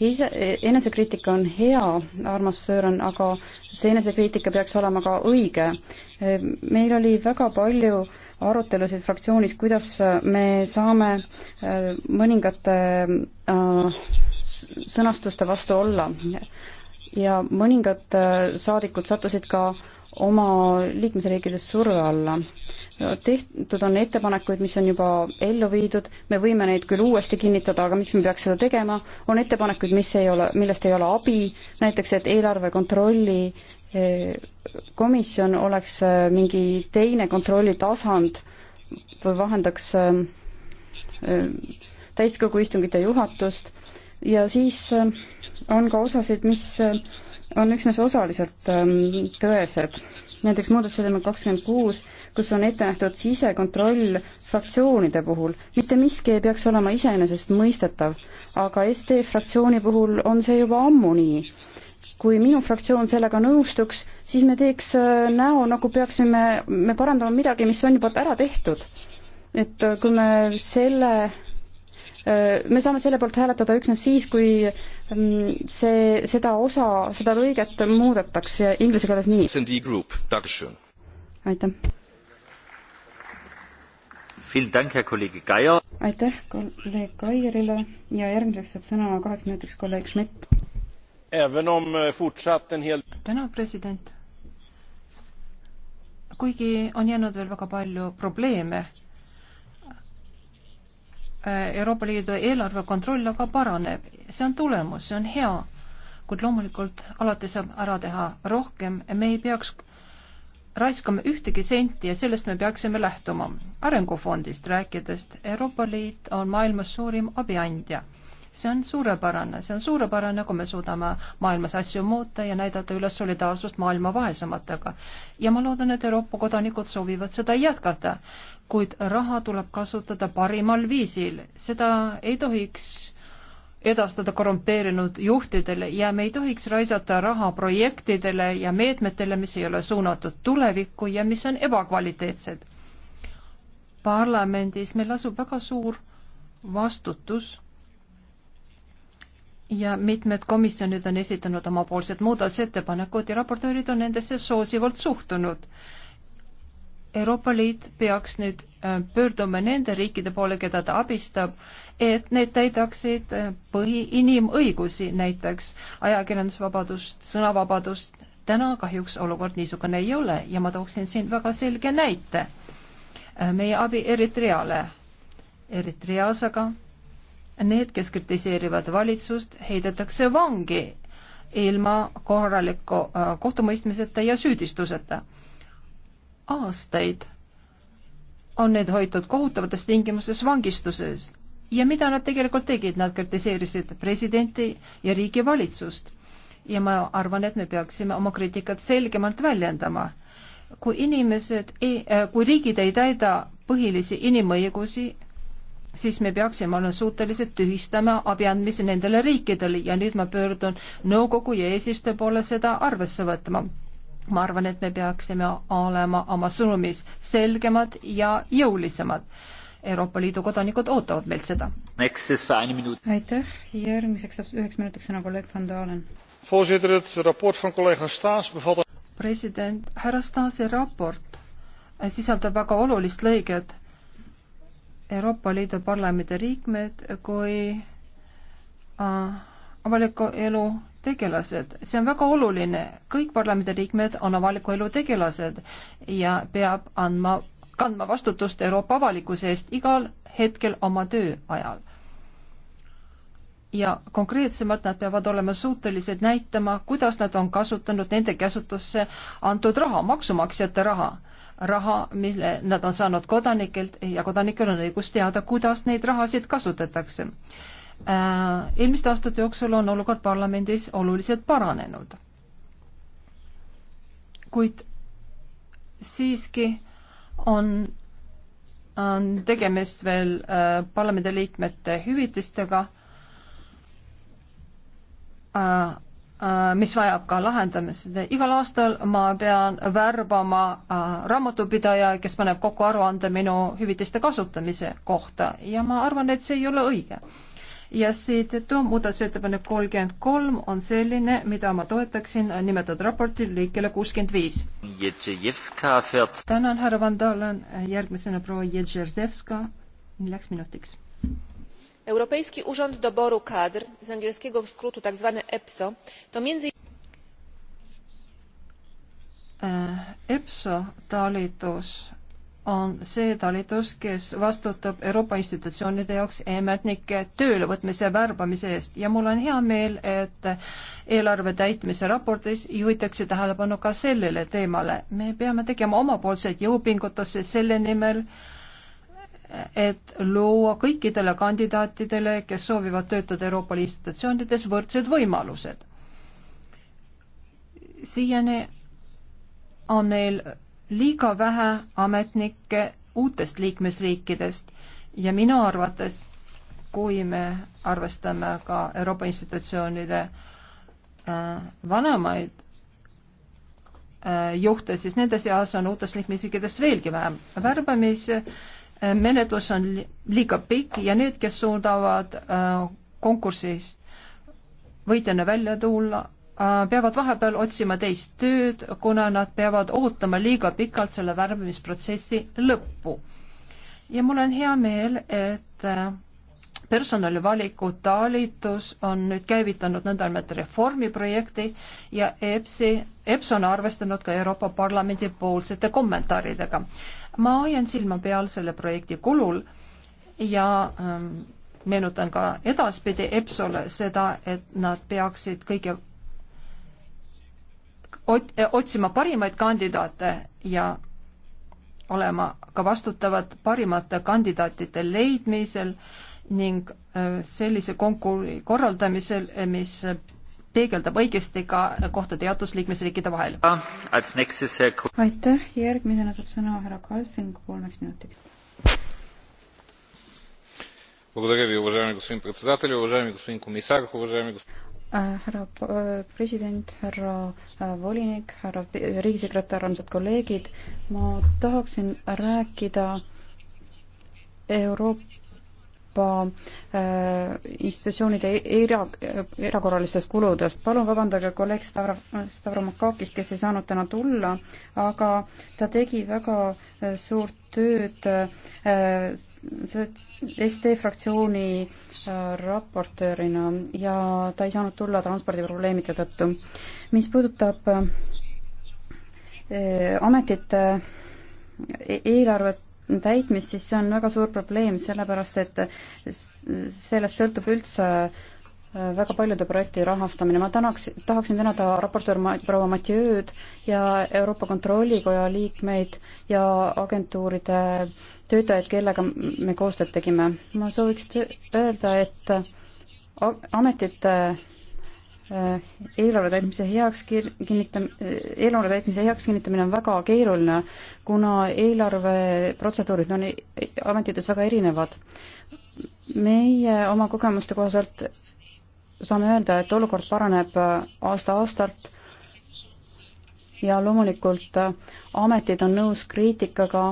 ise, enesekriitika on hea, armas Sööran, aga see enesekriitika peaks olema ka õige. Äh, meil oli väga palju arutelusid fraktsioonis, kuidas me saame mõningate sõnastuste vastu olla ja mõningad äh, saadikud sattusid ka oma liikmesriikidest surve alla. tehtud on ettepanekuid, mis on juba ellu viidud, me võime neid küll uuesti kinnitada, aga miks me peaks seda tegema, on ettepanekuid, mis ei ole, millest ei ole abi, näiteks et eelarve kontrolli äh, komisjon oleks äh, mingi teine kontrollitasand või vahendaks täiskogu istungite juhatust ja siis äh, on ka osasid, mis äh, on üksnes osaliselt ähm, tõesed. näiteks muudatusettepanek kakskümmend kuus, kus on ette nähtud sisekontroll fraktsioonide puhul. mitte miski ei peaks olema iseenesestmõistetav, aga SD fraktsiooni puhul on see juba ammu nii. kui minu fraktsioon sellega nõustuks, siis me teeks äh, näo, nagu peaksime me parandama midagi, mis on juba ära tehtud. et äh, kui me selle me saame selle poolt hääletada üksnes siis, kui Ehm, see, seda osa, seda lõiget muudetakse inglise keeles nii. aitäh. aitäh kolleeg Kairile ja järgmiseks saab sõna kaheks minutiks kolleeg Schmidt. Eh, tänan, president. kuigi on jäänud veel väga palju probleeme Äh, Euroopa Liidu eelarve kontroll aga paraneb. see on tulemus, see on hea, kuid loomulikult alati saab ära teha rohkem, me ei peaks raiskama ühtegi senti ja sellest me peaksime lähtuma. arengufondist rääkides, Euroopa Liit on maailmas suurim abiandja see on suurepärane, see on suurepärane, kui me suudame maailmas asju muuta ja näidata üles solidaarsust maailma vaesematega. ja ma loodan, et Euroopa kodanikud soovivad seda jätkata, kuid raha tuleb kasutada parimal viisil, seda ei tohiks edastada korrumpeerunud juhtidele ja me ei tohiks raisata raha projektidele ja meetmetele, mis ei ole suunatud tulevikku ja mis on ebakvaliteetsed. parlamendis meil asub väga suur vastutus ja mitmed komisjonid on esitanud omapoolsed muudatusettepanekud ja raportöörid on nendesse soosivalt suhtunud. Euroopa Liit peaks nüüd äh, pöörduma nende riikide poole, keda ta abistab, et need täidaksid äh, põhiinimõigusi, näiteks ajakirjandusvabadust, sõnavabadust. täna kahjuks olukord niisugune ei ole ja ma tooksin siin väga selge näite äh, meie abi Eritreale. Eritreas aga Need, kes kritiseerivad valitsust, heidetakse vangi ilma korraliku äh, kohtumõistmiseta ja süüdistuseta. aastaid on need hoitud kohutavates tingimustes vangistuses ja mida nad tegelikult tegid, nad kritiseerisid presidenti ja riigivalitsust. ja ma arvan, et me peaksime oma kriitikat selgemalt väljendama. kui inimesed, äh, kui riigid ei täida põhilisi inimõigusi, siis me peaksime olema suutelised tühistama abi andmise nendele riikidele ja nüüd ma pöördun nõukogu ja eesistuja poole seda arvesse võtma. ma arvan, et me peaksime olema oma sõnumis selgemad ja jõulisemad. Euroopa Liidu kodanikud ootavad meilt seda. aitäh, järgmiseks saab üheks minutiks sõna kolleeg Van Dalen. president, härra Stasi raport eh, sisaldab väga olulist lõiget Euroopa Liidu parlamendi liikmed kui äh, avaliku elu tegelased. see on väga oluline, kõik parlamendi liikmed on avaliku elu tegelased ja peab andma, kandma vastutust Euroopa avalikkuse eest igal hetkel oma töö ajal ja konkreetsemalt nad peavad olema suutelised näitama, kuidas nad on kasutanud nende käsutusse antud raha, maksumaksjate raha. raha, mille nad on saanud kodanikelt ja kodanikel on õigus teada, kuidas neid rahasid kasutatakse. Äh, eelmiste aastate jooksul on olukord parlamendis oluliselt paranenud. kuid siiski on, on tegemist veel äh, parlamendiliikmete hüvitistega Äh, äh, mis vajab ka lahendamist. igal aastal ma pean värbama äh, raamatupidaja, kes paneb kokku aruande minu hüvitiste kasutamise kohta ja ma arvan, et see ei ole õige. ja seetõttu muudatusettepanek kolmkümmend kolm on selline, mida ma toetaksin nimetatud raporti lõikele kuuskümmend viis. tänan, härra Van Dalen, järgmisena proua Jedževska neljaks minutiks europejski urząd doboru kadr z angielskiego skrótu tzw. epso to między EPSO e talitus on see talitus, kes vastutab Euroopa institutsioonide jaoks e-ametnike töölevõtmise ja värbamise eest ja mul on hea meel, et eelarve täitmise raportis juhitakse tähelepanu ka sellele teemale. me peame tegema omapoolseid jõupingutusi selle nimel äh,, et luua kõikidele kandidaatidele, kes soovivad töötada Euroopa Liidu institutsioonides, võrdsed võimalused. siiani on meil liiga vähe ametnikke uutest liikmesriikidest ja minu arvates, kui me arvestame ka Euroopa institutsioonide äh, vanemaid äh, juhte, siis nende seas on uutest liikmesriikidest veelgi vähem. värbamise äh, menetlus on liiga pikk ja need, kes suudavad äh, konkursis võitjana välja tulla, äh, peavad vahepeal otsima teist tööd, kuna nad peavad ootama liiga pikalt selle värvimisprotsessi lõppu. ja mul on hea meel, et äh, personalivaliku talitus on nüüd käivitanud nõndanimetatud reformiprojekti ja EPS-i, EPS on arvestanud ka Euroopa Parlamendi poolsete kommentaaridega ma hoian silma peal selle projekti kulul ja ähm, meenutan ka edaspidi EPSO-le seda, et nad peaksid kõige ot, otsima parimaid kandidaate ja olema ka vastutavad parimate kandidaatide leidmisel ning äh, sellise konkursi korraldamisel, mis peegeldab õigesti ka kohtade jaotust liikmesriikide vahel. aitäh, järgmisena saab sõna härra Kalfin kolmeks minutiks. Äh, härra äh, president, härra äh, volinik, härra riigisekretär, armsad kolleegid, ma tahaksin rääkida Euroopa Euroopa äh, institutsioonide era, erakorralistest kuludest. palun vabandage kolleeg Stavra, Stavromakakist, kes ei saanud täna tulla, aga ta tegi väga äh, suurt tööd äh, SD fraktsiooni raportöörina ja ta ei saanud tulla transpordiprobleemide tõttu. mis puudutab ametite e-, eelarvet, täitmist, siis see on väga suur probleem, sellepärast et sellest sõltub üldse äh, väga paljude projekti rahastamine. ma tänaks, tahaksin tänada raportöör proua Matjööd ja Euroopa Kontrollikoja liikmeid ja agentuuride töötajaid, kellega me koostööd tegime. ma sooviks öelda, et ametite Äh, eelarve täitmise heaks kinnitam-, äh, eelarve täitmise heaks kinnitamine on väga keeruline, kuna eelarveprotseduurid on ametites väga erinevad. meie oma kogemuste kohaselt saame öelda, et olukord paraneb aasta-aastalt ja loomulikult ametid on nõus kriitikaga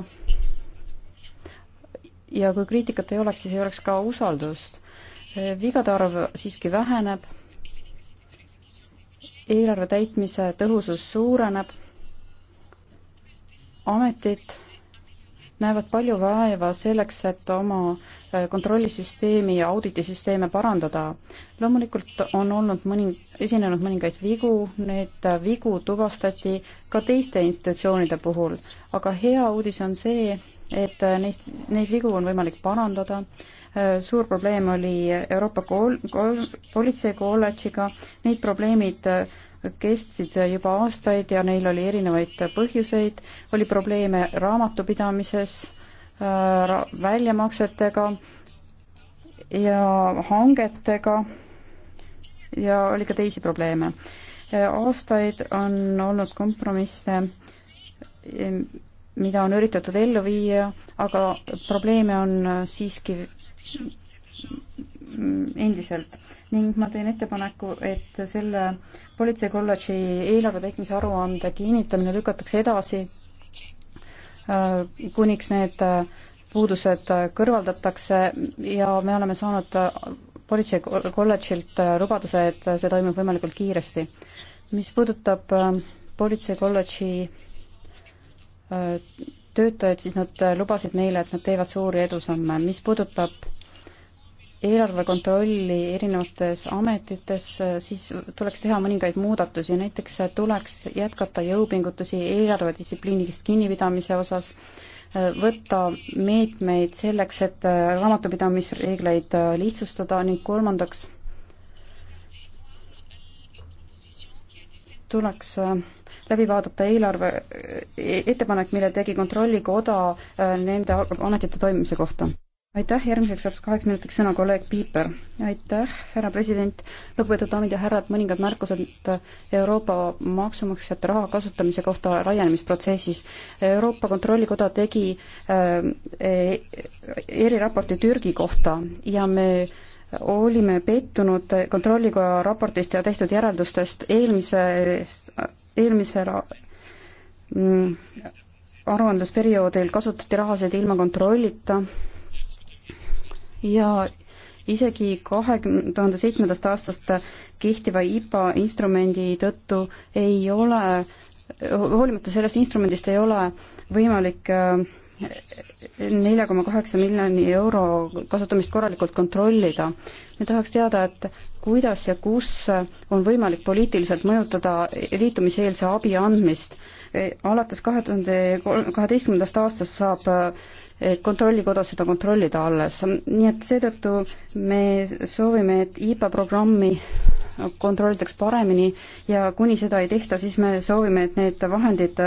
ja kui kriitikat ei oleks, siis ei oleks ka usaldust. Äh, vigade arv siiski väheneb eelarve täitmise tõhusus suureneb, ametid näevad palju vaeva selleks, et oma äh, kontrollisüsteemi ja auditisüsteeme parandada. loomulikult on olnud mõning-, esinenud mõningaid vigu, need äh, vigu tuvastati ka teiste institutsioonide puhul, aga hea uudis on see, et äh, neist, neid vigu on võimalik parandada, suur probleem oli Euroopa kool, kool, politseikolledžiga, need probleemid äh, kestsid juba aastaid ja neil oli erinevaid põhjuseid, oli probleeme raamatupidamises, äh, väljamaksetega ja hangetega ja oli ka teisi probleeme. Äh, aastaid on olnud kompromisse, mida on üritatud ellu viia, aga probleeme on siiski endiselt ning ma teen ettepaneku, et selle politseikolledži eelarve täitmise aruande kinnitamine lükatakse edasi, äh, kuniks need äh, puudused äh, kõrvaldatakse ja me oleme saanud politseikolledžilt lubaduse, et see toimub võimalikult kiiresti. mis puudutab politseikolledži töötajaid, siis nad lubasid meile, et nad teevad suuri edusamme. mis puudutab eelarvekontrolli erinevates ametites, siis tuleks teha mõningaid muudatusi, näiteks tuleks jätkata jõupingutusi eelarvedistsipliinist kinnipidamise osas, võtta meetmeid selleks, et raamatupidamisreegleid lihtsustada ning kolmandaks tuleks läbi vaadata eelarve e-, ettepanek, mille tegi Kontrollikoda äh, nende ametite toimimise kohta aitäh, järgmiseks saab kaheks minutiks sõna kolleeg Piiper. aitäh, härra president, lugupeetud daamid ja härrad, mõningad märkused Euroopa maksumaksjate raha kasutamise kohta laienemisprotsessis. Euroopa Kontrollikoda tegi äh, e-, eriraporti Türgi kohta ja me olime pettunud Kontrollikoja raportist ja tehtud järeldustest eelmisest, eelmisel mm, aruandlusperioodil kasutati rahasid ilma kontrollita ja isegi kahekümne tuhande seitsmendast aastast kehtiva IPA instrumendi tõttu ei ole, hoolimata sellest instrumendist ei ole võimalik äh, nelja koma kaheksa miljoni euro kasutamist korralikult kontrollida. me tahaks teada, et kuidas ja kus on võimalik poliitiliselt mõjutada liitumiseelse abi andmist. Äh, alates kahe tuhande kaheteistkümnendast aastast saab äh, kontrollikoda seda kontrollida alles, nii et seetõttu me soovime, et IPA programmi kontrollitaks paremini ja kuni seda ei tehta, siis me soovime, et need vahendid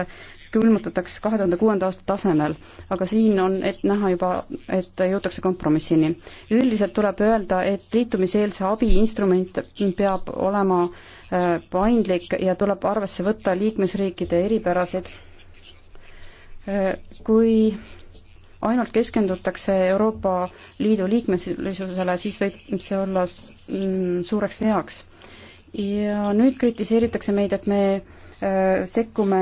külmutataks kahe tuhande kuuenda aasta tasemel, aga siin on ette näha juba, et jõutakse kompromissini. üldiselt tuleb öelda, et liitumiseelse abi instrument peab olema äh, paindlik ja tuleb arvesse võtta liikmesriikide eripärasid. Äh, kui ainult keskendutakse Euroopa Liidu liikmelisusele, siis võib see olla mm, suureks veaks. ja nüüd kritiseeritakse meid, et me äh, sekkume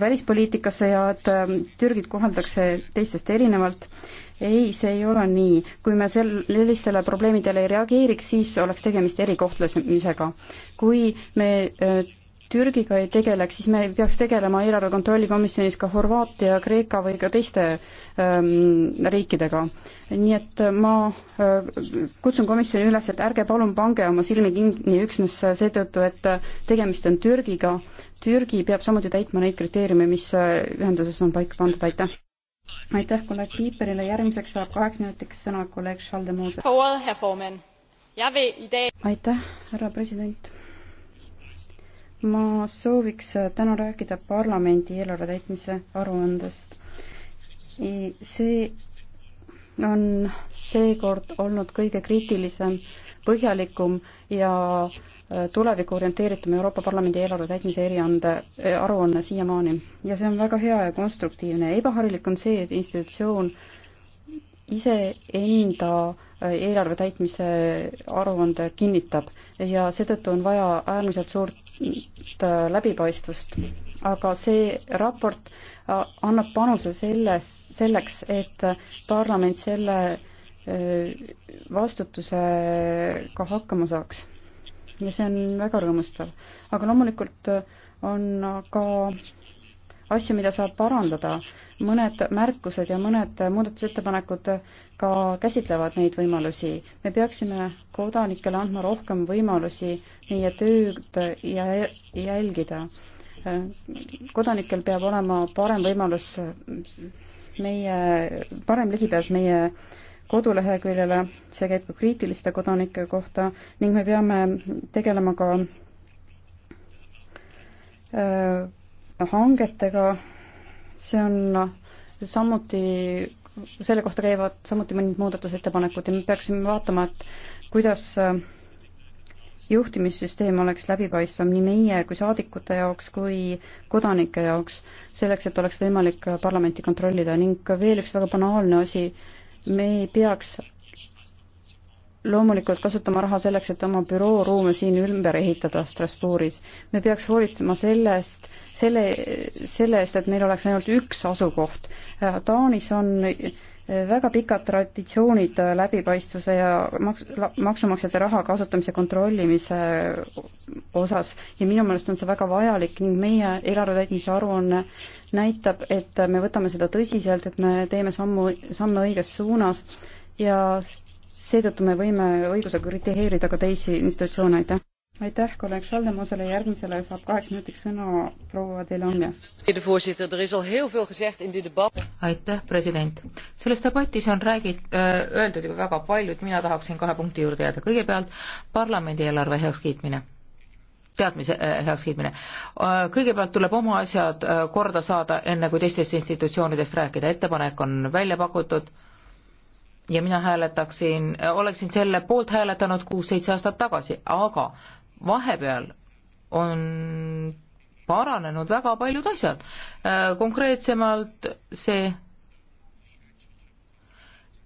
välispoliitikasse ja et äh, Türgit koheldakse teistest erinevalt. ei, see ei ole nii. kui me sel-, sellistele probleemidele ei reageeriks, siis oleks tegemist erikohtlemisega. kui me äh, Türgiga ei tegeleks, siis me peaks tegelema eelarve kontrolli komisjonis ka Horvaatia, Kreeka või ka teiste ähm, riikidega. nii et äh, ma äh, kutsun komisjoni üles, et ärge palun pange oma silmi kinni üksnes seetõttu, et äh, tegemist on Türgiga. Türgi peab samuti täitma neid kriteeriume, mis äh, ühenduses on paika pandud, aitäh. aitäh kolleeg Piiperile, järgmiseks saab kaheks minutiks sõna kolleeg Schaldemose. aitäh, härra president ma sooviks äh, täna rääkida parlamendi eelarve täitmise aruandest. see on seekord olnud kõige kriitilisem, põhjalikum ja äh, tulevikku orienteeritum Euroopa Parlamendi eelarve täitmise eriande, äh, aruanne siiamaani. ja see on väga hea ja konstruktiivne ja ebaharilik on see, et institutsioon iseenda eelarve täitmise aruande kinnitab ja seetõttu on vaja äärmiselt suurt Äh, läbipaistvust, aga see raport äh, annab panuse selles, selleks, et parlament selle äh, vastutusega hakkama saaks. ja see on väga rõõmustav. aga loomulikult on ka asju, mida saab parandada. mõned märkused ja mõned muudatusettepanekud ka käsitlevad neid võimalusi. me peaksime kodanikele andma rohkem võimalusi meie tööd jälgida. kodanikel peab olema parem võimalus meie, parem ligipääs meie koduleheküljele, see käib ka kriitiliste kodanike kohta ning me peame tegelema ka öö, äh, hangetega, see on samuti, selle kohta käivad samuti mõned muudatusettepanekud ja me peaksime vaatama, et kuidas juhtimissüsteem oleks läbipaistvam nii meie kui saadikute jaoks kui kodanike jaoks, selleks et oleks võimalik parlamenti kontrollida ning veel üks väga banaalne asi, me ei peaks loomulikult kasutama raha selleks, et oma bürooruume siin ümber ehitada Strasbourgis. me peaks hoolitsema sellest, selle, selle eest, et meil oleks ainult üks asukoht. Äh, Taanis on äh, väga pikad traditsioonid äh, läbipaistvuse ja maks-, maksumaksjate raha kasutamise kontrollimise osas ja minu meelest on see väga vajalik ning meie eelarve täitmise aruanne näitab, et me võtame seda tõsiselt, et me teeme sammu, samme õiges suunas ja seetõttu me võime õigusega kriteerida ka teisi institutsioone, aitäh. aitäh kolleeg Schaldemusele, järgmisele saab kaheks minutiks sõna proua Delonge. Er aitäh, president. selles debatis on räägit-, äh, öeldud juba väga palju, et mina tahaksin kahe punkti juurde jääda. kõigepealt parlamendi eelarve heakskiitmine teadmise äh, heakskiitmine. Äh, kõigepealt tuleb oma asjad korda saada, enne kui teistest institutsioonidest rääkida, ettepanek on välja pakutud ja mina hääletaksin, oleksin selle poolt hääletanud kuus-seitse aastat tagasi, aga vahepeal on paranenud väga paljud asjad. konkreetsemalt see,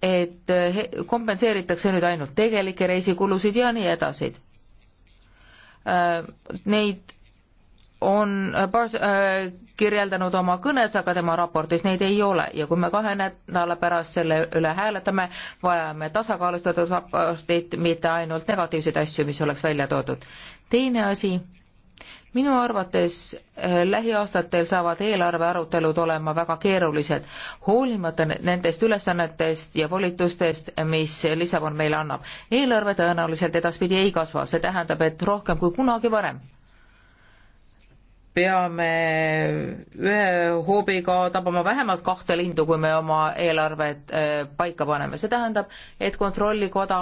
et kompenseeritakse nüüd ainult tegelikke reisikulusid ja nii edasi. Neid on äh, Bars- äh, kirjeldanud oma kõnes, aga tema raportis neid ei ole ja kui me kahe nädala pärast selle üle hääletame, vajame tasakaalustatud raportit, mitte ainult negatiivseid asju, mis oleks välja toodud. teine asi, minu arvates äh, lähiaastatel saavad eelarve arutelud olema väga keerulised, hoolimata nendest ülesannetest ja volitustest, mis Lissabon meile annab. eelarve tõenäoliselt edaspidi ei kasva, see tähendab, et rohkem kui kunagi varem peame ühe hoobiga tabama vähemalt kahte lindu, kui me oma eelarved äh, paika paneme. see tähendab, et Kontrollikoda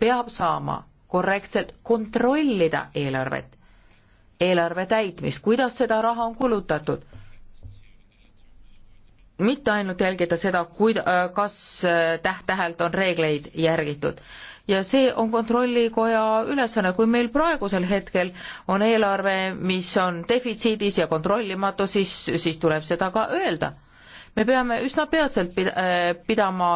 peab saama korrektselt kontrollida eelarvet, eelarve täitmist, kuidas seda raha on kulutatud. mitte ainult jälgida seda, kuid-, äh, kas äh, täht-tähelt on reegleid järgitud ja see on Kontrollikoja ülesanne, kui meil praegusel hetkel on eelarve, mis on defitsiidis ja kontrollimatu, siis, siis tuleb seda ka öelda. me peame üsna peatselt äh, pidama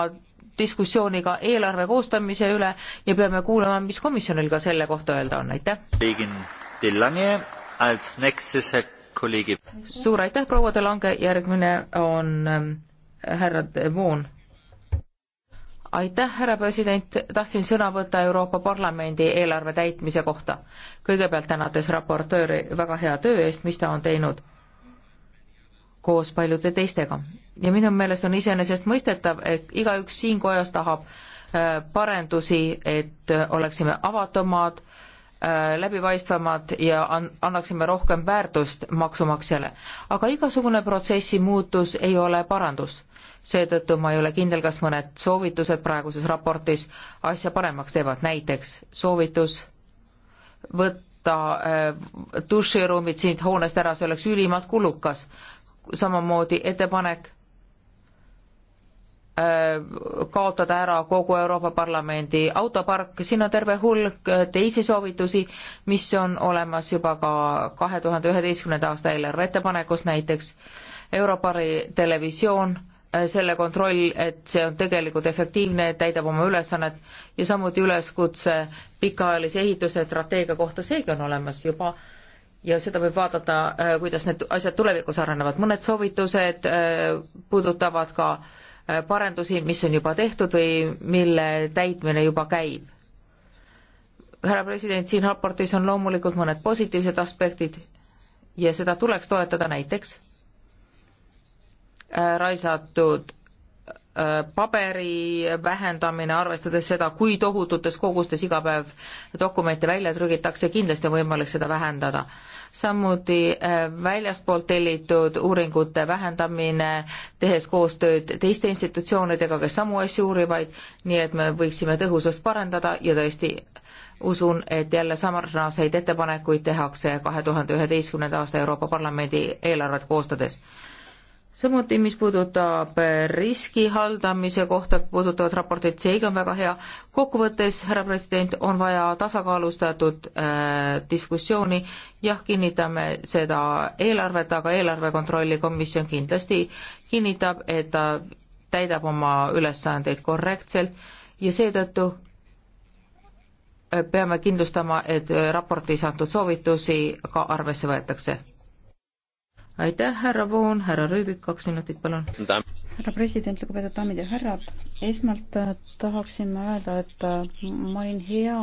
diskussiooni ka eelarve koostamise üle ja peame kuulama, mis komisjonil ka selle kohta öelda on, aitäh. suur aitäh, proua De Lange, järgmine on ähm, härra De Voon aitäh, härra president, tahtsin sõna võtta Euroopa Parlamendi eelarve täitmise kohta. kõigepealt tänades raportööri väga hea töö eest, mis ta on teinud koos paljude teistega. ja minu meelest on iseenesestmõistetav, et igaüks siin kojas tahab äh, parendusi, et äh, oleksime avatumad, äh, läbipaistvamad ja an-, annaksime rohkem väärtust maksumaksjale. aga igasugune protsessi muutus ei ole parandus seetõttu ma ei ole kindel, kas mõned soovitused praeguses raportis asja paremaks teevad, näiteks soovitus võtta äh, duširuumid siit hoonest ära, see oleks ülimalt kulukas. samamoodi ettepanek äh, kaotada ära kogu Euroopa Parlamendi autopark, siin on terve hulk äh, teisi soovitusi, mis on olemas juba ka kahe tuhande üheteistkümnenda aasta eelarve ettepanekus, näiteks Europari televisioon Äh, selle kontroll, et see on tegelikult efektiivne, täidab oma ülesannet ja samuti üleskutse pikaajalise ehituse strateegia kohta, seegi on olemas juba ja seda võib vaadata, äh, kuidas need asjad tulevikus arenevad, mõned soovitused äh, puudutavad ka parendusi, mis on juba tehtud või mille täitmine juba käib. härra president, siin raportis on loomulikult mõned positiivsed aspektid ja seda tuleks toetada näiteks Äh, raisatud äh, paberi vähendamine, arvestades seda, kui tohututes kogustes iga päev dokumente välja trügitakse, kindlasti on võimalik seda vähendada. samuti äh, väljastpoolt tellitud uuringute vähendamine, tehes koostööd teiste institutsioonidega, kes samu asju uurivad, nii et me võiksime tõhusust parandada ja tõesti usun, et jälle sarnaseid ettepanekuid tehakse kahe tuhande üheteistkümnenda aasta Euroopa Parlamendi eelarvet koostades samuti, mis puudutab äh, riski haldamise kohta puudutavat raportit, seegi on väga hea. kokkuvõttes, härra president, on vaja tasakaalustatud äh, diskussiooni, jah, kinnitame seda eelarvet, aga eelarve kontrolli komisjon kindlasti kinnitab, et ta täidab oma ülesandeid korrektselt ja seetõttu äh, peame kindlustama, et äh, raportis antud soovitusi ka arvesse võetakse aitäh, härra Voon, härra Rüübik, kaks minutit, palun. härra president, lugupeetud daamid ja härrad, esmalt äh, tahaksin ma öelda, et äh, ma olin hea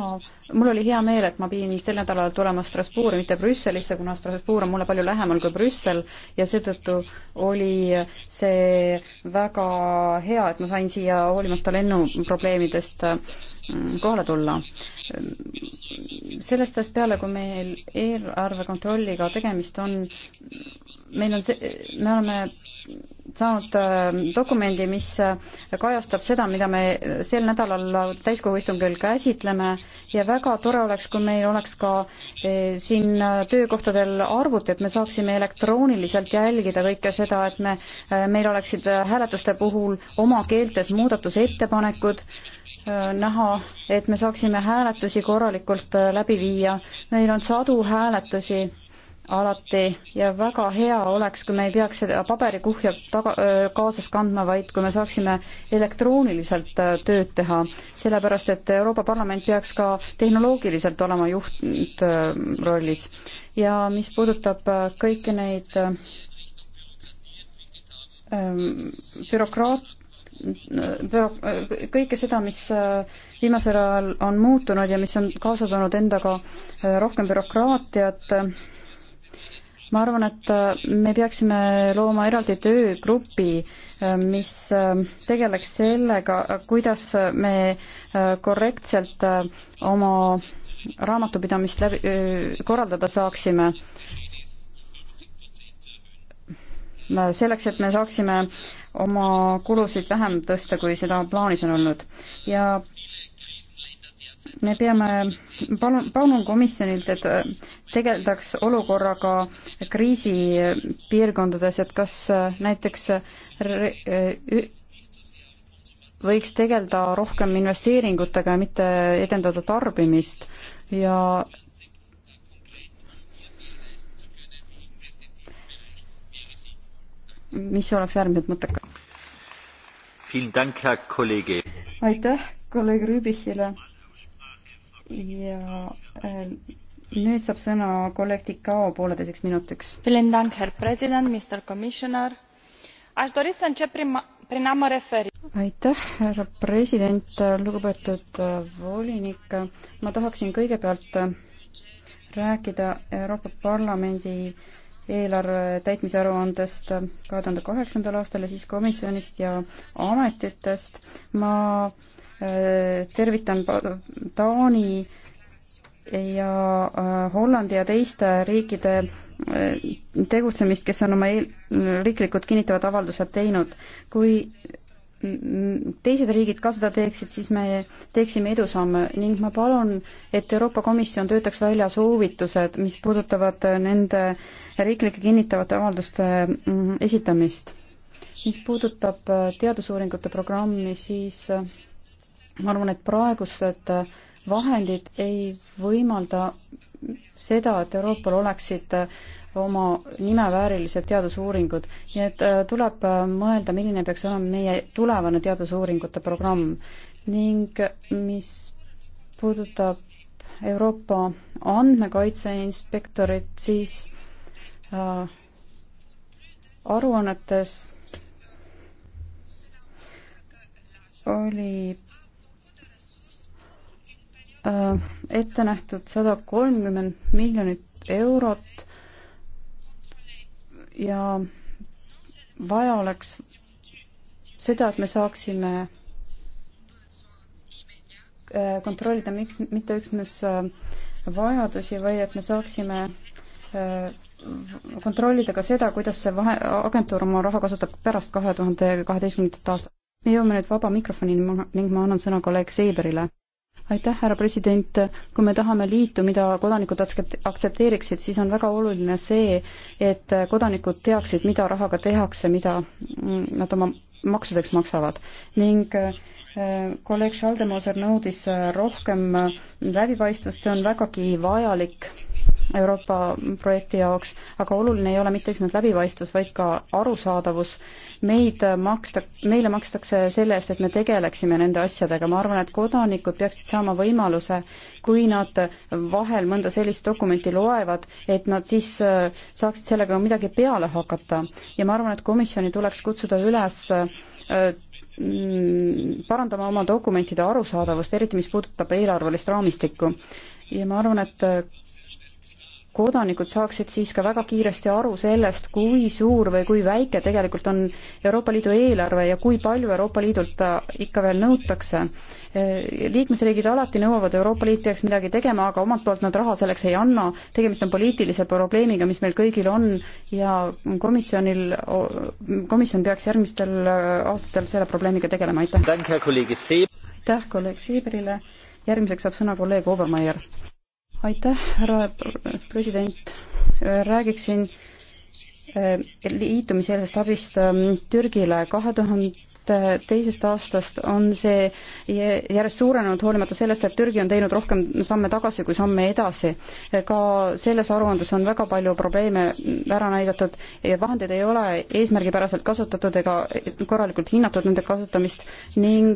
mul oli hea meel, et ma pidin sel nädalal tulema Strasbourgi, mitte Brüsselisse, kuna Strasbourg on mulle palju lähemal kui Brüssel ja seetõttu oli see väga hea, et ma sain siia hoolimata lennuprobleemidest mm, kohale tulla. sellest ajast peale, kui meil eelarve kontrolliga tegemist on, meil on see, me oleme saanud äh, dokumendi, mis kajastab seda, mida me sel nädalal täiskogu istungil käsitleme ja väga väga tore oleks, kui meil oleks ka eh, siin äh, töökohtadel arvuti, et me saaksime elektrooniliselt jälgida kõike seda, et me, äh, meil oleksid äh, hääletuste puhul oma keeltes muudatusettepanekud, näha, et me saaksime hääletusi korralikult läbi viia. meil on sadu hääletusi alati ja väga hea oleks, kui me ei peaks seda paberikuhja taga, kaasas kandma, vaid kui me saaksime elektrooniliselt tööd teha, sellepärast et Euroopa Parlament peaks ka tehnoloogiliselt olema juhtrollis. ja mis puudutab kõiki neid bürokraat-, kõike seda, mis viimasel ajal on muutunud ja mis on kaasa toonud endaga rohkem bürokraatiat, ma arvan, et äh, me peaksime looma eraldi töögrupi, äh, mis äh, tegeleks sellega, kuidas me korrektselt oma raamatupidamist läbi, korraldada saaksime. selleks, et me saaksime oma kulusid vähem tõsta, kui seda plaanis on olnud ja me peame, palun, palun komisjonilt, et äh, tegeldaks olukorraga kriisipiirkondades, et kas äh, näiteks äh, võiks tegeleda rohkem investeeringutega ja mitte edendada tarbimist ja mis oleks äärmiselt mõttekas. aitäh kolleeg Rüübichile ja äh, nüüd saab sõna kolleeg Tikao pooleteiseks minutiks. aitäh, härra president, lugupeetud äh, volinik, ma tahaksin kõigepealt äh, rääkida Euroopa Parlamendi eelarve täitmise aruandest kahe tuhande kaheksandal aastal ja siis komisjonist ja ametitest. ma Äh, tervitan Taani ja äh, Hollandi ja teiste riikide äh, tegutsemist, kes on oma riiklikud kinnitavad avaldused teinud. kui teised riigid ka seda teeksid, siis me teeksime edusamme ning ma palun, et Euroopa Komisjon töötaks välja soovitused, mis puudutavad nende riiklike kinnitavate avalduste esitamist. mis puudutab teadusuuringute programmi, siis ma arvan, et praegused vahendid ei võimalda seda, et Euroopal oleksid oma nimeväärilised teadusuuringud, nii et äh, tuleb äh, mõelda, milline peaks olema meie tulevane teadusuuringute programm ning äh, mis puudutab Euroopa andmekaitse inspektorit, siis äh, aruannetes oli Äh, ette nähtud sada kolmkümmend miljonit eurot ja vaja oleks seda, et me saaksime äh, kontrollida, miks mitte üksnes äh, vajadusi, vaid et me saaksime kontrollida ka seda, kuidas see vahe, agentuur oma raha kasutab pärast kahe tuhande kaheteistkümnendat aastat. me jõuame nüüd vaba mikrofonini ning ma annan sõna kolleeg Seiberile aitäh, härra president, kui me tahame liitu, mida kodanikud aktsepteeriksid, siis on väga oluline see, et kodanikud teaksid, mida rahaga tehakse, mida mm, nad oma maksudeks maksavad ning äh, kolleeg Schaldemoser nõudis rohkem läbipaistvust, see on vägagi vajalik Euroopa projekti jaoks, aga oluline ei ole mitte üksnes läbipaistvus, vaid ka arusaadavus äh, meid maksta, meile makstakse selle eest, et me tegeleksime nende asjadega. ma arvan, et kodanikud peaksid saama võimaluse, kui nad vahel mõnda sellist dokumenti loevad, et nad siis äh, saaksid sellega midagi peale hakata. ja ma arvan, et komisjoni tuleks kutsuda üles äh, mm, parandama oma dokumentide arusaadavust, eriti mis puudutab eelarvelist raamistikku. ja ma arvan, et äh, kodanikud saaksid siis ka väga kiiresti aru sellest, kui suur või kui väike tegelikult on Euroopa Liidu eelarve ja kui palju Euroopa Liidult äh, ikka veel nõutakse. Äh, liikmesriigid alati nõuavad, Euroopa Liit peaks midagi tegema, aga omalt poolt nad raha selleks ei anna, tegemist on poliitilise probleemiga, mis meil kõigil on ja komisjonil, komisjon peaks järgmistel äh, aastatel selle probleemiga tegelema, aitäh! aitäh kolleeg Seeberile, järgmiseks saab sõna kolleeg Obermeier aitäh, härra president, räägiksin eh, liitumiseelsest abist ähm, Türgile kahe tuhande teisest aastast on see järjest suurenenud, hoolimata sellest, et Türgi on teinud rohkem samme tagasi kui samme edasi. ka selles aruandes on väga palju probleeme ära näidatud, vahendeid ei ole eesmärgipäraselt kasutatud ega korralikult hinnatud nende kasutamist ning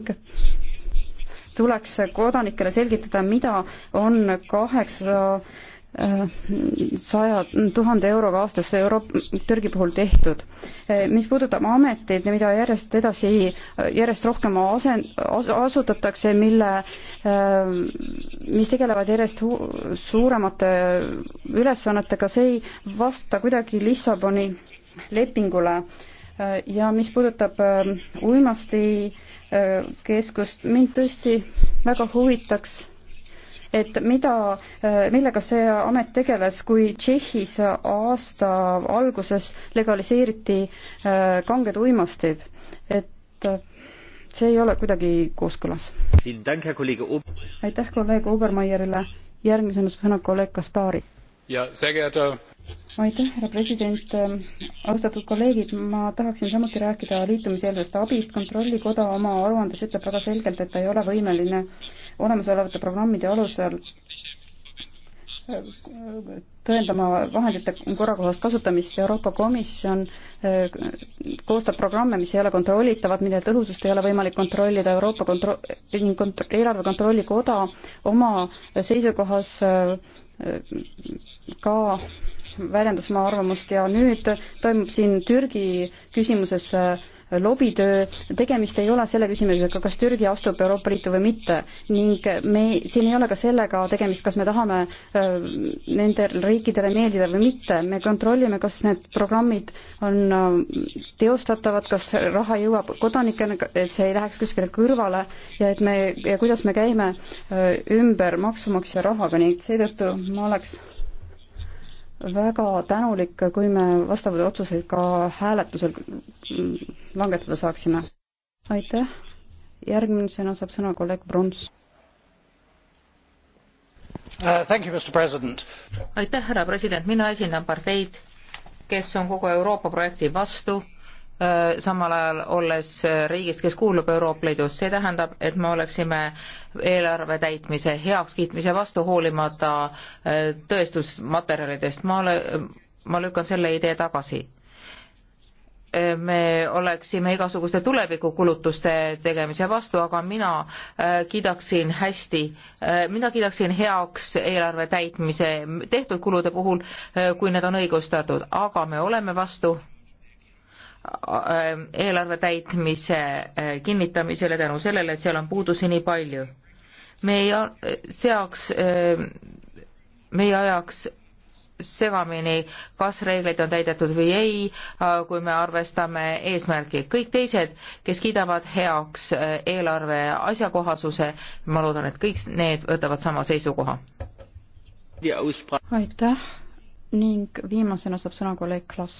tuleks kodanikele selgitada, mida on kaheksa äh, saja tuhande euroga aastas Euroop-, Türgi puhul tehtud. mis puudutab ameteid, mida järjest edasi, järjest rohkem asen-, as-, asutatakse, mille, äh, mis tegelevad järjest hu-, suuremate ülesannetega, see ei vasta kuidagi Lissaboni lepingule. Äh, ja mis puudutab uimasti äh, keskust. mind tõesti väga huvitaks, et mida, millega see amet tegeles, kui Tšehhis aasta alguses legaliseeriti äh, kanged uimastid, et äh, see ei ole kuidagi kooskõlas. aitäh kolleeg Obermeierile, järgmisena sõna kolleeg Kaspari. ja, sehr geehrter aitäh, härra president. austatud kolleegid, ma tahaksin samuti rääkida liitumiseelsest abist. kontrollikoda oma aruandes ütleb väga selgelt, et ta ei ole võimeline olemasolevate programmide alusel äh, tõendama vahendite korrakohast kasutamist. Euroopa Komisjon äh, koostab programme, mis ei ole kontrollitavad, mille tõhusust ei ole võimalik kontrollida. Euroopa kontro-, ning kont-, eelarve kontrollikoda oma seisukohas äh, ka väljendas oma arvamust ja nüüd toimub siin Türgi küsimuses äh, lobitöö, tegemist ei ole selle küsimusega, kas Türgi astub Euroopa Liitu või mitte ning me, siin ei ole ka sellega tegemist, kas me tahame äh, nendele riikidele meeldida või mitte, me kontrollime, kas need programmid on äh, teostatavad, kas raha jõuab kodanikena, et see ei läheks kuskile kõrvale ja et me ja kuidas me käime ümber maksumaksja rahaga, nii et seetõttu ma oleks väga tänulik, kui me vastavaid otsuseid ka hääletusel langetada saaksime. aitäh, järgmisena saab sõna kolleeg Brons uh,. aitäh, härra president, mina esindan parteid, kes on kogu Euroopa projekti vastu Äh, samal ajal olles äh, riigist, kes kuulub Euroopa Liidus, see tähendab, et me oleksime eelarve täitmise heakskiitmise vastu, hoolimata äh, tõestusmaterjalidest, ma ole, ma lükkan selle idee tagasi. me oleksime igasuguste tulevikukulutuste tegemise vastu, aga mina kiidaksin hästi, mina kiidaksin heaks eelarve täitmise tehtud kulude puhul, kui need on õigustatud, aga me oleme vastu Äh, eelarve täitmise äh, kinnitamisele tänu sellele, et seal on puudusi nii palju. me ei seaks, äh, me ei ajaks segamini, kas reegleid on täidetud või ei, kui me arvestame eesmärki. kõik teised, kes kiidavad heaks eelarve asjakohasuse, ma loodan, et kõik need võtavad sama seisukoha. aitäh ning viimasena saab sõna kolleeg Klas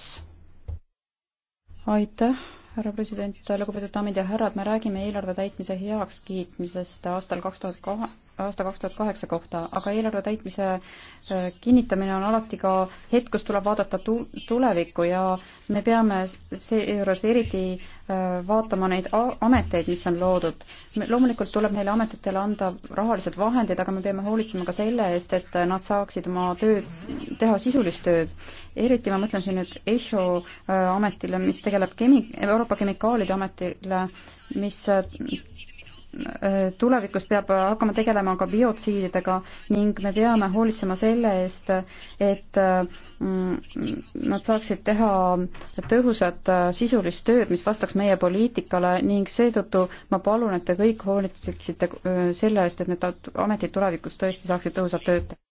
aitäh, härra president, lugupeetud daamid ja härrad, me räägime eelarve täitmise heakskiitmisest aastal kaks tuhat aasta kaks tuhat kaheksa kohta, aga eelarve täitmise äh, kinnitamine on alati ka hetk, kus tuleb vaadata tu-, tulevikku ja me peame seejuures eriti äh, vaatama neid ameteid, mis on loodud. loomulikult tuleb neile ametitele anda rahalised vahendid, aga me peame hoolitsema ka selle eest, et nad saaksid oma tööd, teha sisulist tööd. eriti ma mõtlen siin nüüd EHO äh, ametile, mis tegeleb kemi-, Euroopa Kemikaalide Ametile, mis tulevikus peab hakkama tegelema ka biotsiididega ning me peame hoolitsema selle eest, et mm, nad saaksid teha tõhusat sisulist tööd, mis vastaks meie poliitikale ning seetõttu ma palun, et te kõik hoolitseksite äh, selle eest, et need ametid tulevikus tõesti saaksid tõhusat tööd teha.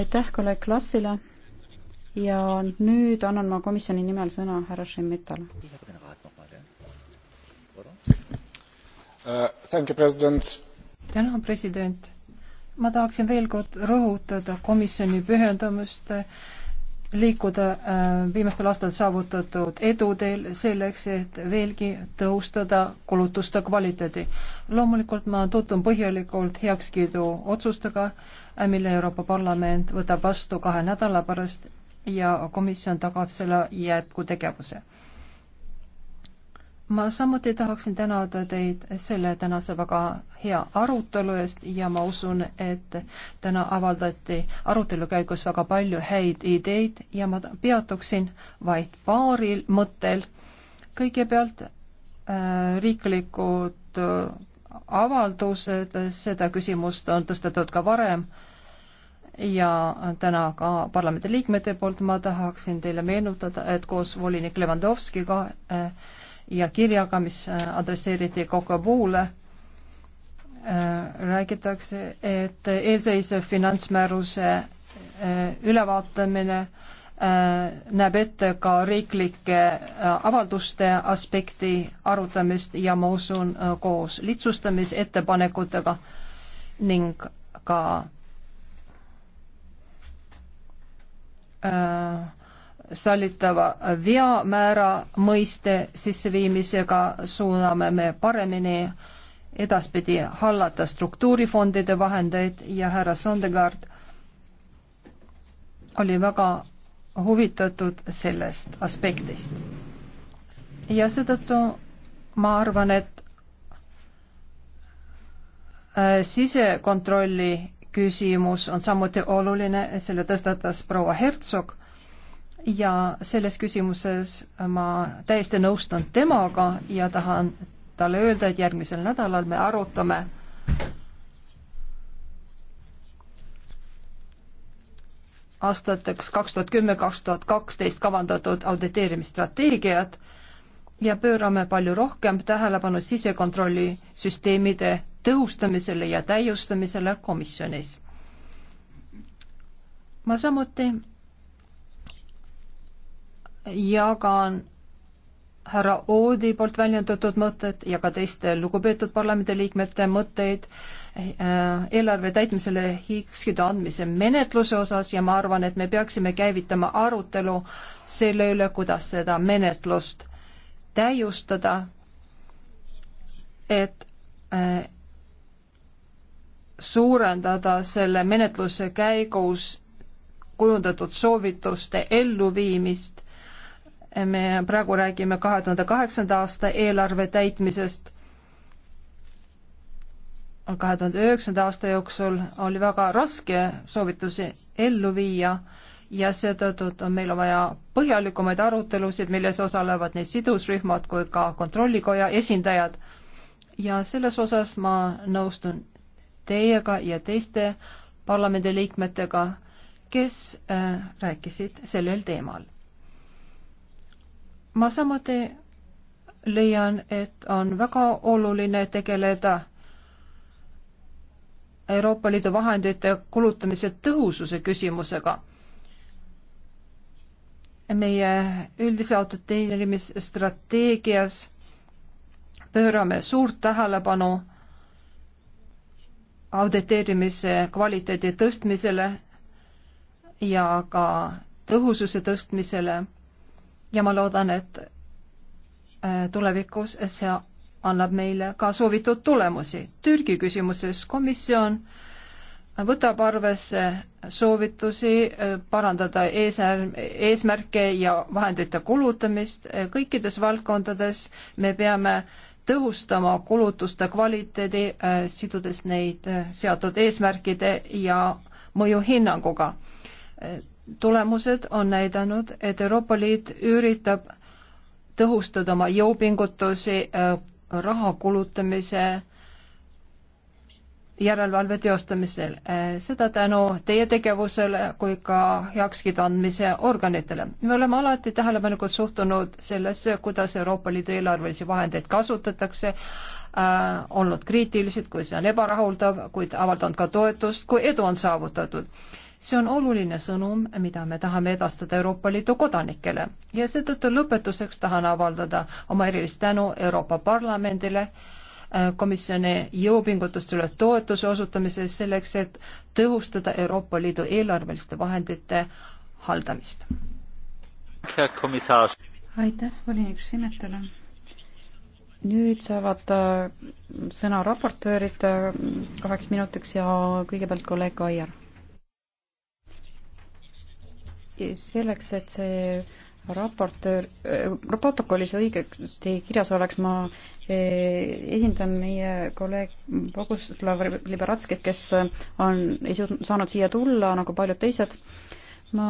aitäh kolleeg Klassile ja nüüd annan ma komisjoni nimel sõna härra Šemitale. Uh, tänan, president. ma tahaksin veel kord rõhutada komisjoni pühendumust liikuda uh, viimastel aastatel saavutatud eduteel selleks, et veelgi tõustada kulutuste kvaliteedi. loomulikult ma tutvun põhjalikult heakskiidu otsustega, mille Euroopa Parlament võtab vastu kahe nädala pärast ja komisjon tagab selle jätkutegevuse ma samuti tahaksin tänada teid selle tänase väga hea arutelu eest ja ma usun, et täna avaldati arutelu käigus väga palju häid ideid ja ma peatuksin vaid paaril mõttel. kõigepealt äh, riiklikud äh, avaldused, seda küsimust on tõstetud ka varem ja täna ka parlamendiliikmete poolt ma tahaksin teile meenutada, et koos volinik Levandovskiga äh, ja kirjaga, mis äh, adresseeriti Coca-Coola'le, äh, räägitakse, et eelseisev finantsmääruse äh, ülevaatamine näeb ette ka riiklike avalduste aspekti arutamist ja ma usun koos lihtsustamisettepanekutega ning ka äh, sallitava veamäära mõiste sisseviimisega suuname me paremini edaspidi hallata struktuurifondide vahendeid ja härra Sondegaard oli väga huvitatud sellest aspektist. ja seetõttu ma arvan, et äh, sisekontrolli küsimus on samuti oluline, selle tõstatas proua Hertsog ja selles küsimuses ma täiesti nõustun temaga ja tahan talle öelda, et järgmisel nädalal me arutame aastateks kaks tuhat kümme, kaks tuhat kaksteist kavandatud auditeerimisstrateegiat ja pöörame palju rohkem tähelepanu sisekontrolli süsteemide tõhustamisele ja täiustamisele komisjonis. ma samuti jagan härra Oodi poolt väljendatud mõtted ja ka teiste lugupeetud parlamendiliikmete mõtteid eh, eelarve täitmisele hiigskude andmise menetluse osas ja ma arvan, et me peaksime käivitama arutelu selle üle, kuidas seda menetlust täiustada, et eh, suurendada selle menetluse käigus kujundatud soovituste elluviimist me praegu räägime kahe tuhande kaheksanda aasta eelarve täitmisest. kahe tuhande üheksanda aasta jooksul oli väga raske soovitusi ellu viia ja seetõttu on meil vaja põhjalikumaid arutelusid, milles osalevad nii sidusrühmad kui ka kontrollikoja esindajad. ja selles osas ma nõustun teiega ja teiste parlamendiliikmetega, kes äh, rääkisid sellel teemal ma samuti leian, et on väga oluline tegeleda Euroopa Liidu vahendite kulutamise tõhususe küsimusega. meie üldise autoteenimisstrateegias pöörame suurt tähelepanu auditeerimise kvaliteedi tõstmisele ja ka tõhususe tõstmisele ja ma loodan, et äh, tulevikus see annab meile ka soovitud tulemusi. Türgi küsimuses komisjon võtab arvesse soovitusi äh, parandada eesärm, eesmärke ja vahendite kulutamist kõikides valdkondades. me peame tõhustama kulutuste kvaliteedi, äh, sidudes neid seatud eesmärkide ja mõjuhinnanguga tulemused on näidanud, et Euroopa Liit üritab tõhustada oma jõupingutusi äh, raha kulutamise järelevalve teostamisel. Äh, seda tänu teie tegevusele kui ka heakskiidu andmise organitele. me oleme alati tähelepanelikult suhtunud sellesse, kuidas Euroopa Liidu eelarvelisi vahendeid kasutatakse äh,, olnud kriitilised, kui see on ebarahuldav, kuid avaldanud ka toetust, kui edu on saavutatud see on oluline sõnum, mida me tahame edastada Euroopa Liidu kodanikele ja seetõttu lõpetuseks tahan avaldada oma erilist tänu Euroopa Parlamendile äh, komisjoni jõupingutustele toetuse osutamises selleks, et tõhustada Euroopa Liidu eelarveliste vahendite haldamist. aitäh, volinik Simetele. nüüd saavad äh, sõna raportöörid äh, kaheks minutiks ja kõigepealt kolleeg Aiar selleks, et see raportöör äh,, protokollis õigesti kirjas oleks, ma äh, esindan meie kolleeg Boguslav Liberatskit, kes äh, on, ei saanud siia tulla nagu paljud teised. ma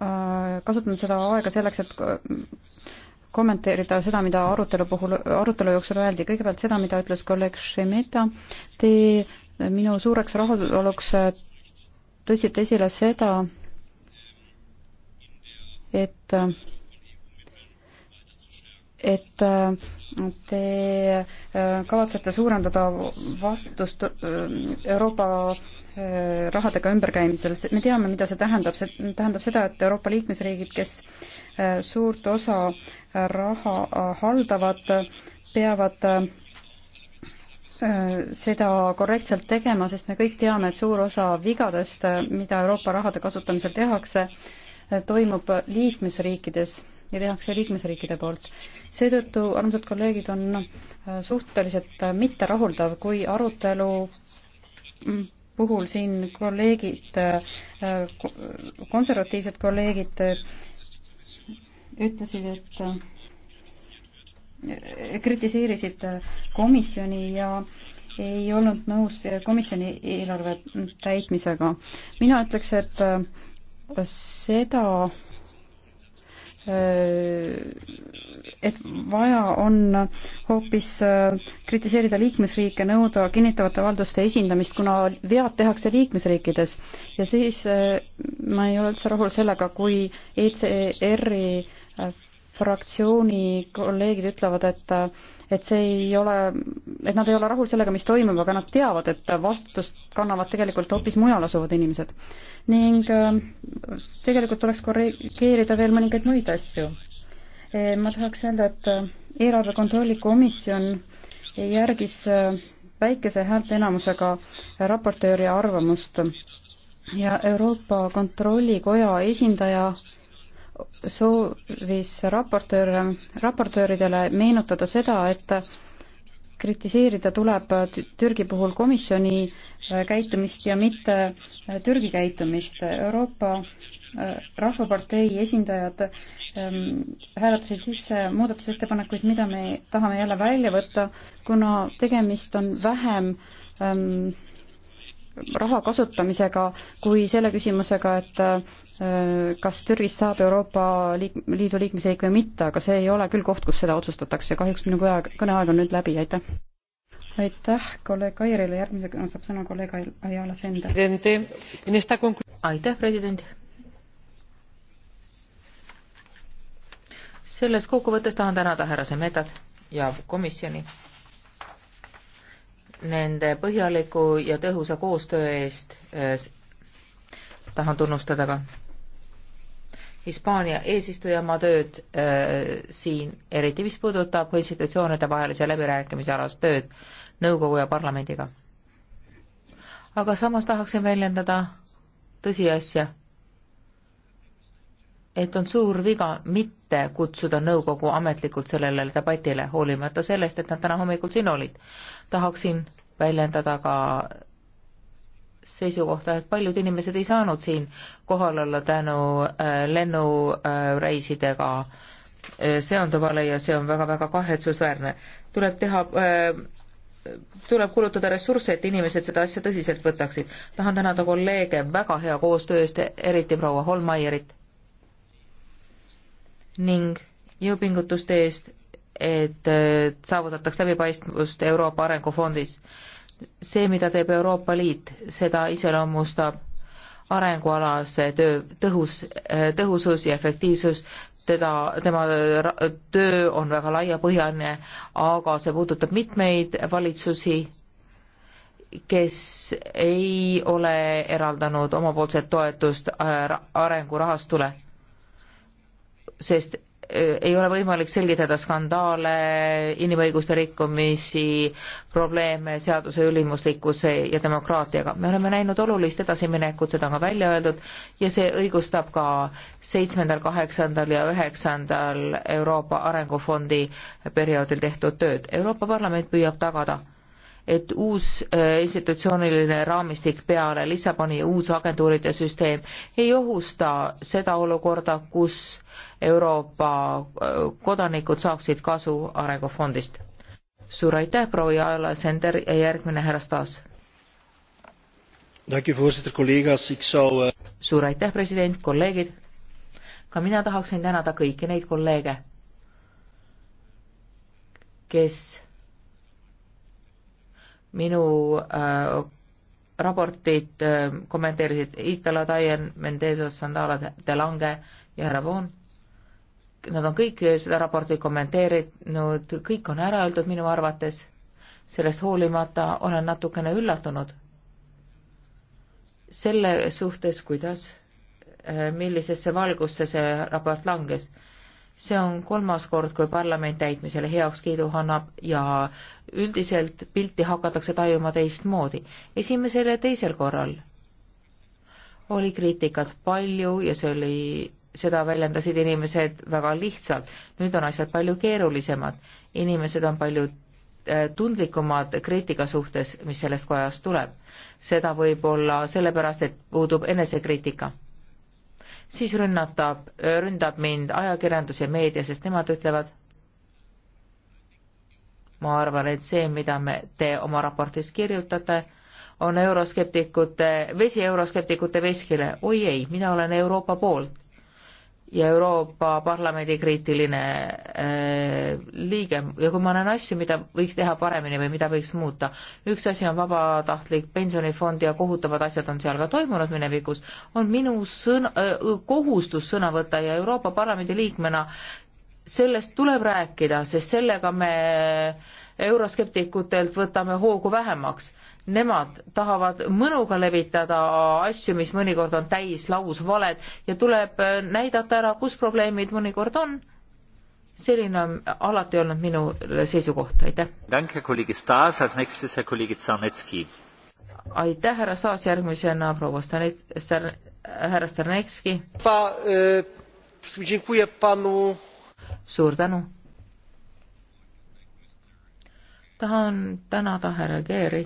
äh, kasutan seda aega selleks, et äh, kommenteerida seda, mida arutelu puhul, arutelu jooksul öeldi. kõigepealt seda, mida ütles kolleeg Šemeta. Te minu suureks rahuloluks tõstsite esile seda, et et äh, te äh, kavatsete suurendada vastutust äh, Euroopa rahadega ümberkäimisel, me teame, mida see tähendab, see tähendab seda, et Euroopa liikmesriigid, kes suurt osa raha haldavad, peavad seda korrektselt tegema, sest me kõik teame, et suur osa vigadest, mida Euroopa rahade kasutamisel tehakse, toimub liikmesriikides ja tehakse liikmesriikide poolt. seetõttu, armsad kolleegid, on äh, suhteliselt äh, mitterahuldav, kui arutelu mm, puhul siin kolleegid, äh, konservatiivsed kolleegid ütlesid, et kritiseerisid komisjoni ja ei olnud nõus komisjoni eelarve täitmisega. mina ütleks, et seda, et vaja on hoopis äh, kritiseerida liikmesriike, nõuda kinnitavate avalduste esindamist, kuna vead tehakse liikmesriikides. ja siis äh, ma ei ole üldse rahul sellega, kui ECR-i äh, fraktsiooni kolleegid ütlevad, et et see ei ole, et nad ei ole rahul sellega, mis toimub, aga nad teavad, et vastutust kannavad tegelikult hoopis mujal asuvad inimesed. ning äh, tegelikult tuleks korrigeerida veel mõningaid muid asju. ma tahaks öelda, et äh, eelarve kontrolli komisjon järgis äh, väikese häälteenamusega raportööri arvamust ja Euroopa Kontrollikoja esindaja soovis raportöör, raportööridele meenutada seda, et kritiseerida tuleb Türgi puhul komisjoni äh, käitumist ja mitte äh, Türgi käitumist. Euroopa äh, Rahvapartei esindajad ähm, hääletasid sisse muudatusettepanekuid, mida me tahame jälle välja võtta, kuna tegemist on vähem ähm, raha kasutamisega kui selle küsimusega, et kas Türgist saab Euroopa liik-, Liidu liikmesriik või mitte, aga see ei ole küll koht, kus seda otsustatakse, kahjuks minu kõne, kõneaeg on nüüd läbi, aitäh. aitäh kolleeg Kairile, järgmisega saab sõna kolleeg Ayala Sender. aitäh, president. selles kokkuvõttes tahan tänada härra Semedat ja komisjoni nende põhjaliku ja tõhusa koostöö eest tahan tunnustada ka Hispaania eesistujamaa tööd äh, siin, eriti mis puudutab institutsioonide vahelise läbirääkimise alast tööd nõukogu ja parlamendiga. aga samas tahaksin väljendada tõsiasja, et on suur viga mitte kutsuda nõukogu ametlikult sellele debatile, hoolimata sellest, et nad täna hommikul siin olid. tahaksin väljendada ka seisukohta, et paljud inimesed ei saanud siin kohal olla tänu äh, lennureisidega äh, seonduvale ja see on väga-väga kahetsusväärne. tuleb teha äh, tuleb kulutada ressursse, et inimesed seda asja tõsiselt võtaksid. tahan tänada kolleege väga hea koostöö eest, eriti proua Holmaierit ning jõupingutuste eest, et saavutataks läbipaistvust Euroopa Arengufondis see, mida teeb Euroopa Liit, seda iseloomustab arengualase töö tõhus, tõhusus ja efektiivsus, teda, tema töö on väga laiapõhjaline, aga see puudutab mitmeid valitsusi, kes ei ole eraldanud omapoolset toetust äh, arengurahastule, sest Äh, ei ole võimalik selgitada skandaale, inimõiguste rikkumisi, probleeme seaduse ülimuslikkuse ja demokraatiaga. me oleme näinud olulist edasiminekut, seda on ka välja öeldud, ja see õigustab ka seitsmendal, kaheksandal ja üheksandal Euroopa Arengufondi perioodil tehtud tööd. Euroopa Parlament püüab tagada et uus äh, institutsiooniline raamistik peale Lissaboni ja uus agentuuride süsteem ei ohusta seda olukorda, kus Euroopa äh, kodanikud saaksid kasu arengufondist. suur aitäh, proua Jaela Sender ja järgmine härra Staas. Eh, suur aitäh, president, kolleegid. ka mina tahaksin tänada kõiki neid kolleege, kes minu äh, raportit äh, kommenteerisid Itala Taien, Mendezos, Sandala De Lange ja Ravon. Nad on kõik seda raportit kommenteerinud, kõik on ära öeldud minu arvates. sellest hoolimata olen natukene üllatunud selle suhtes, kuidas, äh, millisesse valgusse see raport langes see on kolmas kord, kui parlament täitmisele heakskiidu annab ja üldiselt pilti hakatakse tajuma teistmoodi. esimesel ja teisel korral oli kriitikat palju ja see oli, seda väljendasid inimesed väga lihtsalt. nüüd on asjad palju keerulisemad, inimesed on palju äh, tundlikumad kriitika suhtes, mis sellest kojast tuleb. seda võib-olla sellepärast, et puudub enesekriitika siis rünnatab, ründab mind ajakirjandus ja meedia, sest nemad ütlevad, ma arvan, et see, mida me, te oma raportis kirjutate, on euroskeptikute, vesi euroskeptikute veskile. oi ei, mina olen Euroopa poolt ja Euroopa Parlamendi kriitiline äh, liige ja kui ma näen asju, mida võiks teha paremini või mida võiks muuta, üks asi on vabatahtlik pensionifond ja kohutavad asjad on seal ka toimunud minevikus, on minu sõna äh,, kohustus sõna võtta ja Euroopa Parlamendi liikmena sellest tuleb rääkida, sest sellega me euroskeptikutelt võtame hoogu vähemaks Nemad tahavad mõnuga levitada asju, mis mõnikord on täis lausvaled ja tuleb äh, näidata ära, kus probleemid mõnikord on. selline on alati olnud minu seisukoht, aitäh. aitäh, härra Staas, järgmisena proua Stanets-, härra Stanetski. E, suur tänu tahan tänada härra Geeri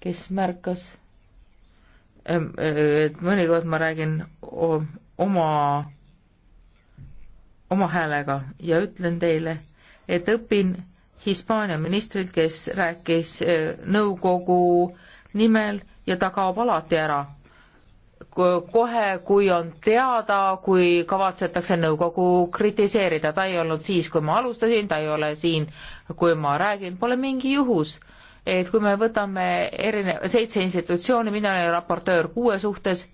kes märkas, ähm, äh, et mõnikord ma räägin oma, oma häälega ja ütlen teile, et õpin Hispaania ministrilt, kes rääkis äh, nõukogu nimel ja ta kaob alati ära. kohe, kui on teada, kui kavatsetakse nõukogu kritiseerida, ta ei olnud siis, kui ma alustasin, ta ei ole siin, kui ma räägin, pole mingi juhus et kui me võtame erine-, seitse institutsiooni, mina olen raportöör kuue suhtes,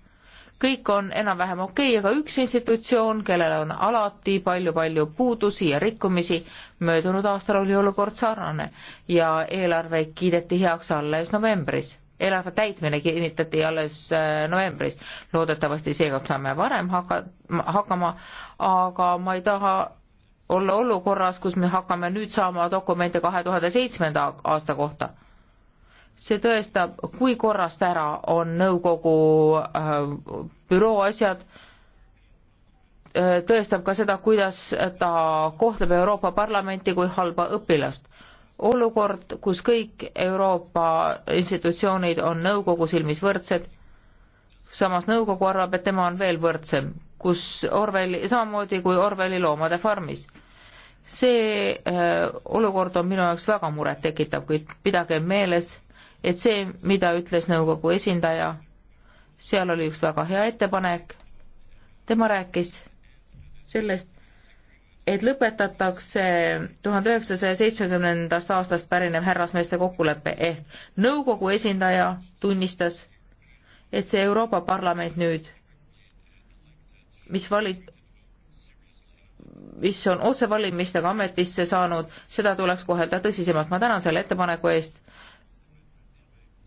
kõik on enam-vähem okei okay,, aga üks institutsioon, kellel on alati palju-palju puudusi ja rikkumisi, möödunud aastal oli olukord sarnane ja eelarve kiideti heaks alles novembris. eelarve täitmine kinnitati alles äh, novembris. loodetavasti seekord saame varem hakka, hakkama, aga ma ei taha olla olukorras, kus me hakkame nüüd saama dokumente kahe tuhande seitsmenda aasta kohta. see tõestab, kui korrast ära on nõukogu äh, büroo asjad, äh, tõestab ka seda, kuidas ta kohtleb Euroopa Parlamenti kui halba õpilast. olukord, kus kõik Euroopa institutsioonid on nõukogu silmis võrdsed, samas nõukogu arvab, et tema on veel võrdsem kus Orwelli, samamoodi kui Orwelli loomade farmis. see äh, olukord on minu jaoks väga murettekitav, kuid pidage meeles, et see, mida ütles nõukogu esindaja, seal oli üks väga hea ettepanek, tema rääkis sellest, et lõpetatakse tuhande üheksasaja seitsmekümnendast aastast pärinev härrasmeeste kokkulepe ehk nõukogu esindaja tunnistas, et see Euroopa Parlament nüüd mis valit-, mis on otsevalimistega ametisse saanud, seda tuleks kohelda tõsisemalt. ma tänan selle ettepaneku eest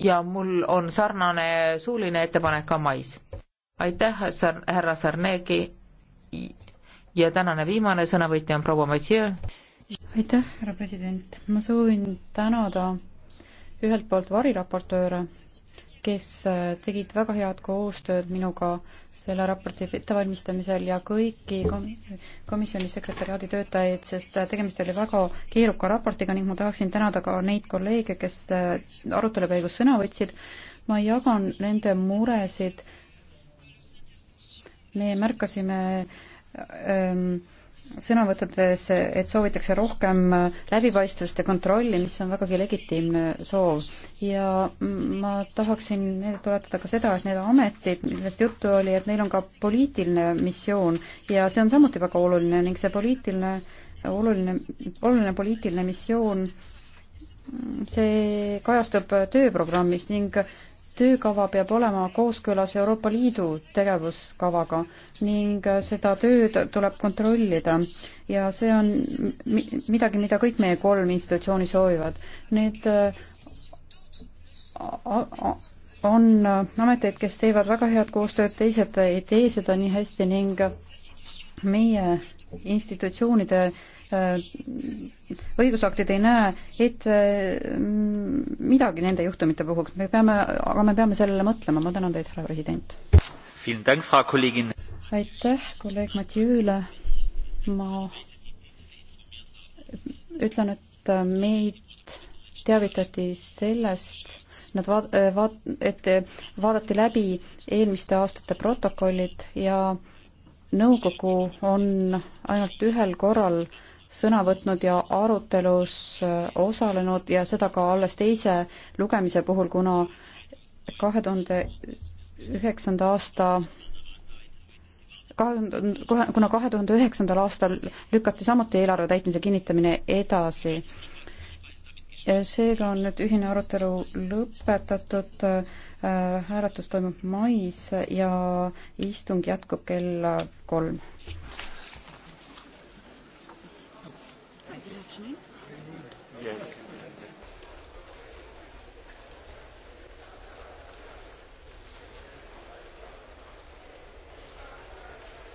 ja mul on sarnane suuline ettepanek ka mais. aitäh, härra Sarnegi ja tänane viimane sõnavõtja on proua Mathieu. aitäh, härra president, ma soovin tänada ühelt poolt variraportööre, kes äh, tegid väga head koostööd minuga selle raporti ettevalmistamisel ja kõiki komisjoni sekretäriaadi töötajaid, sest äh, tegemist oli väga keeruka raportiga ning ma tahaksin tänada ka neid kolleege, kes äh, arutelu käigus sõna võtsid. ma jagan nende muresid. me märkasime ähm, sõnavõttudes, et soovitakse rohkem läbipaistvust ja kontrolli, mis on vägagi legitiimne soov. ja ma tahaksin meelde tuletada ka seda, et need ametid, millest juttu oli, et neil on ka poliitiline missioon ja see on samuti väga oluline ning see poliitiline, oluline, oluline poliitiline missioon, see kajastub tööprogrammis ning äh, töökava peab olema kooskõlas Euroopa Liidu tegevuskavaga ning seda tööd tuleb kontrollida ja see on midagi, mida kõik meie kolm institutsiooni soovivad. Need äh, on ameteid, kes teevad väga head koostööd, teised ei tee seda nii hästi ning meie institutsioonide äh, Äh, õigusaktid ei näe ette äh, midagi nende juhtumite puhuks, me peame, aga me peame sellele mõtlema, ma tänan teid, härra president. aitäh kolleeg Mathieu'le, ma ütlen, et äh, meid teavitati sellest, nad vaat-, vaat-, et vaadati läbi eelmiste aastate protokollid ja nõukogu on ainult ühel korral sõna võtnud ja arutelus äh, osalenud ja seda ka alles teise lugemise puhul, kuna kahe tuhande üheksanda aasta kahe, kuna kahe tuhande üheksandal aastal lükati samuti eelarve täitmise kinnitamine edasi. seega on nüüd ühine arutelu lõpetatud, äh, hääletus toimub mais ja istung jätkub kell kolm.